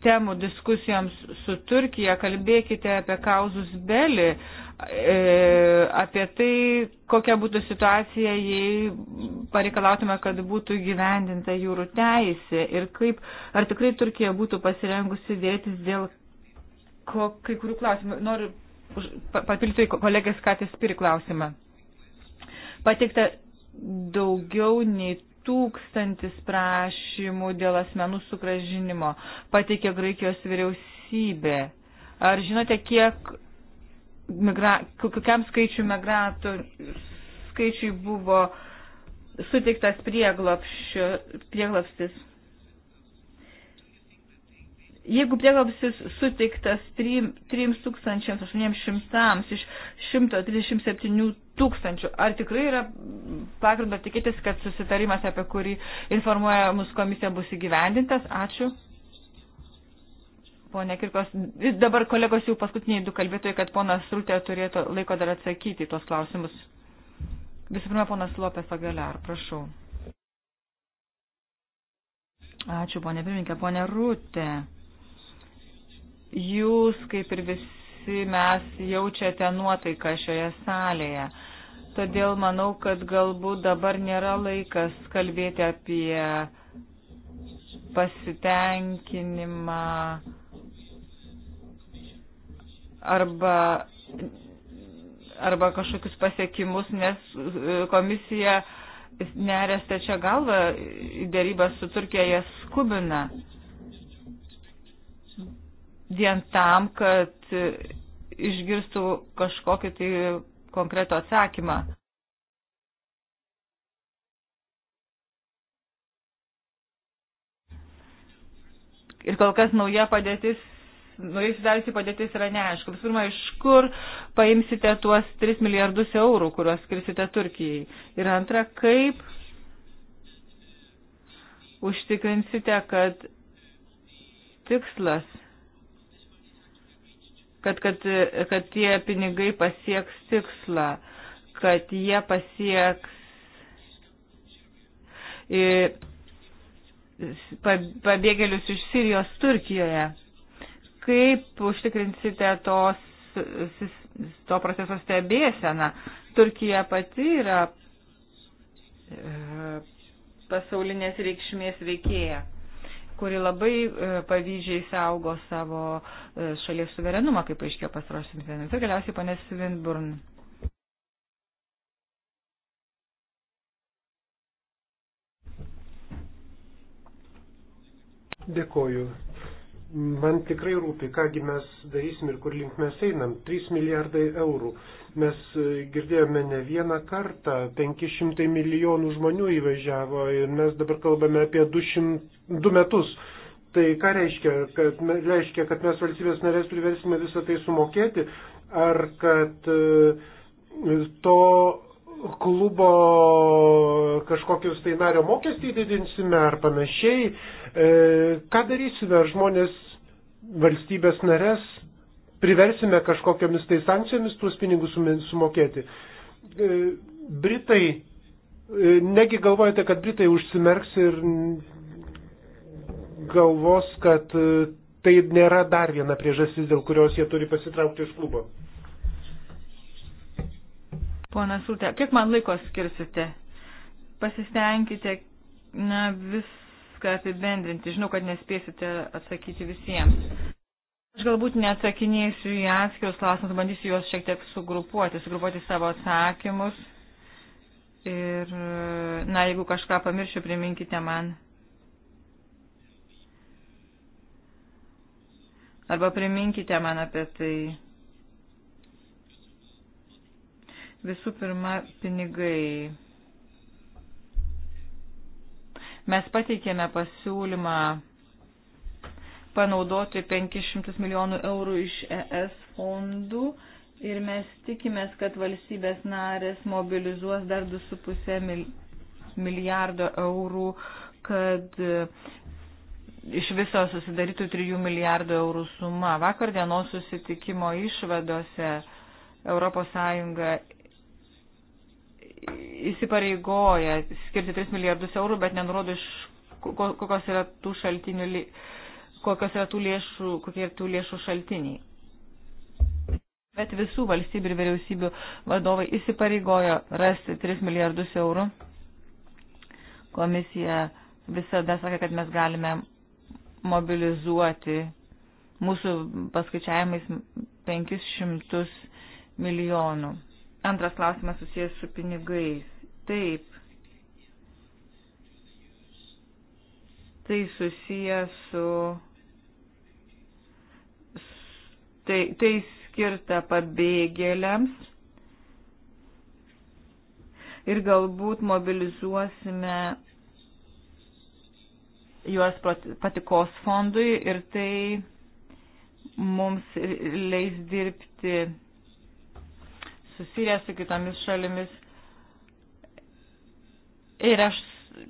temų diskusijoms su Turkija, kalbėkite apie kauzus belį, E, apie tai, kokia būtų situacija, jei pareikalautume, kad būtų gyvendinta jūrų teisė ir kaip, ar tikrai Turkija būtų pasirengusi dėtis dėl ko, kai kurių klausimų. Noriu papildyti kolegės Katės Piri klausimą. Pateikta daugiau nei tūkstantis prašymų dėl asmenų sugražinimo pateikė Graikijos vyriausybė. Ar žinote, kiek migra, kokiam skaičiu migrantų skaičiui buvo suteiktas prieglapstis. Jeigu prieglapsis suteiktas 3800 iš 137 tūkstančių, ar tikrai yra pagrindo tikėtis, kad susitarimas, apie kurį informuoja mūsų komisija, bus įgyvendintas? Ačiū. Pone Kirkos, dabar kolegos jau paskutiniai du kalbėtojai, kad ponas Rūtė turėtų laiko dar atsakyti tuos klausimus. Visų pirma, ponas Lopės Agaliar, prašau. Ačiū, ponė pirmininkė, ponė Rūtė. Jūs, kaip ir visi mes, jaučiate nuotaiką šioje salėje. Todėl manau, kad galbūt dabar nėra laikas kalbėti apie pasitenkinimą arba, arba kažkokius pasiekimus, nes e, komisija nerės tečia galva dėrybas su Turkija jas skubina. Vien tam, kad išgirstų kažkokį tai konkretų atsakymą. Ir kol kas nauja padėtis naujai susidariusi padėtis yra neaišku. Visų pirma, iš kur paimsite tuos 3 milijardus eurų, kuriuos skirsite Turkijai? Ir antra, kaip užtikrinsite, kad tikslas, kad, kad, kad tie pinigai pasieks tikslą, kad jie pasieks pabėgėlius iš Sirijos Turkijoje. Kaip užtikrinsite tos, to proceso stebėseną? Turkija pati yra e, pasaulinės reikšmės veikėja, kuri labai e, pavyzdžiai saugo savo e, šalies suverenumą, kaip aiškėjo pastarosiams dienomis. Ir galiausiai ponės Svinburn. Dėkoju man tikrai rūpi, kągi mes darysim ir kur link mes einam. 3 milijardai eurų. Mes e, girdėjome ne vieną kartą, 500 milijonų žmonių įvažiavo ir mes dabar kalbame apie 200, 2 metus. Tai ką reiškia? Kad, reiškia, kad mes valstybės narės priversime visą tai sumokėti, ar kad e, to klubo kažkokius tai nario mokestį didinsime ar panašiai. E, ką darysime, ar žmonės valstybės narės priversime kažkokiamis tai sankcijomis tuos pinigus sumokėti. E, Britai, e, negi galvojate, kad Britai užsimerks ir galvos, kad e, tai nėra dar viena priežastis, dėl kurios jie turi pasitraukti iš klubo. Ponas Ultė, kiek man laiko skirsite? Pasistengkite na, viską apibendrinti. Žinau, kad nespėsite atsakyti visiems. Aš galbūt neatsakinėsiu į atskirus klausimus, bandysiu juos šiek tiek sugrupuoti, sugrupuoti savo atsakymus. Ir, na, jeigu kažką pamiršiu, priminkite man. Arba priminkite man apie tai. Visų pirma, pinigai. Mes pateikėme pasiūlymą panaudoti 500 milijonų eurų iš ES fondų ir mes tikimės, kad valstybės narės mobilizuos dar 2,5 milijardo eurų, kad e, iš viso susidarytų 3 milijardų eurų suma. Vakar dienos susitikimo išvadose ES įsipareigoja skirti 3 milijardus eurų, bet nenurodo iš kokios yra tų šaltinių, kokios yra tų lėšų, kokie yra tų lėšų šaltiniai. Bet visų valstybių ir vyriausybių vadovai įsipareigojo rasti 3 milijardus eurų. Komisija visada sakė, kad mes galime mobilizuoti mūsų paskaičiavimais 500 milijonų. Antras klausimas susijęs su pinigais. Taip. Tai susiję su. Tai, tai skirta pabėgėliams. Ir galbūt mobilizuosime juos patikos fondui ir tai mums leis dirbti susirę su kitomis šalimis Ir aš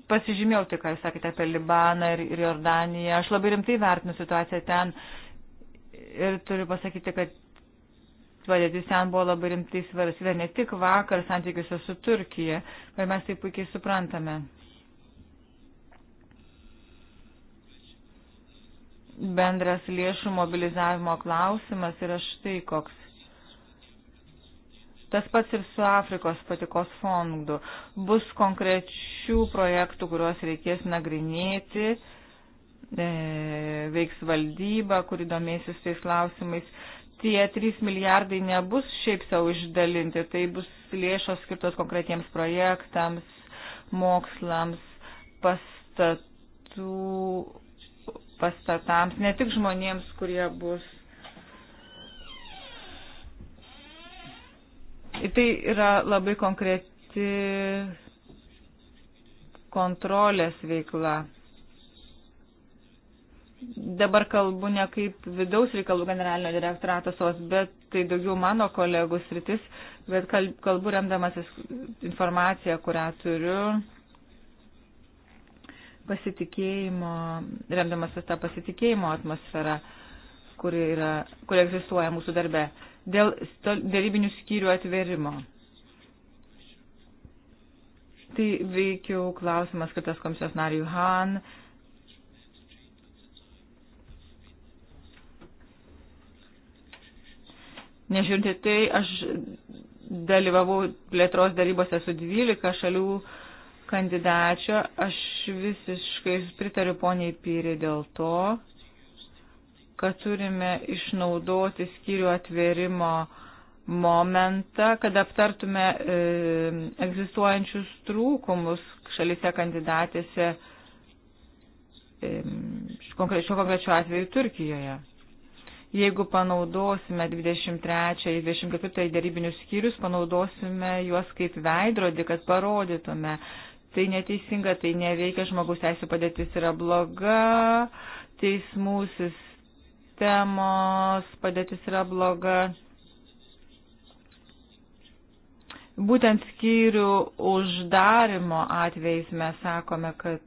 pasižymėjau tik, ką jūs sakėte apie Libaną ir, ir Jordaniją. Aš labai rimtai vertinu situaciją ten ir turiu pasakyti, kad padėtis ten buvo labai rimtai svarstyta ne tik vakar santykiuose su Turkija, bet mes tai puikiai suprantame. Bendras lėšų mobilizavimo klausimas yra štai koks. Tas pats ir su Afrikos patikos fondu. Bus konkrečių projektų, kuriuos reikės nagrinėti, e, veiks valdyba, kuri domėsis tais klausimais. Tie 3 milijardai nebus šiaip savo išdalinti, tai bus lėšos skirtos konkretiems projektams, mokslams, pastatų pastatams, ne tik žmonėms, kurie bus Tai yra labai konkreti kontrolės veikla. Dabar kalbu ne kaip vidaus reikalų generalinio direktorato sos, bet tai daugiau mano kolegų sritis, bet kalbu remdamasis informaciją, kurią turiu, pasitikėjimo, remdamasis tą pasitikėjimo atmosferą, kuri, yra, kuri egzistuoja mūsų darbe. Uh, dėl dėrybinių skyrių atverimo. Tai veikiau klausimas skirtas komisijos nariui Han. Nežiūrinti tai, aš dalyvavau plėtros darybose su 12 šalių kandidačio. Aš visiškai pritariu poniai Pyri dėl to, kad turime išnaudoti skyrių atvėrimo momentą, kad aptartume e, egzistuojančius trūkumus šalise kandidatėse, e, konkrečio konkrečio atveju Turkijoje. Jeigu panaudosime 23 ir 24 darybinius skyrius, panaudosime juos kaip veidrodį, kad parodytume, tai neteisinga, tai neveikia, žmogus teisų padėtis yra bloga, teismų sistema sistemos padėtis yra bloga. Būtent skyrių uždarimo atvejais mes sakome, kad,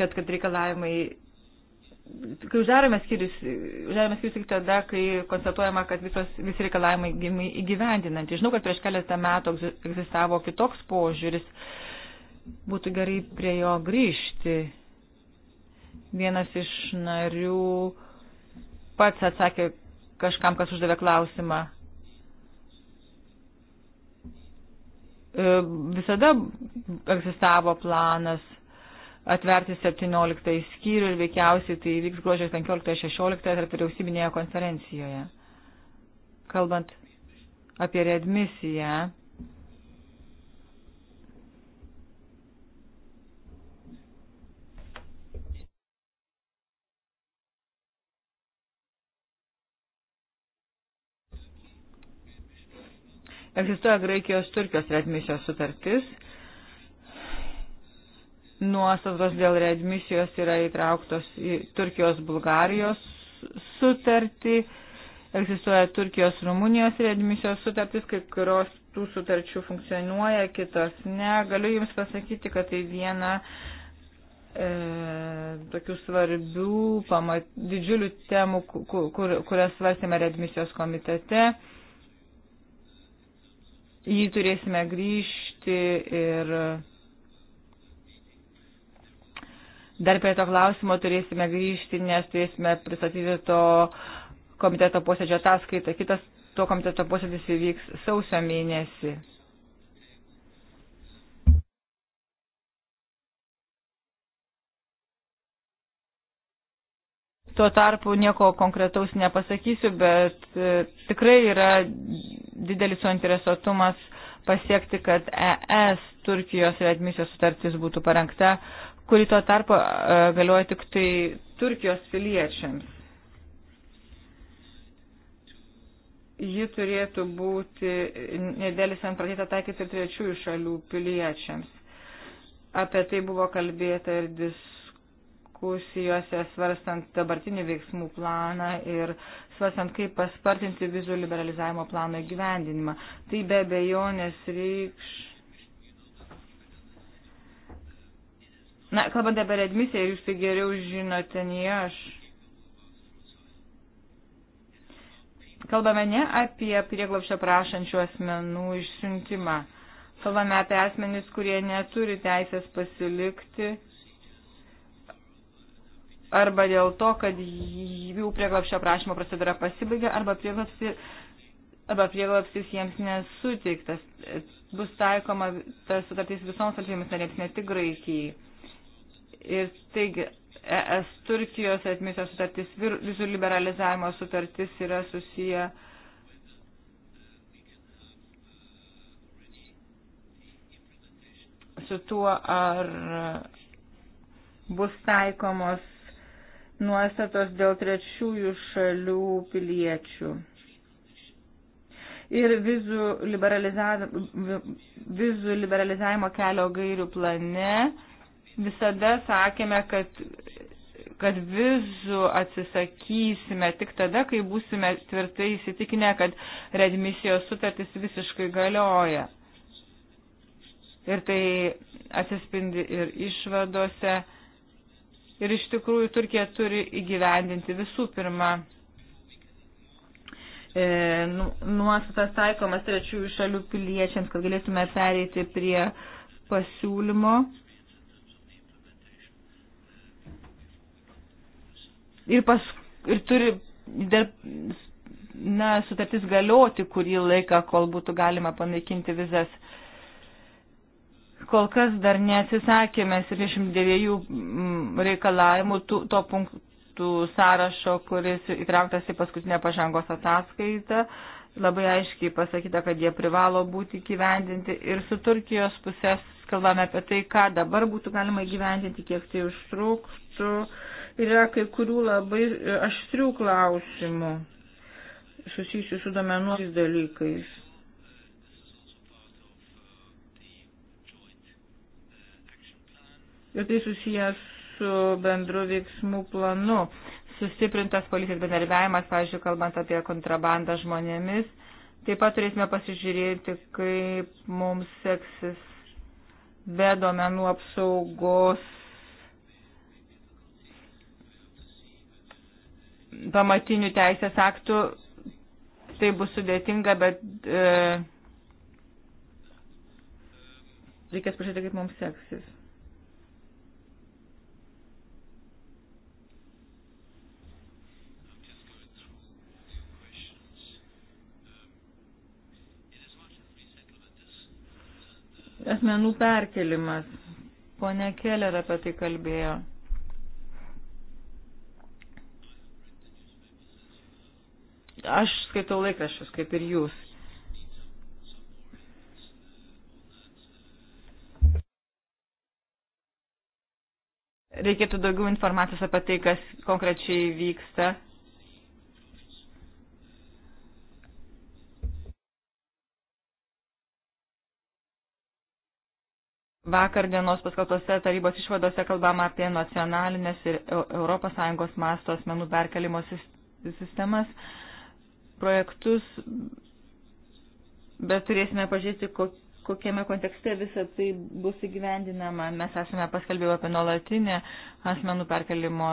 kad, kad reikalavimai kai uždarome skyrius, uždarome skyrius tik tada, kai konstatuojama, kad visos, visi reikalavimai įgyvendinanti. Žinau, kad prieš keletą metų egzistavo kitoks požiūris, būtų gerai prie jo grįžti. Vienas iš narių pats atsakė kažkam, kas uždavė klausimą. E, visada egzistavo planas atverti 17 skyrių ir veikiausiai tai vyks gruodžio 15-16 tarp vyriausybinėje konferencijoje. Kalbant apie readmisiją, Egzistuoja Graikijos-Turkijos redmisijos sutartis. Nuostatos dėl redmisijos yra įtrauktos į Turkijos-Bulgarijos sutartį. Egzistuoja Turkijos-Rumunijos redmisijos sutartis, kai kurios tų sutarčių funkcionuoja, kitos ne. Galiu Jums pasakyti, kad tai viena e, tokių svarbių, pamat, didžiulių temų, kur, kur, kurias svarstėme redmisijos komitete. E, jį turėsime grįžti ir dar prie to klausimo turėsime grįžti, nes turėsime pristatyti to komiteto posėdžio ataskaitą. Kitas to komiteto posėdis įvyks sausio mėnesį. Tuo tarpu nieko konkretaus nepasakysiu, bet e, tikrai yra didelis suinteresuotumas pasiekti, kad ES Turkijos readmisijos sutartis būtų parengta, kuri tuo tarpu e, galioja tik tai Turkijos piliečiams. Ji turėtų būti nedėlis ant pradėta taikyti ir trečiųjų šalių piliečiams. Apie tai buvo kalbėta ir diskusija diskusijose svarstant dabartinį veiksmų planą ir svarstant, kaip paspartinti vizų liberalizavimo plano įgyvendinimą. Tai be abejonės reikš. Na, kalbant apie admisiją, jūs tai geriau žinote, nei aš. Kalbame ne apie prieglapšio prašančių asmenų išsiuntimą. Kalbame apie asmenys, kurie neturi teisės pasilikti arba dėl to, kad jų prieglapščio prašymo procedūra pasibaigė, arba prieglapsis jiems nesuteiktas. Bus taikoma tas sutartys visoms valstybėms narėms, ne tik Graikijai. Ir taigi, ES Turkijos atmisijos sutartis, vizų liberalizavimo sutartis yra susiję. su tuo, ar bus taikomos nuostatos dėl trečiųjų šalių piliečių. Ir vizų, liberalizavimo, vizų liberalizavimo kelio gairių plane visada sakėme, kad, kad vizų atsisakysime tik tada, kai būsime tvirtai įsitikinę, kad redmisijos sutartis visiškai galioja. Ir tai atsispindi ir išvadose Ir iš tikrųjų Turkija turi įgyvendinti visų pirma e, nu, nuostatas taikomas trečiųjų šalių piliečiams, kad galėtume pereiti prie pasiūlymo. Ir, pas, ir turi dar, na, sutartis galioti kurį laiką, kol būtų galima panaikinti vizas. E, kol kas dar neatsisakėme 72 mm, reikalavimų tų, to punktų sąrašo, kuris įtrauktas į paskutinę pažangos ataskaitą. Labai aiškiai pasakyta, kad jie privalo būti gyvendinti ir su Turkijos pusės kalbame apie tai, ką dabar būtų galima gyvendinti, kiek tai užtruktų. Yra kai kurių labai aštrių klausimų susijusių su domenų dalykais ir tai susijęs su bendru veiksmų planu. Sustiprintas policijos bendarbiavimas, pavyzdžiui, kalbant apie kontrabandą žmonėmis. Taip pat turėsime pasižiūrėti, kaip mums seksis be domenų apsaugos pamatinių teisės aktų. Tai bus sudėtinga, bet. E, reikės pažiūrėti, kaip mums seksis. asmenų perkelimas. Pone Keller apie tai kalbėjo. Aš skaitau laikraščius, kaip ir jūs. Reikėtų daugiau informacijos apie tai, kas konkrečiai vyksta Vakar dienos paskaltose tarybos išvadose kalbama apie nacionalinės ir ES masto asmenų perkelimo sistemas, projektus, bet turėsime pažiūrėti, kokiame kontekste visa tai bus įgyvendinama. Mes esame paskelbėję apie nuolatinę asmenų perkelimo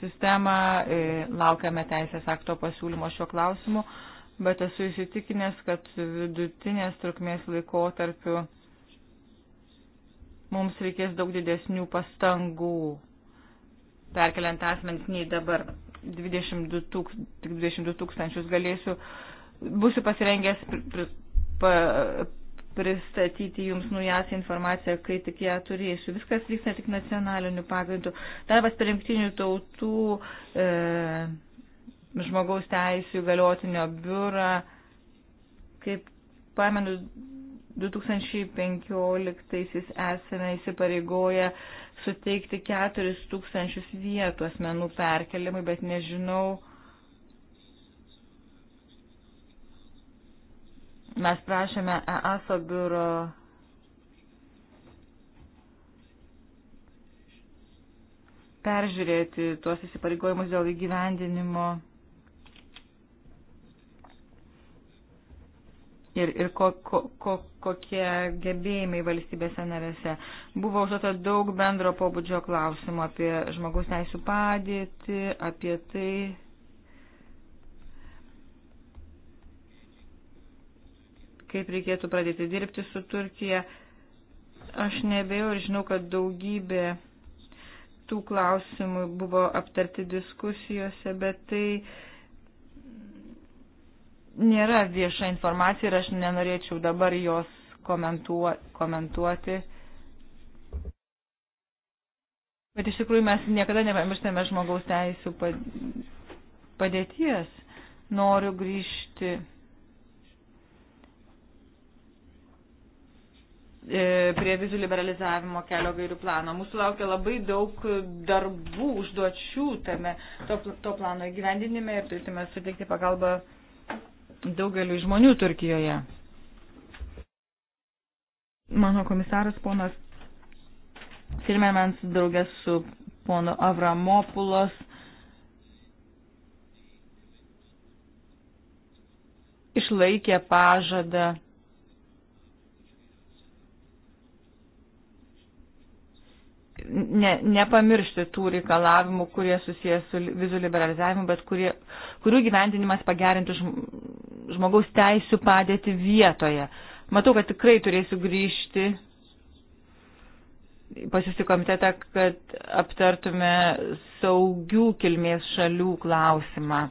sistemą, e, laukiame teisės akto pasiūlymo šiuo klausimu, bet esu įsitikinęs, kad vidutinės trukmės laikotarpiu tarpiu mums reikės daug didesnių pastangų, perkeliant asmenys nei dabar. 22, tūk, 22 tūkstančius galėsiu, būsiu pasirengęs pri, pri, pa, pristatyti jums naujausią informaciją, kai tik ją turėsiu. Viskas vyksta tik nacionaliniu pagrindu. Darbas per rinktinių tautų, e, žmogaus teisų įgaliotinio biurą, kaip pamenu, 2015 esame įsipareigoję suteikti 4 tūkstančius vietų asmenų perkelimui, bet nežinau, mes prašėme EASO biuro peržiūrėti tuos įsipareigojimus dėl įgyvendinimo ir, ir ko, ko, ko, kokie gebėjimai valstybėse narėse. Buvo užduota daug bendro pobūdžio klausimų apie žmogus teisų padėtį, apie tai. kaip reikėtų pradėti dirbti su Turkija. Aš nebejau ir žinau, kad daugybė tų klausimų buvo aptarti diskusijose, bet tai nėra vieša informacija ir aš nenorėčiau dabar jos komentuo, komentuoti. Bet iš tikrųjų mes niekada nepamirštame žmogaus teisų padėties. Noriu grįžti e, prie vizų liberalizavimo kelio gairių plano. Mūsų laukia labai daug darbų, užduočių tame to, to plano įgyvendinime ir turėtume suteikti pagalbą daugeliu žmonių Turkijoje. Mano komisaras ponas Sirmenans draugės su pono Avramopulos išlaikė pažadą ne, nepamiršti tų reikalavimų, kurie susijęs su vizų liberalizavimu, bet kurie, kurių gyvendinimas pagerintų žm, žmogaus teisų padėti vietoje. Matau, kad tikrai turėsiu grįžti pasiūsti komitetą, kad aptartume saugių kilmės šalių klausimą.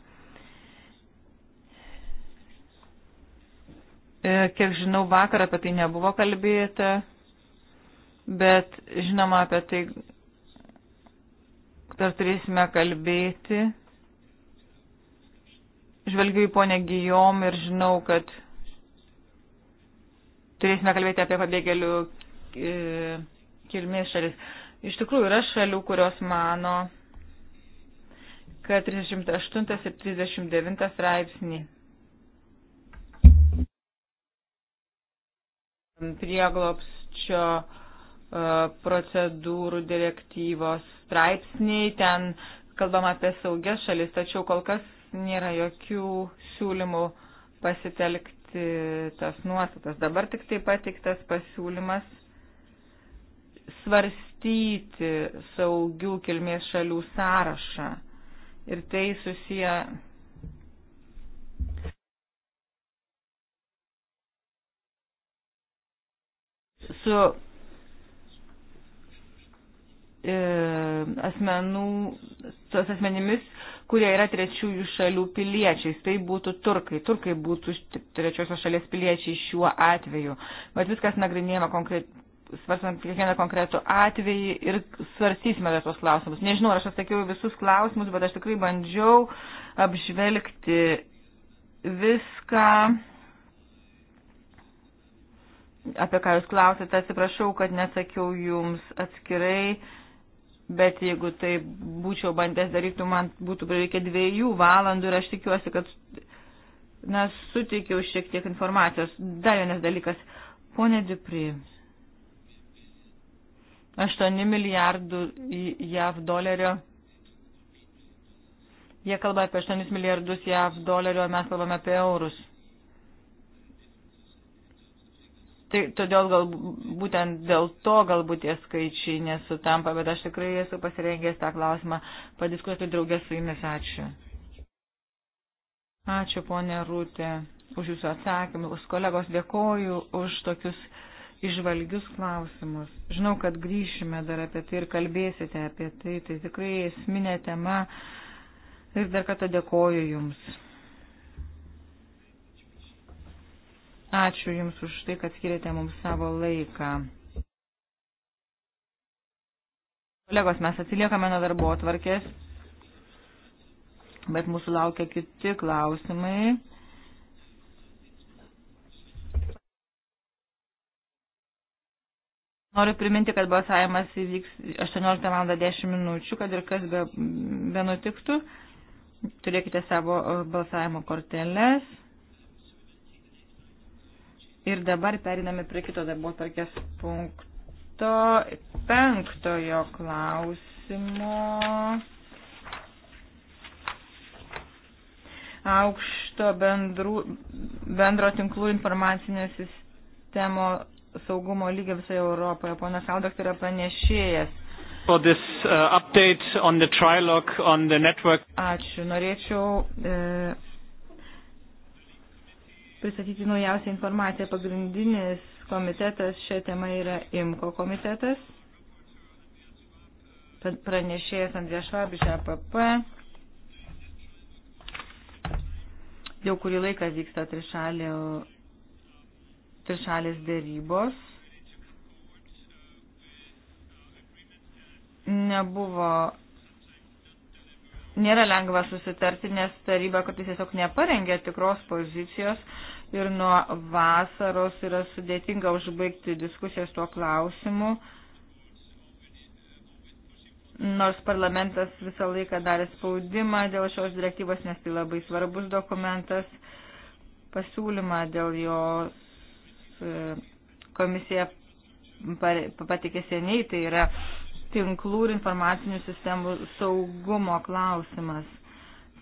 E, kiek žinau, vakar apie tai nebuvo kalbėta, bet žinoma, apie tai dar turėsime kalbėti žvelgiu į ponę Gijom ir žinau, kad turėsime kalbėti apie pabėgėlių e, kilmės šalis. Iš tikrųjų yra šalių, kurios mano, kad 38 ir 39 straipsniai prieglopščio e, procedūrų direktyvos straipsniai, ten kalbama apie saugias šalis, tačiau kol kas nėra jokių siūlymų pasitelkti tas nuostatas. Dabar tik tai patiktas pasiūlymas svarstyti saugių kilmės šalių sąrašą. Ir tai susiję. su e, asmenų, tos asmenimis, kurie yra trečiųjų šalių piliečiais. Tai būtų turkai. Turkai būtų trečiosios šalies piliečiai šiuo atveju. Bet viskas nagrinėjama konkrečiai svarstant kiekvieną konkretų atvejį ir svarstysime dar tos klausimus. Nežinau, aš atsakiau visus klausimus, bet aš tikrai bandžiau apžvelgti viską, apie ką jūs klausėte. Atsiprašau, kad nesakiau jums atskirai bet jeigu tai būčiau bandęs daryti, tai man būtų prireikę dviejų valandų ir aš tikiuosi, kad na, suteikiau šiek tiek informacijos. Dar vienas dalykas. Pone Dupri, 8 milijardų JAV dolerio. Jie kalba apie 8 milijardus JAV dolerio, mes kalbame apie eurus. Tai todėl gal, būtent dėl to galbūt tie skaičiai nesutampa, bet aš tikrai esu pasirengęs tą klausimą padiskutuoti draugę su jumis. Ačiū. Ačiū, ponė Rūtė, už jūsų atsakymus. Kolegos, dėkoju už tokius išvalgius klausimus. Žinau, kad grįšime dar apie tai ir kalbėsite apie tai. Tai tikrai esminė tema. Ir dar kartą dėkoju jums. Ačiū Jums už tai, kad skirėte mums savo laiką. Kolegos, mes atsiliekame nuo darbo atvarkės, bet mūsų laukia kiti klausimai. Noriu priminti, kad balsavimas įvyks 18.10 minučių, kad ir kas be, be nutiktų, turėkite savo balsavimo korteles. Ir dabar periname prie kito darbo tarkės punkto, penktojo klausimo. Aukšto bendrų, bendro tinklų informacinės sistemo saugumo lygio visoje Europoje. Ponas Aldak yra pranešėjas. For this uh, update on the trilogue on the network. Ačiū. Norėčiau. Uh, e pristatyti naujausią informaciją. Pagrindinis komitetas šią temą yra IMKO komitetas. Pranešėjas Andrė Švab iš APP. Jau kurį laiką vyksta trišalė, trišalės dėrybos. Nebuvo nėra lengva susitarti, nes taryba kartais tiesiog neparengia tikros pozicijos ir nuo vasaros yra sudėtinga užbaigti diskusijas tuo klausimu. Nors parlamentas visą laiką darė spaudimą dėl šios direktyvos, nes tai labai svarbus dokumentas, pasiūlymą dėl jos e, komisija patikė seniai, tai yra tinklų ir informacinių sistemų saugumo klausimas.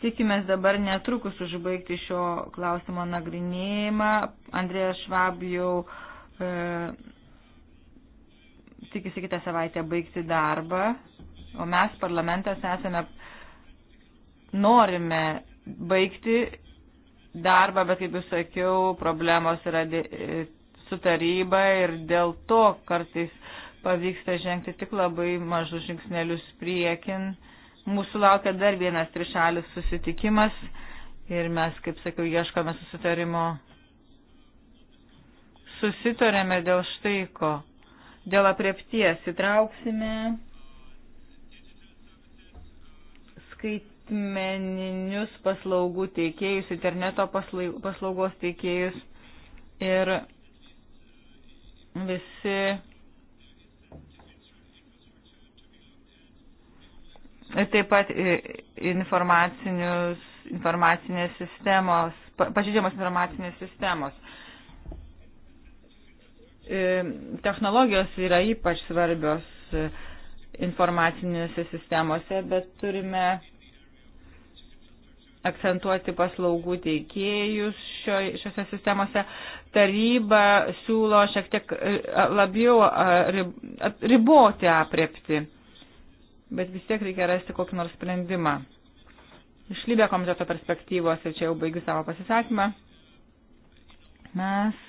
Tikimės dabar netrukus užbaigti šio klausimo nagrinėjimą. Andrėjas Švab jau e, tikisi kitą savaitę baigti darbą, o mes parlamentas esame, norime baigti darbą, bet kaip jau sakiau, problemos yra e, su taryba ir dėl to kartais pavyksta žengti tik labai mažus žingsnelius priekin. Mūsų laukia dar vienas trišalis susitikimas ir mes, kaip sakiau, ieškome susitarimo. Susitarėme dėl štai ko. Dėl apriepties įtrauksime skaitmeninius paslaugų teikėjus, interneto paslaugos teikėjus ir visi taip pat informacinės sistemos, pažydžiamos informacinės sistemos. Technologijos yra ypač svarbios informacinėse sistemose, bet turime akcentuoti paslaugų teikėjus šio, šiose sistemose. Taryba siūlo šiek tiek labiau riboti aprepti bet vis tiek reikia rasti kokį nors sprendimą. Iš Libė komiteto perspektyvos, ir čia jau baigiu savo pasisakymą, mes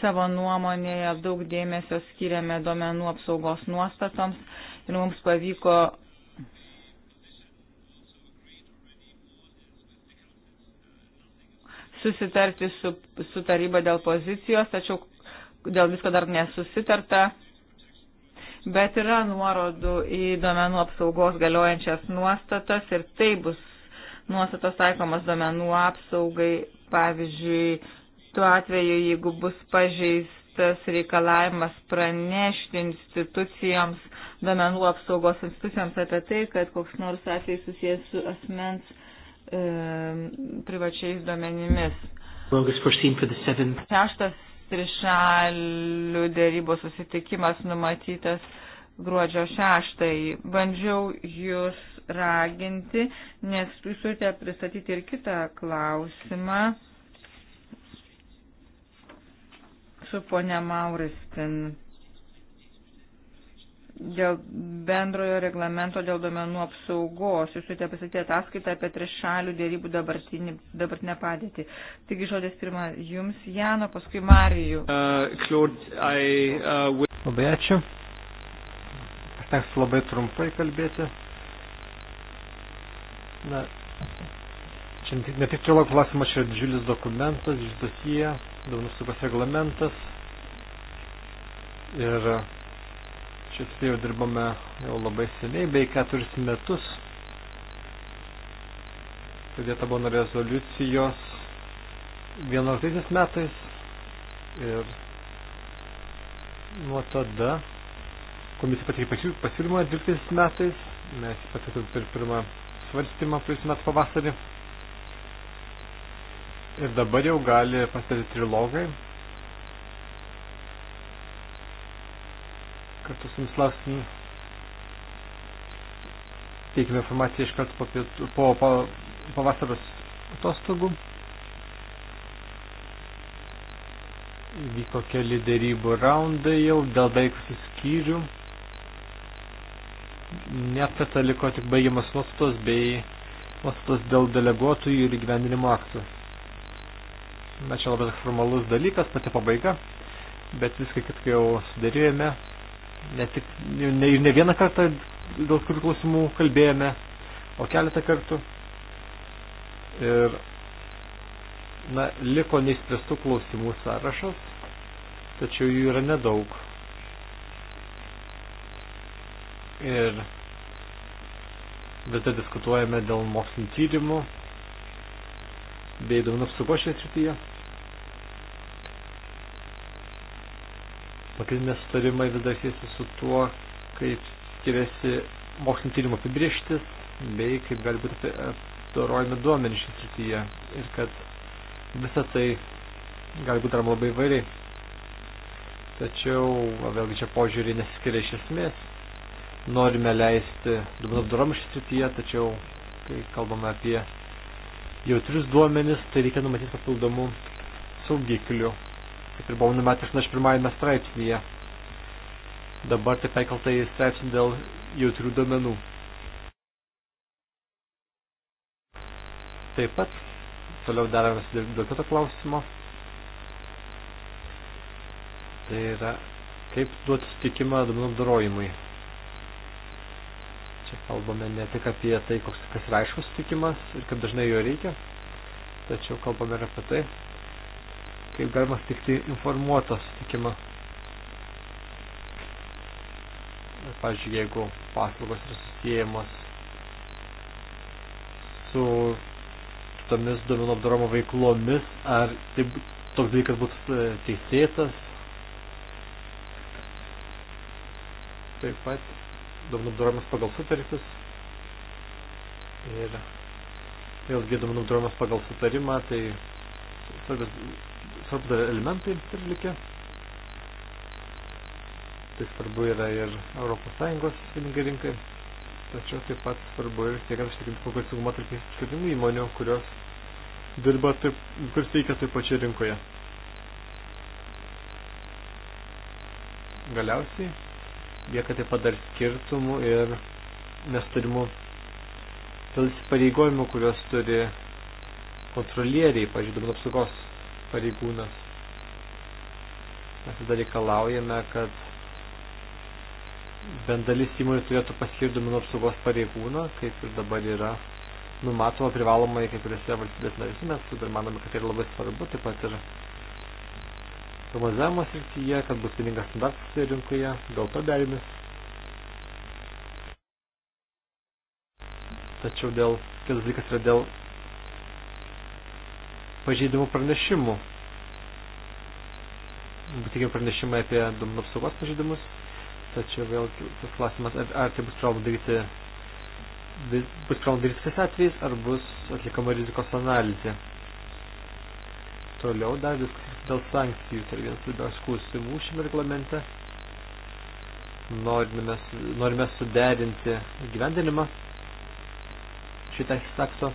savo nuomonėje daug dėmesio skiriame duomenų apsaugos nuostatoms ir mums pavyko susitarti su, su taryba dėl pozicijos, tačiau dėl visko dar nesusitarta bet yra nuorodų į duomenų apsaugos galiojančias nuostatas ir tai bus nuostatos taikomas duomenų apsaugai, pavyzdžiui, tuo atveju, jeigu bus pažeistas reikalavimas pranešti institucijoms, duomenų apsaugos institucijoms apie tai, kad koks nors atvejs susijęs su asmens e, privačiais duomenimis. Šeštas trišalių dėrybų susitikimas numatytas gruodžio 6. Bandžiau jūs raginti, nes jūs turite pristatyti ir kitą klausimą su ponia Mauristin dėl bendrojo reglamento dėl domenų apsaugos. Jūs turite pasakyti ataskaitą apie trišalių dėrybų dabartinę padėtį. Taigi žodis pirma jums, Jano, paskui Marijų. Uh, Claude, I, uh, will... Labai ačiū. Aš tenksiu labai trumpai kalbėti. Na, čia ne tik čia lauk klausimas, čia didžiulis dokumentas, didžiulis dosie, duomenų apsaugos reglamentas. Ir uh, Čia jau dirbame jau labai seniai, bei keturis metus. Pradėta buvo nuo rezoliucijos 11 metais ir nuo tada komisija patikė pasiūlymą 12 metais, mes patikėtum per pirmą svarstymą praėjus metų pavasarį. Ir dabar jau gali pasidaryti trilogai, kartu su jums klausimu. Teikime informaciją iš karto po, pietų, po, po, po vasaros atostogų. Vyko keli dėrybų raundai jau dėl beikusių skyrių. Neaptarta liko tik baigiamas nuostatos bei nuostatos dėl deleguotojų ir gyvendinimo aktų. Na čia labai formalus dalykas, pati pabaiga, bet viską kitką jau sudėrėjome, ne, tik, ne, ne vieną kartą dėl kurių klausimų kalbėjome, o keletą kartų. Ir na, liko neįspręstų klausimų sąrašas, tačiau jų yra nedaug. Ir vis dar diskutuojame dėl mokslinio tyrimų bei duomenų apsaugos šioje srityje. pagrindinės sutarimai vis dar siejasi su tuo, kaip skiriasi mokslinio tyrimo apibrieštis, bei kaip gali būti apdorojami duomenys šį srityje. Ir kad visą tai gali būti daroma labai vairiai. Tačiau, vėlgi čia požiūrį nesiskiria iš esmės. Norime leisti duomenų apdorojimą šį srityje, tačiau, kai kalbame apie jautrius duomenis, tai reikia numatyti papildomų saugiklių kaip ir buvau numatęs 81 straipsnėje. Dabar tai perkelta į straipsnį dėl jautrių domenų. Taip pat toliau daromės dėl kito klausimo. Tai yra, kaip duoti sutikimą duomenų apdarojimui. Čia kalbame ne tik apie tai, koks kas yra aiškus sutikimas ir kaip dažnai jo reikia, tačiau kalbame ir apie tai, kaip galima sutikti informuoto sutikimą. Pavyzdžiui, jeigu paslaugos yra susijęjimas su tomis duomenų apdaromo veiklomis, ar taip, toks dalykas būtų e, teisėtas. Taip pat duomenų apdaromas pagal sutartis. Ir vėlgi duomenų apdaromas pagal sutarimą, tai svarbus svarbu elementai ir likę. Tai svarbu yra ir ES pinigai rinkai, tačiau taip pat svarbu ir siekiant užtikrinti konkurencingumą tarp skirtingų įmonių, kurios dirba taip, kuris veikia taip pačioje rinkoje. Galiausiai lieka taip pat dar skirtumų ir nestarimų dėl įsipareigojimų, kurios turi kontrolieriai, pažiūrėjau, apsaugos pareigūnas. Mes tada reikalaujame, kad bent dalis įmonių turėtų paskirti duomenų apsaugos pareigūną, kaip ir dabar yra numatoma privalomai kai kuriuose valstybės narėse. Mes dar manome, kad tai yra labai svarbu, taip pat ir prognozuojamo srityje, kad bus vieningas standartas rinkoje, dėl to derimis. Tačiau dėl, kitas dalykas yra dėl pažeidimų pranešimų. Tikėjau pranešimai apie duomenų apsaugos pažeidimus, tačiau vėl tas klausimas, ar, ar tai bus privaloma daryti bus privaloma daryti visais atvejais, ar bus atlikama rizikos analizė. Toliau dar diskusijos dėl sankcijų, tai vienas svarbiausių klausimų šiame reglamente. Norime, norime suderinti gyvendinimą šitą akto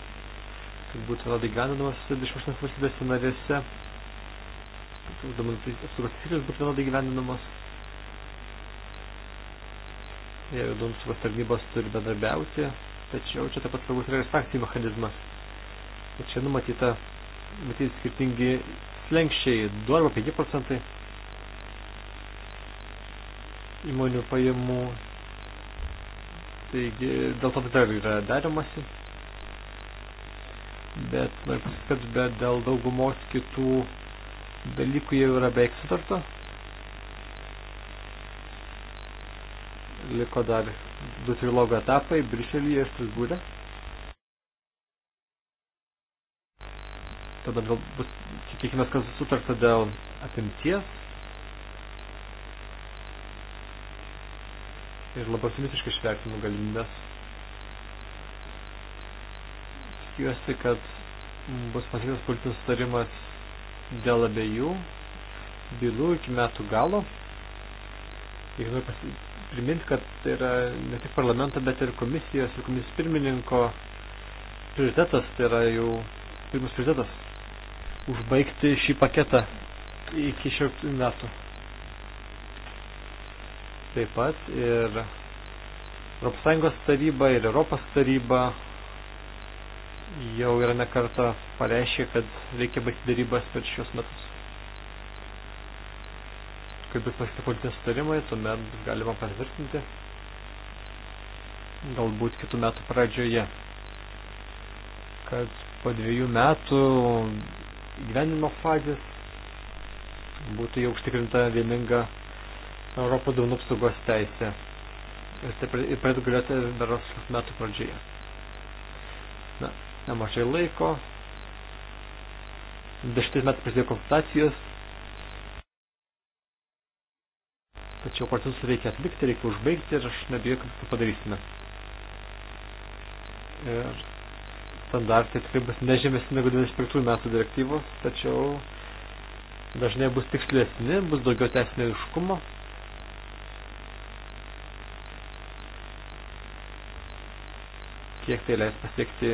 būtų vienodai gyvendinamas 28 valstybėse narėse, duomenų tai apsaugos taisyklės būtų vienodai gyvendinamos. Ir duomenų apsaugos tarnybos turi bendarbiauti, tačiau čia taip pat svarbus yra ir sankcijų mechanizmas. Ir čia numatyta, matyti skirtingi slengščiai 2 arba 5 procentai įmonių pajamų. Taigi, dėl to dar yra derimasi bet nors kad bet dėl daugumos kitų dalykų jau yra beveik sutarta. Liko dar du trilogo etapai Brišelyje ir Strasbūrė. Tada gal bus, tikėkime, kad sutarta dėl apimties. Ir labai optimistiškai švertinu galimybės tikiuosi, kad bus pasiektas politinis sutarimas dėl abiejų bylų iki metų galo. Ir noriu priminti, kad tai yra ne tik parlamento, bet ir komisijos ir komisijos pirmininko prioritetas, tai yra jau pirmas prioritetas užbaigti šį paketą iki šių metų. Taip pat ir ES taryba ir Europos taryba jau yra nekarta pareiškė, kad reikia baigti darybas per šios metus. Kai bus pasiekti politiniai sutarimai, tuomet bus galima patvirtinti galbūt kitų metų pradžioje, kad po dviejų metų gyvenimo fazės būtų jau užtikrinta vieninga Europos duomenų apsaugos teisė ir tai pradėtų galėti beros metų pradžioje. Na, nemažai laiko. 10 metų prasidėjo konsultacijos. Tačiau procesus reikia atlikti, reikia užbaigti ir aš nebijau, kad tai padarysime. Ir standartai tikrai bus nežemesni negu 25 metų direktyvos, tačiau dažnai bus tikslesni, bus daugiau teisinio iškumo kiek tai leis pasiekti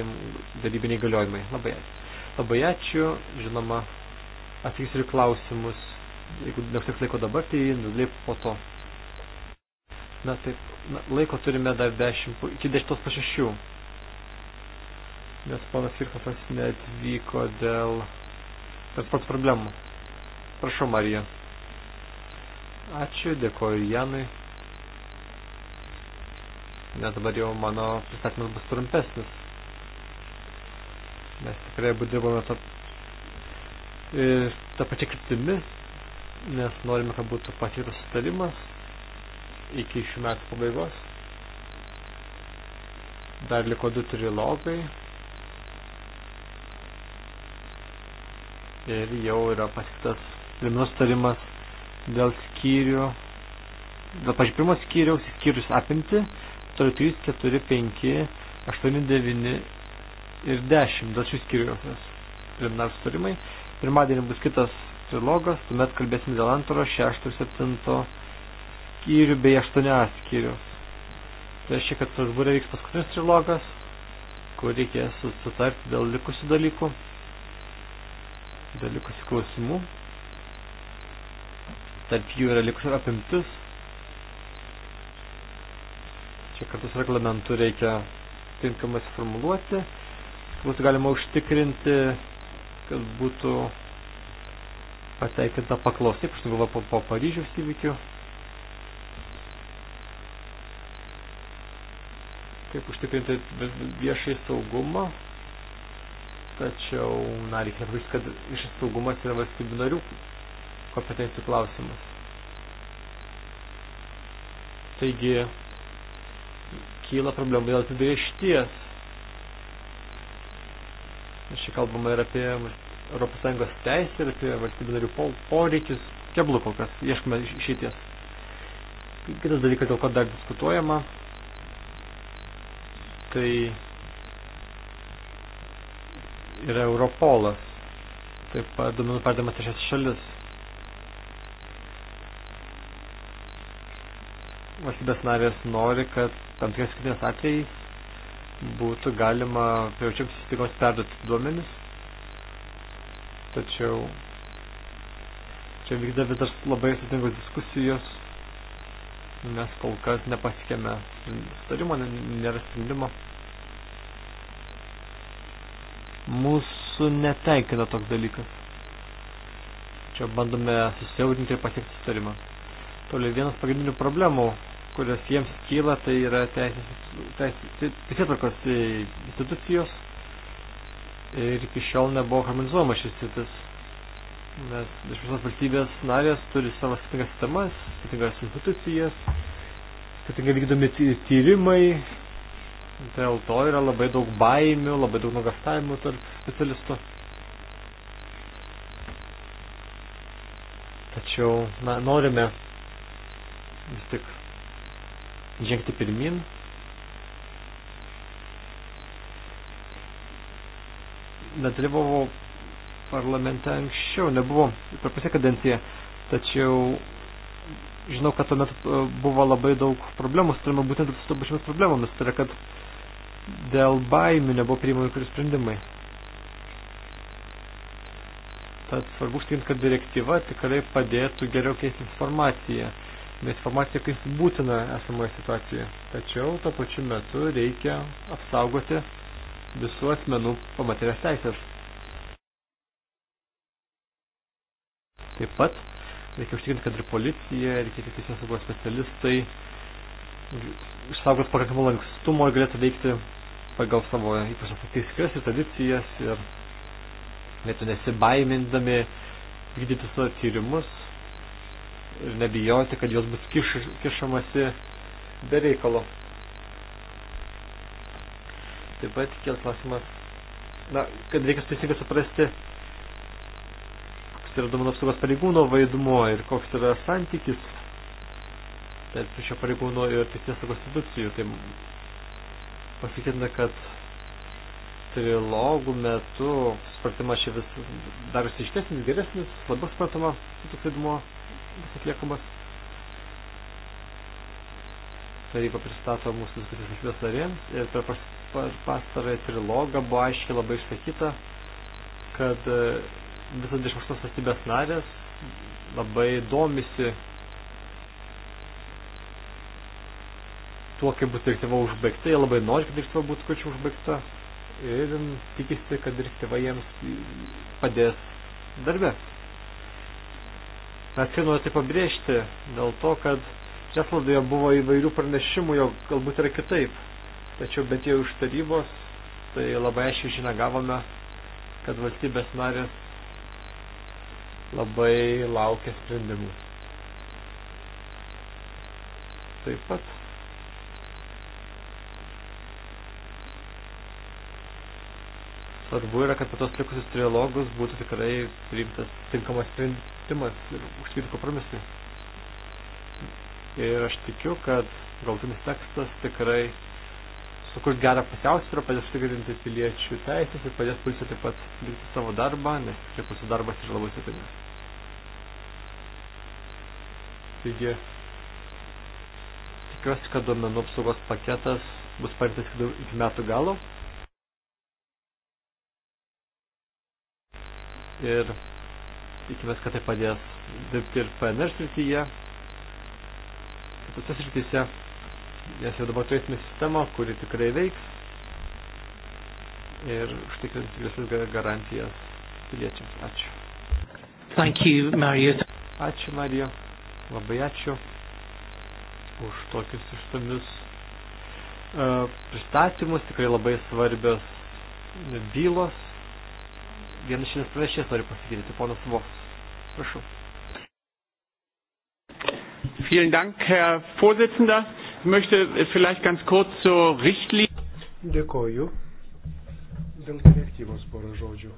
darybiniai galiojimai. Labai ačiū. Labai ačiū, žinoma, atsakysiu ir klausimus. Jeigu neužteks laiko dabar, tai nulip po to. Na taip, na, laiko turime dar 10, iki 10 po 6. Nes ponas Kirkofas neatvyko dėl transporto problemų. Prašau, Marija. Ačiū, dėkoju Janui nes dabar jau mano pristatymas bus trumpesnis. Mes tikrai dirbame tą, e, tą pačią kryptimį, nes norime, kad būtų pasiektas sutarimas iki šių metų pabaigos. Dar liko du trilogai. Ir jau yra pasiektas rimtas sutarimas dėl skyrių, dėl pažiūrėjimo skyriaus, skyrius apimti toliau 3, 4, 5, 8, 9 ir 10 dėl šių skyrių preliminarų sutarimai. Pirmadienį bus kitas trilogas, tuomet kalbėsim dėl antro, šešto ir septinto skyrių bei 8 skyrių. Tai reiškia, kad Strasbūrė vyks paskutinis trilogas, kur reikės sutarti dėl likusių dalykų, dėl likusių klausimų. Tarp jų yra likusių apimtis, kiek kartus reglamentų reikia tinkamas formuluoti, būtų galima užtikrinti, kad būtų pateikinta paklausa, ypač buvo po, po Paryžiaus įvykių. Kaip užtikrinti viešai saugumą, tačiau, na, reikia nepamiršti, kad viešai saugumas yra valstybių narių kompetencijų klausimas. Taigi, kyla problemų dėl apibriešties. Šį kalbama ir apie ES teisę, ir apie valstybių narių poreikius. Keblų kol kas, ieškome išeities. Kitas dalykas, dėl ko dar diskutuojama, tai yra Europolas. Taip pat duomenų perdavimas iš šias šalis. valstybės narės nori, kad tam tikras skirtinės atvejais būtų galima privačiams įstaigoms perduoti duomenis, tačiau čia vyksta vis dar labai sudėtingos diskusijos, nes kol kas nepasikėme sutarimo, nėra sprendimo. Mūsų netenkina toks dalykas. Čia bandome susiaudinti ir pasiekti sutarimą. Toliau vienas pagrindinių problemų kurios jiems kyla, tai yra teisėtvarkos institucijos ir iki šiol nebuvo harmonizuojama šis sitis. Nes iš visos valstybės narės turi savo skirtingas sistemas, skirtingas institucijas, skirtingai vykdomi tyrimai, dėl to yra labai daug baimių, labai daug nugastavimų tarp specialistų. Tačiau, na, norime vis tik žengti pirmin. Nedalyvavau parlamente anksčiau, nebuvo per pusę kadenciją, tačiau žinau, kad tuomet e, buvo labai daug problemų, turime būtent su to pačiomis problemomis, tai yra, kad dėl baimių nebuvo priimami kuris sprendimai. Tad svarbu užtikrinti, kad direktyva tikrai padėtų geriau keisti informaciją informacija kaip būtina esamoje situacijoje. Tačiau tuo pačiu metu reikia apsaugoti visų asmenų pamatėlės teisės. Taip pat reikia užtikrinti, kad ir policija, ir kiti teisės saugos specialistai išsaugot pakankamą lankstumo ir galėtų veikti pagal savo įprastas taisyklės ir tradicijas ir galėtų nesibaimindami vykdyti savo tyrimus ir nebijoti, kad jos bus kiš, kišamasi be reikalo. Taip pat kėl klausimas, na, kad reikia teisingai suprasti, koks yra duomenų apsaugos pareigūno vaidmuo ir koks yra santykis tarp šio pareigūno ir teisės konstitucijų. Tai pasakytume, kad trilogų metu supratimas čia vis darosi iškesnis, geresnis, labiau suprantama, toks įdomu bus atliekamas. Taryba pristato mūsų diskusijos narėms ir per pastarąją trilogą buvo aiškiai labai išsakyta, kad e, visos 26 valstybės narės labai domisi tuo, kaip bus direktyva užbaigta, jie labai nori, kad direktyva būtų kučiau užbaigta ir tikisi, kad direktyva jiems padės darbę. Mes tai noriu tai pabrėžti dėl to, kad žiniasklaidoje buvo įvairių pranešimų, jog galbūt yra kitaip. Tačiau bet jau iš tarybos tai labai aiškiai žinia gavome, kad valstybės narės labai laukia sprendimų. Taip pat Svarbu yra, kad po tos likusius trilogus būtų tikrai priimtas tinkamas sprendimas ir užtikrinti kompromisai. Ir aš tikiu, kad galtinis tekstas tikrai sukurs gerą pusiausvyrą, padės užtikrinti piliečių teisės ir padės policija taip pat vykti savo darbą, nes tikrai mūsų darbas yra labai sėkmingas. Taigi, tikiuosi, kad duomenų apsaugos paketas bus parengtas iki metų galo. ir tikimės, kad tai padės dirbti ir PNR srityje, kitose srityse, nes jau dabar turėsime sistemą, kuri tikrai veiks ir užtikrins visas garantijas piliečiams. Ačiū. Thank you, Mario. Ačiū, Mario. Labai ačiū už tokius išsamius e, pristatymus, tikrai labai svarbios bylos vienas šiandien pranešės nori pasigirti, ponas Vos. Prašau. Vielen Dank, Herr Vorsitzender. Ich möchte vielleicht ganz kurz zur Richtlinie. Dėkoju. Dėl direktyvos porą žodžių.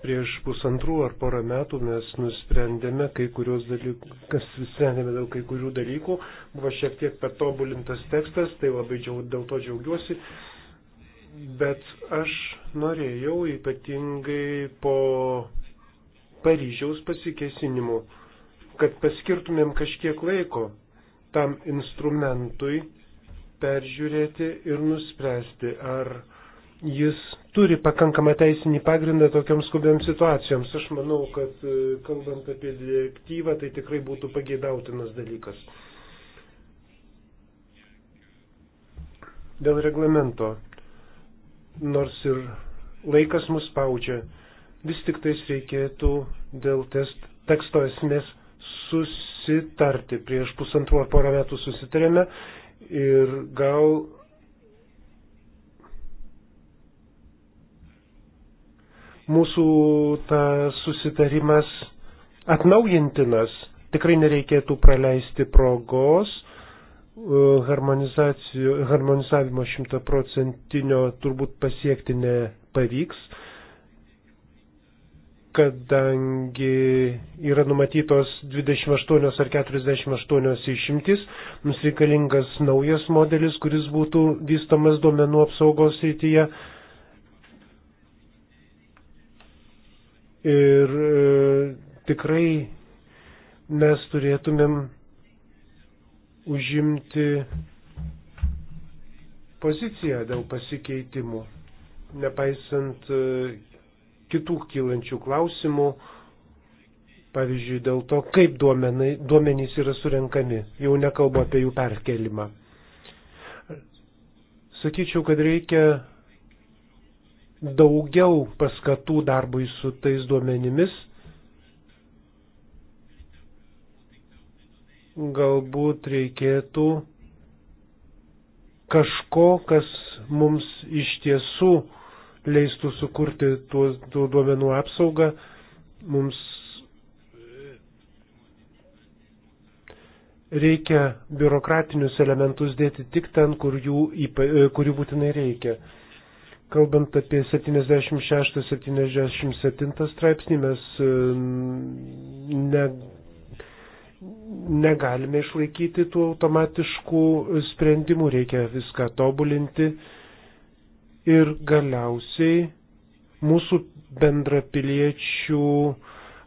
Prieš pusantrų ar porą metų mes nusprendėme kai kurios dalykus, kas sprendėme dėl kai kurių dalykų, buvo šiek tiek patobulintas tekstas, tai labai dėl to džiaugiuosi bet aš norėjau ypatingai po Paryžiaus pasikesinimų, kad paskirtumėm kažkiek laiko tam instrumentui peržiūrėti ir nuspręsti, ar jis turi pakankamą teisinį pagrindą tokiams skubiams situacijoms. Aš manau, kad e, kalbant apie direktyvą, tai tikrai būtų pageidautinas dalykas. Dėl reglamento nors ir laikas mus spaudžia, vis tik tais reikėtų dėl test, teksto esmės susitarti. Prieš pusantrų ar porą metų susitarėme ir gal. Mūsų tas susitarimas atnaujintinas, tikrai nereikėtų praleisti progos harmonizavimo šimtaprocentinio turbūt pasiekti nepavyks, kadangi yra numatytos 28 ar 48 išimtis, mums reikalingas naujas modelis, kuris būtų vystomas duomenų apsaugos rytyje. Ir e, tikrai mes turėtumėm užimti poziciją dėl pasikeitimų, nepaisant e, kitų kylančių klausimų, pavyzdžiui, dėl to, kaip duomenai, duomenys yra surenkami, jau nekalbu apie jų perkelimą. Sakyčiau, kad reikia daugiau paskatų darbui su tais duomenimis, galbūt reikėtų kažko, kas mums iš tiesų leistų sukurti tų, tų duomenų apsaugą, mums reikia biurokratinius elementus dėti tik ten, kur jų, e, kur jų būtinai reikia. Kalbant apie 76-77 straipsnį, mes e, ne, negalime išlaikyti tų automatiškų sprendimų, reikia viską tobulinti ir galiausiai mūsų bendrapiliečių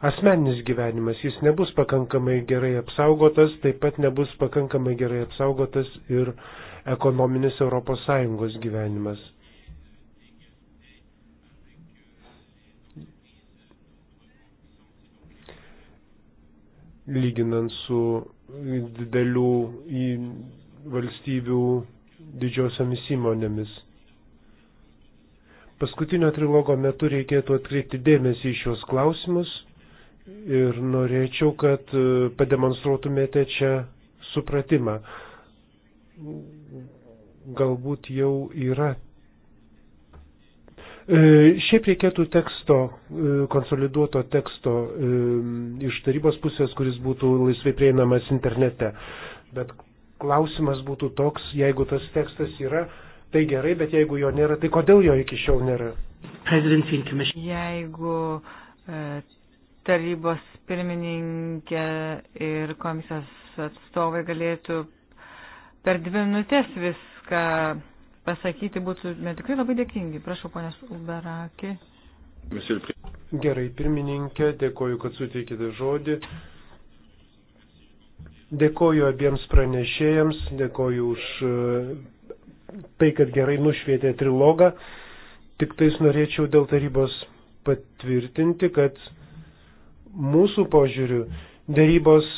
asmeninis gyvenimas, jis nebus pakankamai gerai apsaugotas, taip pat nebus pakankamai gerai apsaugotas ir ekonominis ES gyvenimas. lyginant su didelių į valstybių didžiosiomis įmonėmis. Paskutinio trilogo metu reikėtų atkreipti dėmesį į šios klausimus ir norėčiau, kad e, pademonstruotumėte čia supratimą. Galbūt jau yra E, šiaip reikėtų teksto, e, konsoliduoto teksto e, iš tarybos pusės, kuris būtų laisvai prieinamas internete. Bet klausimas būtų toks, jeigu tas tekstas yra, tai gerai, bet jeigu jo nėra, tai kodėl jo iki šiol nėra? Jeigu tarybos pirmininkė ir komisijos atstovai galėtų per dvi minutės viską pasakyti, būtume tikrai labai dėkingi. Prašau, ponės Uberaki. Gerai, pirmininkė, dėkoju, kad suteikėte žodį. Dėkoju abiems pranešėjams, dėkoju už e, tai, kad gerai nušvietė trilogą. Tik tais norėčiau dėl tarybos patvirtinti, kad mūsų požiūrių darybos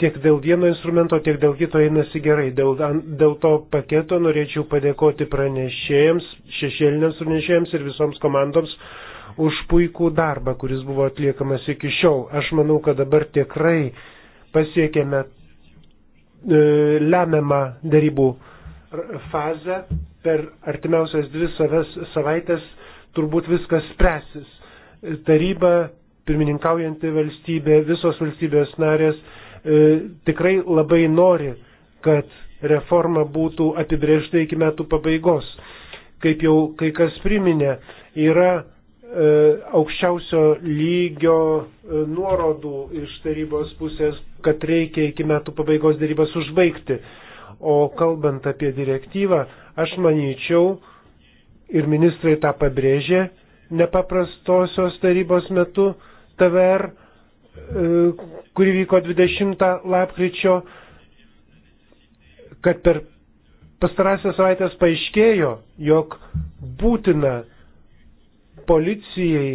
tiek dėl vieno instrumento, tiek dėl kito einasi gerai. Dėl, dėl to paketo norėčiau padėkoti pranešėjams, šešėliniams pranešėjams ir visoms komandoms už puikų darbą, kuris buvo atliekamas iki šiol. Aš manau, kad dabar tikrai pasiekėme e, lemiamą darybų fazę. Per artimiausias dvi savas, savaitės turbūt viskas spręsis. Taryba, pirmininkaujanti valstybė, visos valstybės narės E, tikrai labai nori, kad reforma būtų apibrėžta iki metų pabaigos. Kaip jau kai kas priminė, yra e, aukščiausio lygio e, nuorodų iš tarybos pusės, kad reikia iki metų pabaigos darybas užbaigti. O kalbant apie direktyvą, aš manyčiau, ir ministrai tą pabrėžė nepaprastosios tarybos metu TVR kuri vyko 20 lapkričio, kad per pastarąsias savaitės paaiškėjo, jog būtina policijai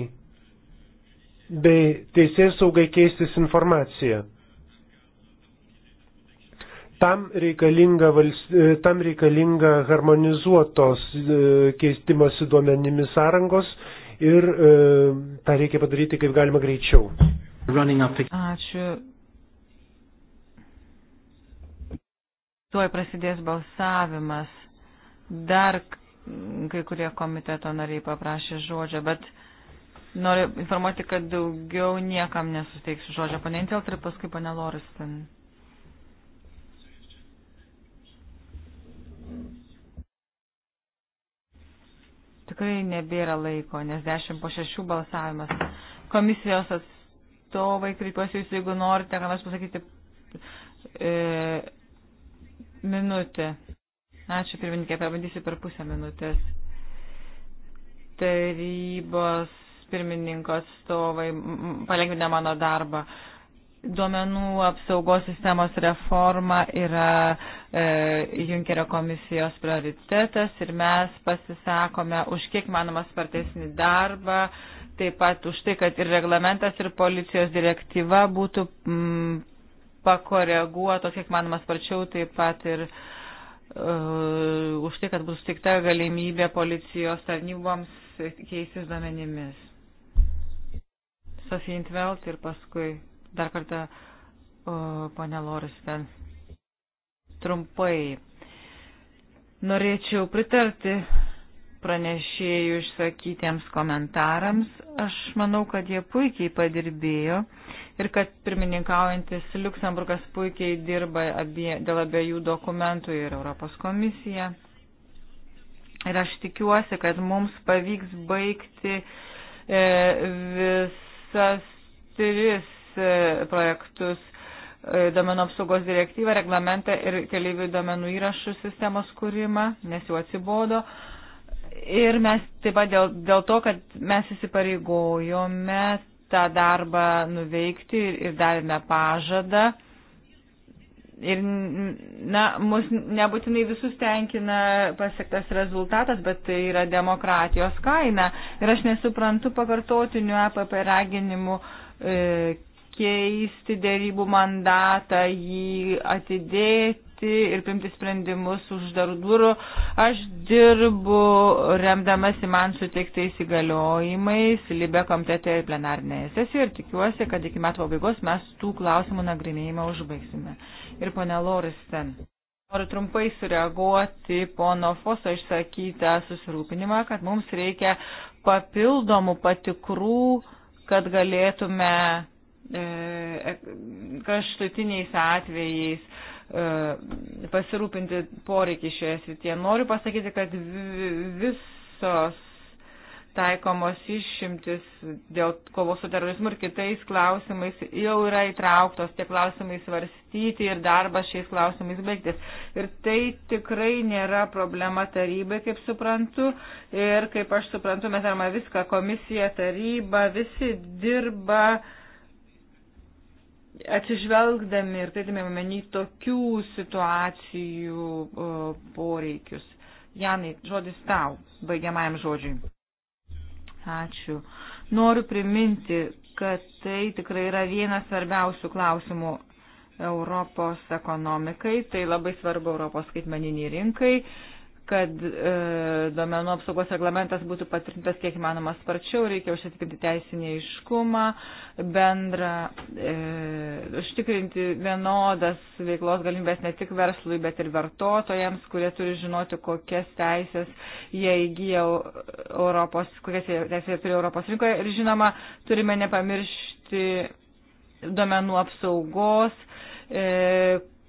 bei teisės saugai keistis informaciją. Tam reikalinga, tam reikalinga harmonizuotos e, keistimosi duomenimis sąrangos ir e, tą reikia padaryti kaip galima greičiau. Ačiū. Tuoj prasidės balsavimas. Dar kai kurie komiteto nariai paprašė žodžio, bet noriu informuoti, kad daugiau niekam nesuteiksiu žodžio. Pane Intelt ir paskui pane Loristin. Tikrai nebėra laiko, nes 10 po 6 balsavimas. Komisijos atstovas atstovai, kreipiuosi jūs, jeigu norite, ką nors pasakyti e, minutę. Ačiū pirmininkė, pabandysiu per pusę minutės. Tarybos pirmininko atstovai palengvinę mano darbą. Duomenų apsaugos sistemos reforma yra e, Junkerio komisijos prioritetas ir mes pasisakome už kiek manoma spartesnį darbą, e, taip pat už tai, kad ir reglamentas, ir policijos direktyva būtų mm, pakoreguotos, kiek manoma, sparčiau, taip pat ir uh, už tai, kad bus suteikta galimybė policijos tarnyboms keistis duomenimis. Sofija Intvelt ir paskui dar kartą uh, ponia Loristen. Trumpai. Norėčiau pritarti pranešėjų išsakytiems komentarams. Aš manau, kad jie puikiai padirbėjo ir kad pirmininkaujantis Luksemburgas puikiai dirba abie, dėl abiejų dokumentų ir Europos komisija. Ir aš tikiuosi, kad mums pavyks baigti e, visas tris e, projektus e, domenų apsaugos direktyvą, reglamentą ir keliaivių domenų įrašų sistemos kūrimą, nes jau atsibodo. E, Ir mes taip pat dėl, dėl to, kad mes įsipareigojome tą darbą nuveikti ir, ir davėme pažadą. Ir, na, mus nebūtinai visus tenkina pasiektas rezultatas, bet tai yra demokratijos kaina. Ir aš nesuprantu pakartotinių APP e raginimų e, keisti dėrybų mandatą, jį atidėti dirbti ir primti sprendimus uždarų durų. Aš dirbu remdamas į man suteiktais įgaliojimais, Libe komitete ir plenarinėje sesijoje ir tikiuosi, kad iki metų pabaigos mes tų klausimų nagrinėjimą užbaigsime. Ir ponė Loristen. Noriu trumpai sureaguoti pono Foso išsakytą susirūpinimą, kad mums reikia papildomų patikrų, kad galėtume e, e kraštutiniais atvejais E, pasirūpinti poreikį šioje srityje. Noriu pasakyti, kad visos taikomos išimtis dėl kovos su terorizmu ir kitais klausimais jau yra įtrauktos, tie klausimai svarstyti ir darbas šiais klausimais baigtis. Ir tai tikrai nėra problema tarybai, kaip suprantu. Ir kaip aš suprantu, mes darome viską, komisija, taryba, visi dirba. Uh, atsižvelgdami ir turėtume omeny tokių situacijų e, poreikius. Janai, žodis tau, baigiamajam žodžiui. Ačiū. Noriu priminti, kad tai tikrai yra vienas svarbiausių klausimų Europos ekonomikai, tai labai svarbu Europos skaitmeniniai rinkai kad e, domenų apsaugos reglamentas būtų patvirtintas kiek įmanoma sparčiau, reikia užsitikrinti teisinį iškumą, bendrą, e, užtikrinti vienodas veiklos galimybės ne tik verslui, bet ir vartotojams, kurie turi žinoti, kokias teisės jie įgyja Europos, kokias teisės jie turi Europos rinkoje. Ir žinoma, turime nepamiršti domenų apsaugos. E,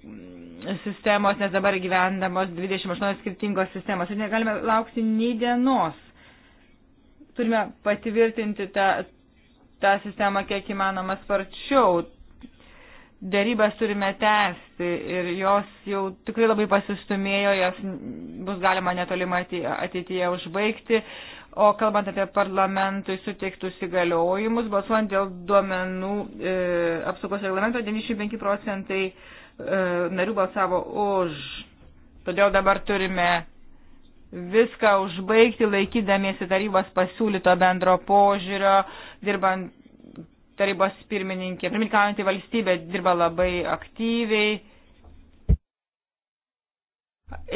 Mm, sistemos, nes dabar gyvendamos 28 skirtingos sistemos ir negalime laukti nei dienos. Turime patvirtinti tą, tą sistemą kiek įmanoma sparčiau. Dėrybas turime tęsti ir jos jau tikrai labai pasistumėjo, jas bus galima netolimą ateityje užbaigti. O kalbant apie parlamentui suteiktus įgaliojimus, balsuojant dėl duomenų e, apsaugos reglamento, 95 procentai E, narių balsavo už. Todėl dabar turime viską užbaigti, laikydamiesi tarybos pasiūlyto bendro požiūrio, dirbant tarybos pirmininkė. Pirmininkaujantį valstybę dirba labai aktyviai.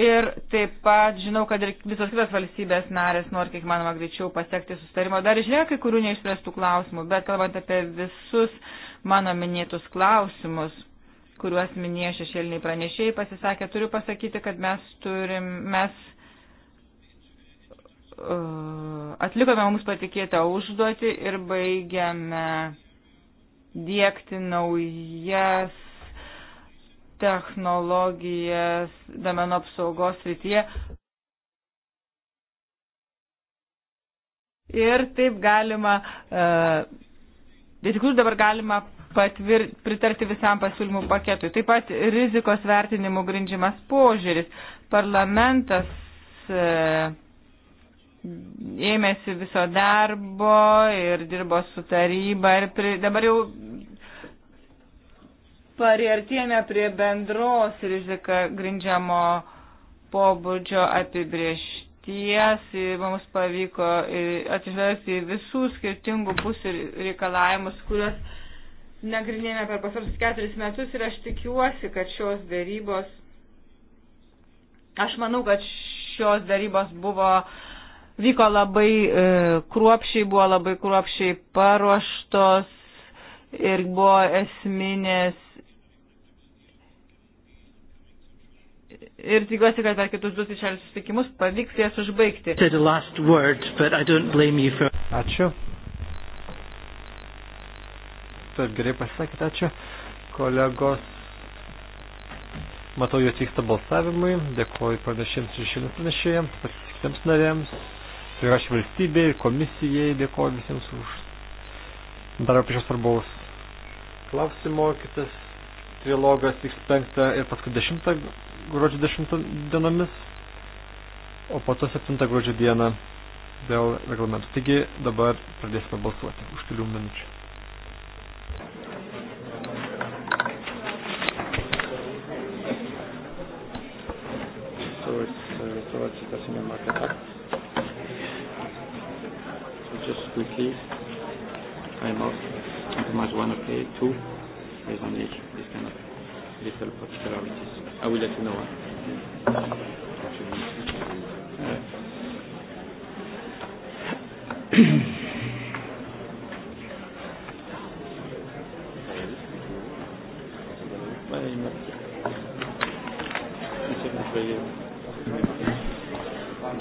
Ir taip pat žinau, kad ir visos kitos valstybės narės nori kiek manoma greičiau pasiekti sustarimo. Dar išlieka kai kurių neišspręstų klausimų, bet kalbant apie visus mano minėtus klausimus, kuriuos minėjo šešėliniai pranešėjai, pasisakė, turiu pasakyti, kad mes turim, mes uh, atlikome mums patikėtą užduotį ir baigiame dėkti naujas technologijas domenų apsaugos srityje. Ir taip galima, uh, e, tai tikrai dabar galima patvir, pritarti visam pasiūlymų paketui. Taip pat rizikos vertinimų grindžiamas požiūris. Parlamentas e, ėmėsi viso darbo ir dirbo su taryba ir pri, dabar jau pariartėme prie bendros riziką grindžiamo pobūdžio apibriešties. Mums pavyko atsižvelgti visų skirtingų pusių reikalavimus, kuriuos nagrinėjame per pasarus keturis metus ir aš tikiuosi, kad šios darybos, aš manau, kad šios darybos buvo, vyko labai e, kruopšiai, buvo labai kruopšiai paruoštos ir buvo esminės. Ir tikiuosi, kad per kitus du trišalius susitikimus pavyks jas užbaigti. Ačiū. Taip gerai pasisakėte, ačiū. Kolegos, matau, jau atvyksta balsavimui. Dėkuoju pranešėjams ir šiandien pranešėjams, pasisakėtiems narėms, prieš tai valstybei ir komisijai. Dėkuoju visiems už darbą prie šios svarbaus klausimo. Kitas trilogas vyks 5 ir paskui 10 gruodžio 10 dienomis, o po to 7 gruodžio dieną dėl reglamentų. Taigi dabar pradėsime balsuoti už kelių minučių. So it's uh, towards the Single Market Act. So just quickly, I'm off. Compromise one, okay, two, based on age, this *clears throat* kind of little particularities. I will let you know. Huh? *clears throat* *clears throat*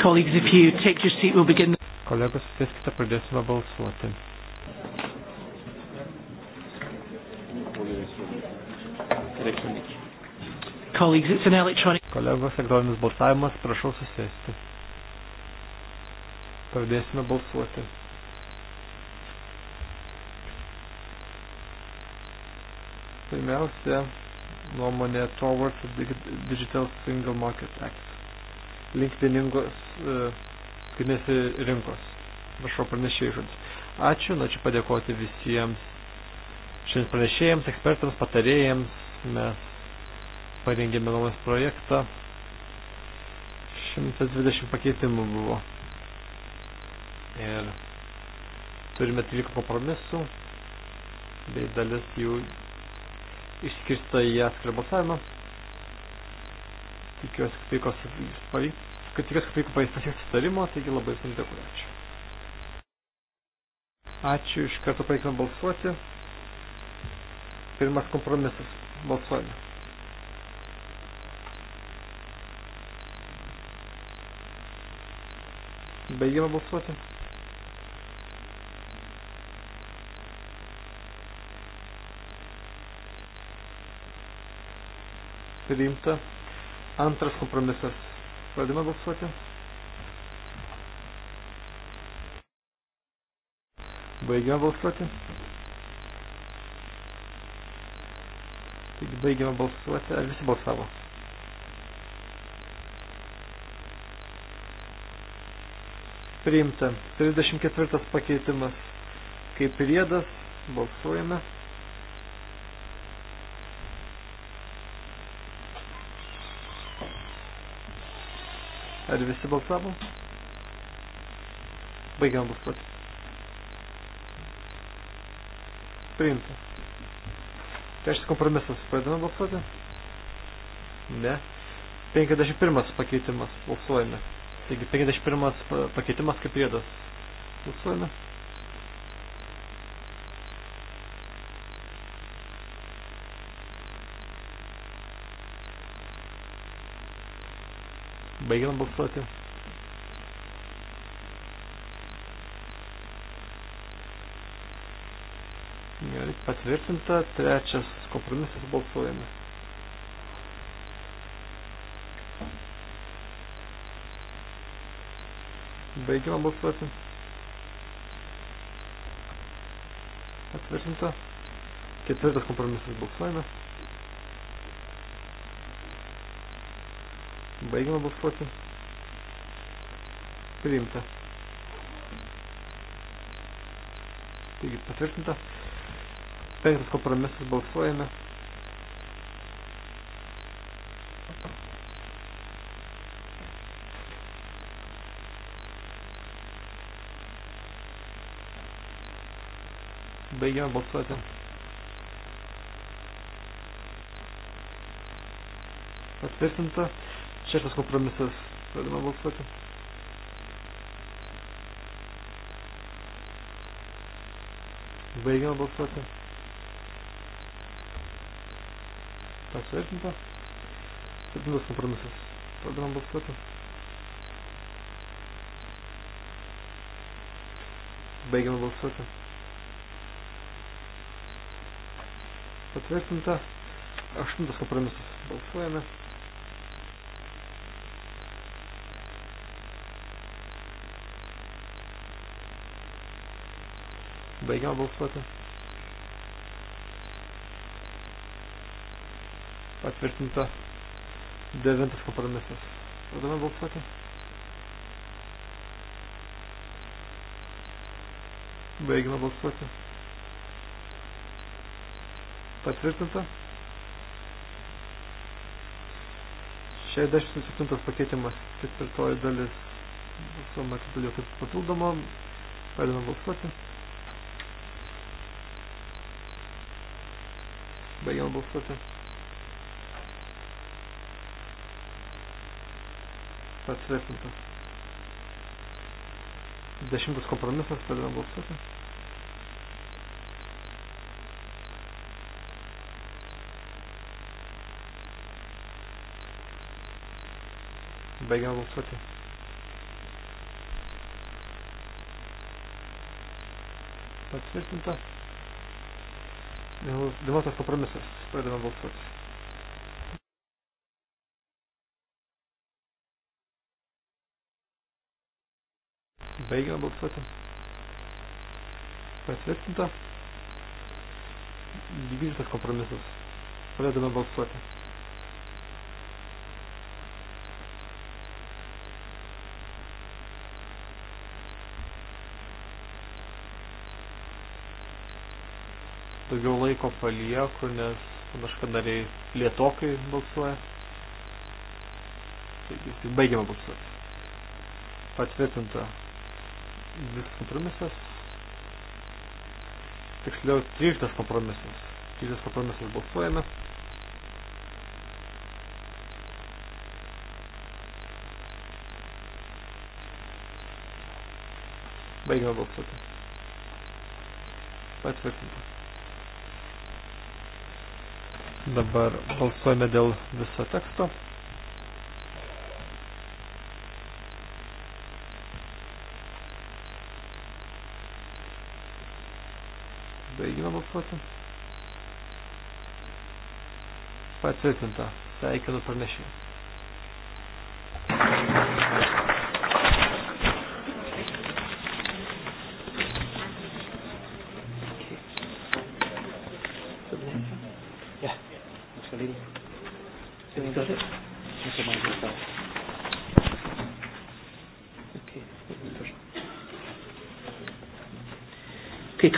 Colleagues, if you take your seat, we'll begin. Kolegos, sėskite, pradėsime balsuoti. Colleagues, it's an electronic. Kolegos, elektroninis balsavimas, prašau susėsti. Pradėsime balsuoti. Pirmiausia, nuomonė Towards Digital Single Market Act linktiningos e, skaitinės rinkos. Prašau pranešėjai žodis. Ačiū, norėčiau padėkoti visiems šiandien pranešėjams, ekspertams, patarėjams. Mes parengėme naujas projektą. 120 pakeitimų buvo. Ir turime 13 kompromisų, bei dalis jų išskirsta į atskirą balsavimą. Tikiuosi, kad pavyko pavyks, kad tikiuosi, kad pavyko pasiekti sutarimo, taigi labai jums dėkuoju. Ačiū. Ačiū, iš karto paėkime balsuoti. Pirmas kompromisas. Balsuojame. Baigime balsuoti. Rimta. Antras kompromisas. Pradėjome balsuoti. Baigiame balsuoti. Taigi baigiame balsuoti. Ar visi balsavo? Priimta. 34 pakeitimas. Kaip priedas balsuojame. Ar visi balsavo? Baigiam balsuoti. Priimta. Trečias kompromisas. Pradėjome balsuoti? Ne. 51 pakeitimas. Balsuojame. Taigi 51 pakeitimas kaip priedas. Balsuojame. Baigiam balsuoti. Gerai, patvirtinta. Trečias kompromisas balsuojame. Baigiam balsuoti. Patvirtinta. Ketvirtas kompromisas balsuojame. Baigime balsuoti. Priimta. Taigi patvirtinta. Penktas kompromisas balsuojame. Baigiame balsuoti. Patvirtinta. Šeštas kompromisas. Pradame balsuoti. Baigiame balsuoti. Pasveikinta. Septintas kompromisas. Pradame balsuoti. Baigiame balsuoti. Patvirtinta. Aštuntas kompromisas. Balsuojame. Baigiam balsuoti. Patvirtinta devintas kompromisas. Pradame balsuoti. Baigime balsuoti. Patvirtinta. 67 pakeitimas, ketvirtoji dalis, visuomet daliau kaip papildomo, pradėjome balsuoti. Baigiame balsuoti. Patvirtinta. Dešimtas kompromisas, pradėjome balsuoti. Baigiame balsuoti. Patvirtinta. Vienuotas kompromisas. Pradame balsuoti. Baigiame balsuoti. Patvirtinta. Dvyliktas kompromisas. Pradedame balsuoti. daugiau laiko palieku, nes panašu, kad nariai lietokai balsuoja. Taigi, baigiame balsuoti. Patvirtinta visas kompromisas. Tiksliau, 13 kompromisas. 13 kompromisas balsuojame. Baigiame balsuoti. Patvirtinta. Dabar balsuojame dėl viso teksto. Baigime balsuoti. Patvirtinta. Sveikinu pranešėjai.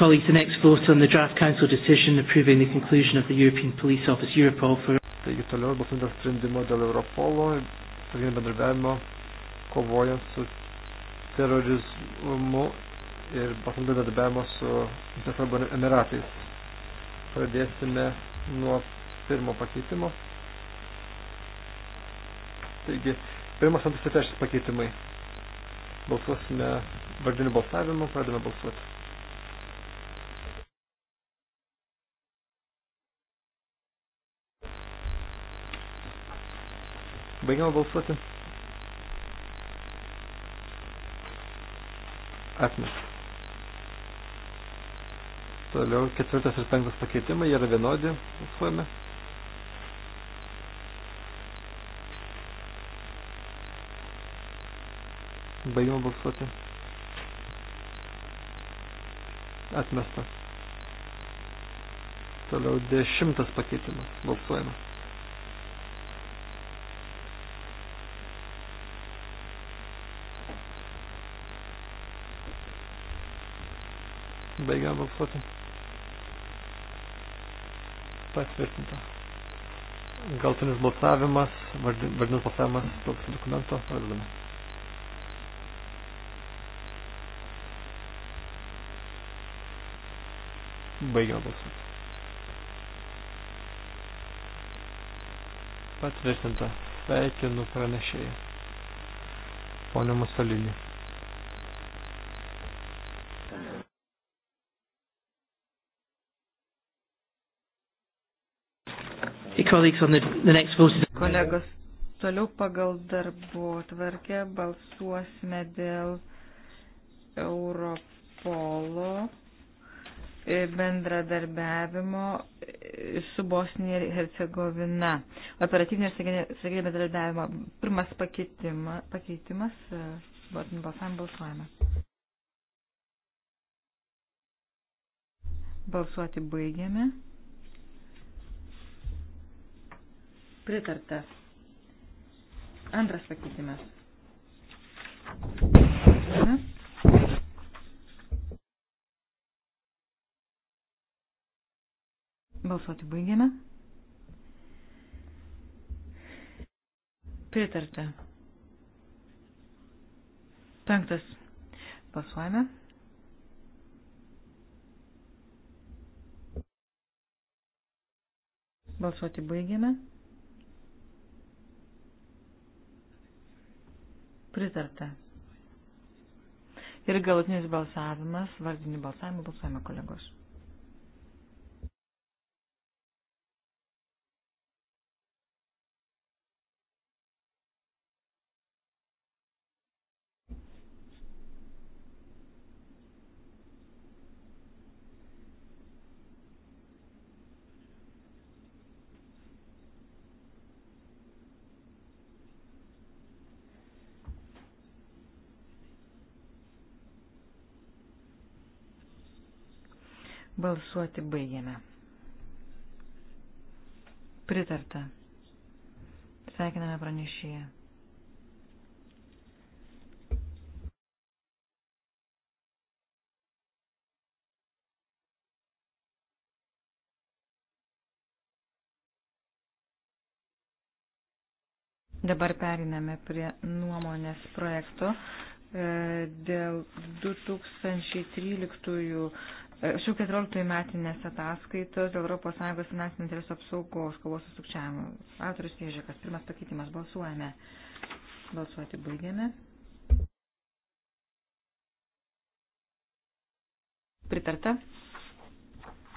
colleagues, the next vote on the draft council decision approving the conclusion of the European Police Office Europol for. Taigi toliau bus antras sprendimo dėl Europolo ir bendradarbiavimo kovojant su terorizmu ir bendradarbiavimo su Jungtinės Arabų Emiratais. Pradėsime nuo pirmo pakeitimo. Taigi, pirmas antras ir trečias pakeitimai. Balsuosime vardiniu balsavimu, pradame balsuoti. Baigiame balsuoti. Atmes. Toliau ketvirtas ir penktas pakeitimai jie yra vienodi. Balsuojame. Baigiame balsuoti. Atmesta. Toliau dešimtas pakeitimas. Balsuojame. Baigiam balsuoti. Patvirtinta. Galtinis balsavimas, vardinis balsavimas toks dokumento, pradedame. Baigiam balsuoti. Patvirtinta. Sveikinu pranešėjai. Pone Musolinį. Kolegos, toliau pagal darbo tvarkę balsuosime dėl Europolo e, bendradarbiavimo e, su Bosnija ir Hercegovina. Operatyvinio ir strateginio bendradarbiavimo pirmas pakeitimas, pakeitimas e, balsavim balsuojame. Balsuoti baigiame. Pritarta. Antras pakeitimas. Balsuoti baigiame. Pritarta. Penktas. Balsuojame. Balsuoti baigiame. Pritarta. Ir galutinis balsavimas, vardinį balsavimą balsuojame kolegos. Balsuoti baigiame. Pritarta. Sveikiname pranešėją. Dabar periname prie nuomonės projekto e, dėl 2013 E, šių 14 metinės ataskaitos dėl ES finansinių interesų apsaugos kovos su sukčiavimu. Autorius Ježikas, pirmas pakeitimas, balsuojame. Balsuoti baigiame. Pritarta.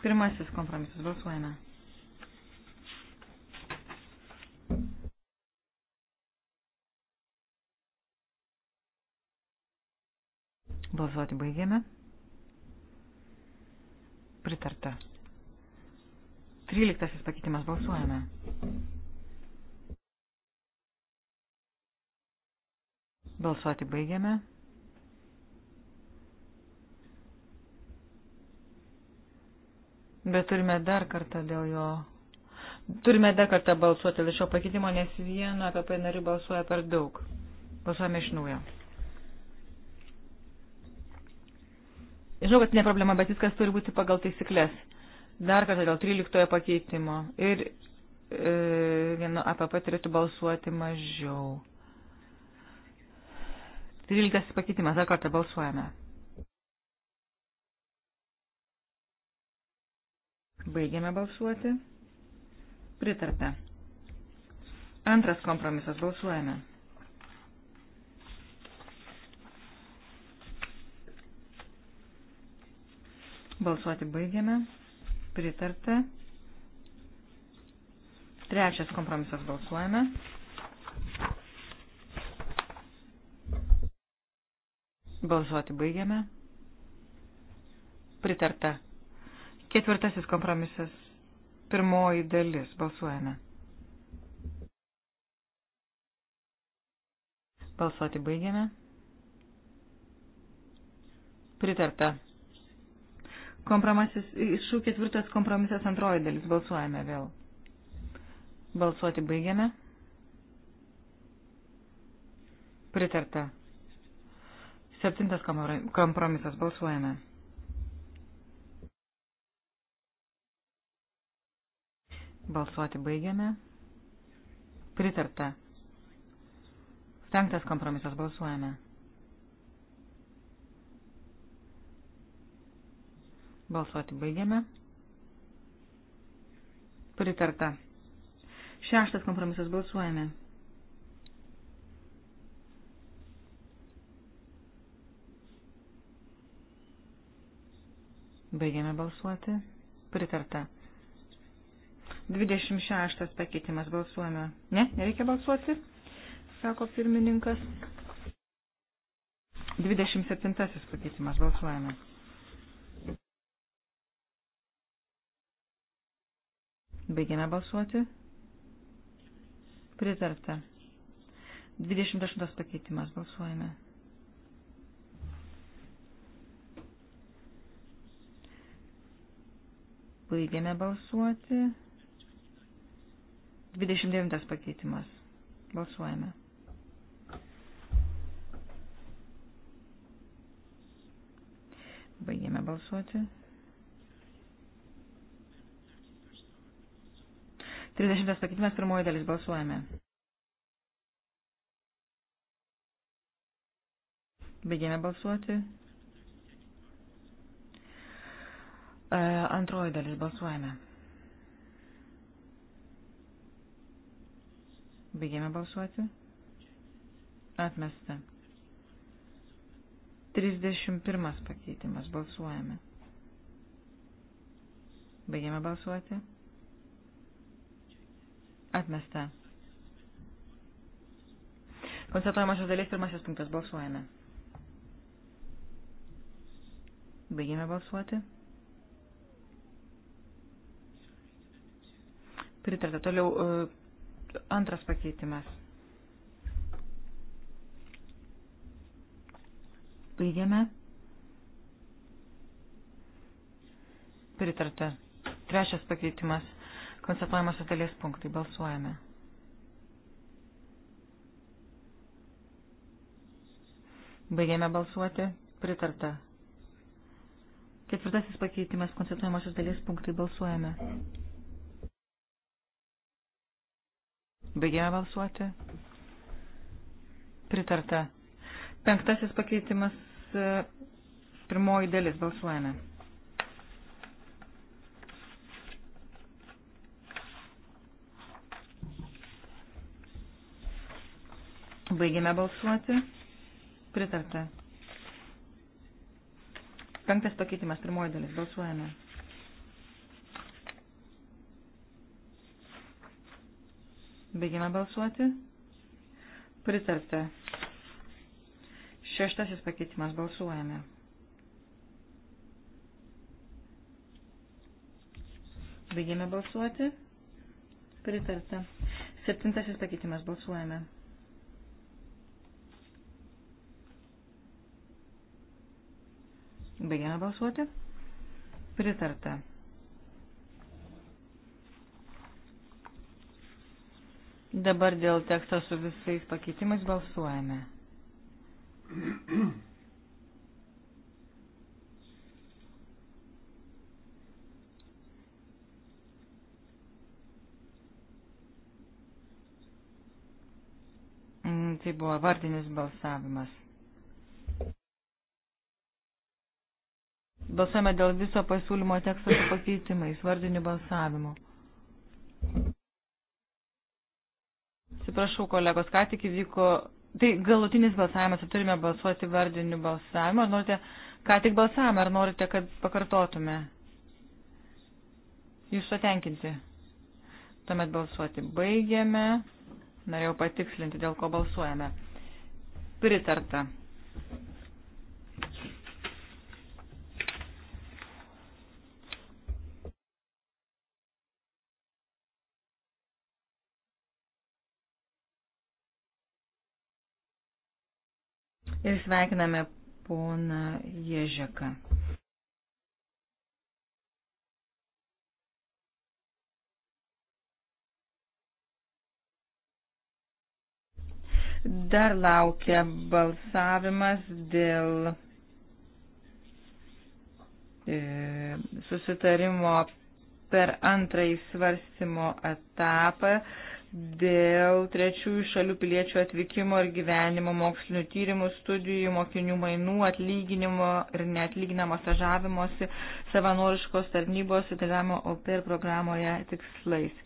Pirmasis kompromisas, balsuojame. Balsuoti baigiame pritarta. 13 pakeitimas balsuojame. Balsuoti baigiame. Bet turime dar kartą dėl jo. Turime dar kartą balsuoti dėl šio pakeitimo, nes vieną apie narių balsuoja per daug. Balsuojame iš naujo. Žinau, kad ne problema, bet viskas turi būti pagal taisyklės. Dar kartą dėl 13 pakeitimo. Ir e, vieno APP turėtų balsuoti mažiau. 13 pakeitimas. Dar kartą balsuojame. Baigiame balsuoti. Pritarta. Antras kompromisas. Balsuojame. Balsuoti baigiame. Pritarta. Trečias kompromisas balsuojame. Balsuoti baigiame. Pritarta. Ketvirtasis kompromisas. Pirmoji dalis. Balsuojame. Balsuoti baigiame. Pritarta. Kompromisas, šų ketvirtas kompromisas antroji dalis. Balsuojame vėl. Balsuoti baigiame. Pritarta. Septintas kompromisas. Balsuojame. Balsuoti baigiame. Pritarta. Penktas kompromisas. Balsuojame. Balsuoti baigiame. Pritarta. Šeštas kompromisas balsuojame. Baigiame balsuoti. Pritarta. 26 pakeitimas balsuojame. Ne, nereikia balsuoti, sako pirmininkas. 27 pakeitimas balsuojame. Baigiame balsuoti. Pritarta. 28 pakeitimas balsuojame. Baigiame balsuoti. 29 pakeitimas. Balsuojame. Baigiame balsuoti. 30 pakeitimas pirmoji dalis balsuojame. Baigėme balsuoti. E, antroji dalis balsuojame. Baigėme balsuoti. Atmesta. 31 pakeitimas. Balsuojame. Baigėme balsuoti. Atmesta. Konstatuojamosios dalies pirmasis punktas balsuojame. Baigėme balsuoti. Pritarta toliau e, antras pakeitimas. Baigėme. Pritarta. Trečias pakeitimas. Konstatuojamosios dalies punktai. Balsuojame. Baigėme balsuoti. Pritarta. Ketvirtasis pakeitimas. Konstatuojamosios dalies punktai. Balsuojame. Baigėme balsuoti. Pritarta. Penktasis pakeitimas. Pirmoji dalis. Balsuojame. Baigėme balsuoti. Pritarta. Penktas pakeitimas, pirmoji dalis. Balsuojame. Baigėme balsuoti. Pritarta. Šeštasis pakeitimas. Balsuojame. Baigėme balsuoti. Pritarta. Septintasis pakeitimas. Balsuojame. Baigiame balsuoti. Pritarta. Dabar dėl teksto su visais pakeitimais balsuojame. Mm, tai buvo vardinis balsavimas. Balsuojame dėl viso pasiūlymo teksto su pakeitimais, vardiniu balsavimu. Atsiprašau, kolegos, ką tik įvyko. Tai galutinis balsavimas, ar turime balsuoti vardiniu balsavimu, ar norite, ką tik balsavimą, ar norite, kad pakartotume? Jūs patenkinti. Tuomet balsuoti baigėme. Norėjau patikslinti, dėl ko balsuojame. Pritarta. ir sveikiname poną Ježeką. Dar laukia balsavimas dėl e, susitarimo per antrąjį svarstymo etapą dėl trečiųjų šalių piliečių atvykimo ir gyvenimo, mokslinių tyrimų, studijų, mokinių mainų, atlyginimo ir neatlyginamo stažavimosi, savanoriškos tarnybos įdalyvavimo OPER programoje tikslais.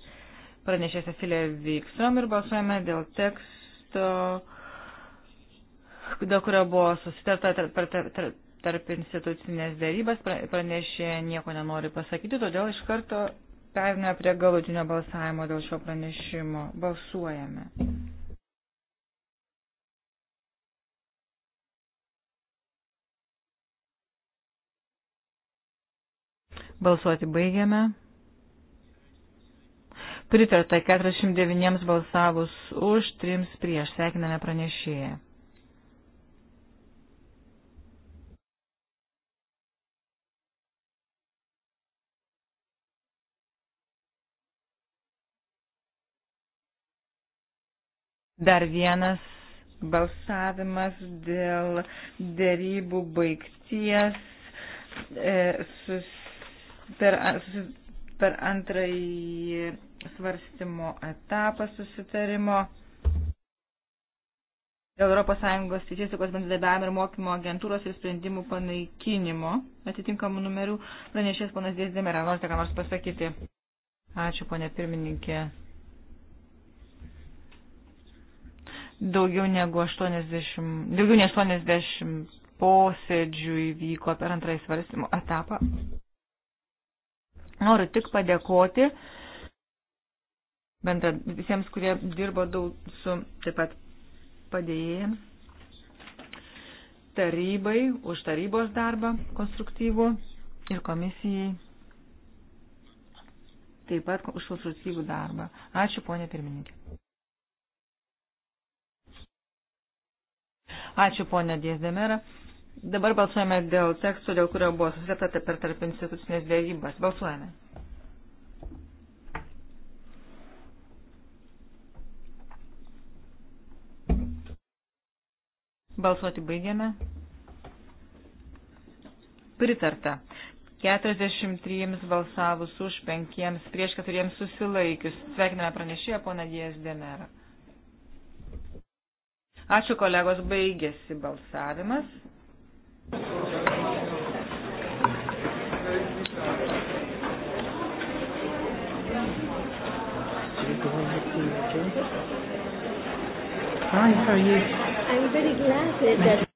Pranešė Cecilė Vykstrom ir balsuojame dėl teksto, dėl kurio buvo susitarta tarp, tarp, tarp, tarp institucinės dėrybas, pranešė nieko nenori pasakyti, todėl iš karto Perina prie galutinio balsavimo dėl šio pranešimo. Balsuojame. Balsuoti baigiame. Pritarta 49 balsavus už, 3 prieš. Sveikiname pranešėją. Dar vienas balsavimas dėl dėrybų baigties e, sus, per, sus, per antrąjį svarstymo etapą susitarimo dėl ES statistikos bendradarbiavimo ir mokymo agentūros ir sprendimų panaikinimo atitinkamų numerių pranešės ponas Dėsdėmė, ar norite ką nors pasakyti? Ačiū, ponė pirmininkė. Daugiau negu 80, daugiau nei 80 posėdžių įvyko per antrąjį svarstymo etapą. Noriu tik padėkoti bendra, visiems, kurie dirbo daug su taip pat padėjėjams tarybai už tarybos darbą konstruktyvų ir komisijai taip pat už konstruktyvų darbą. Ačiū, ponė pirmininkė. Ačiū, ponė Diezdemera. Dabar balsuojame dėl teksto, dėl kurio buvo susitarta per tarp institucinės dėrybas. Balsuojame. Balsuoti baigiame. Pritarta. 43 balsavus už, 5 prieš 4 susilaikius. Sveikiname pranešėją, poną Dijas Demerą. Ačiū kolegos, baigėsi balsavimas. Hi, how are you? I'm very glad that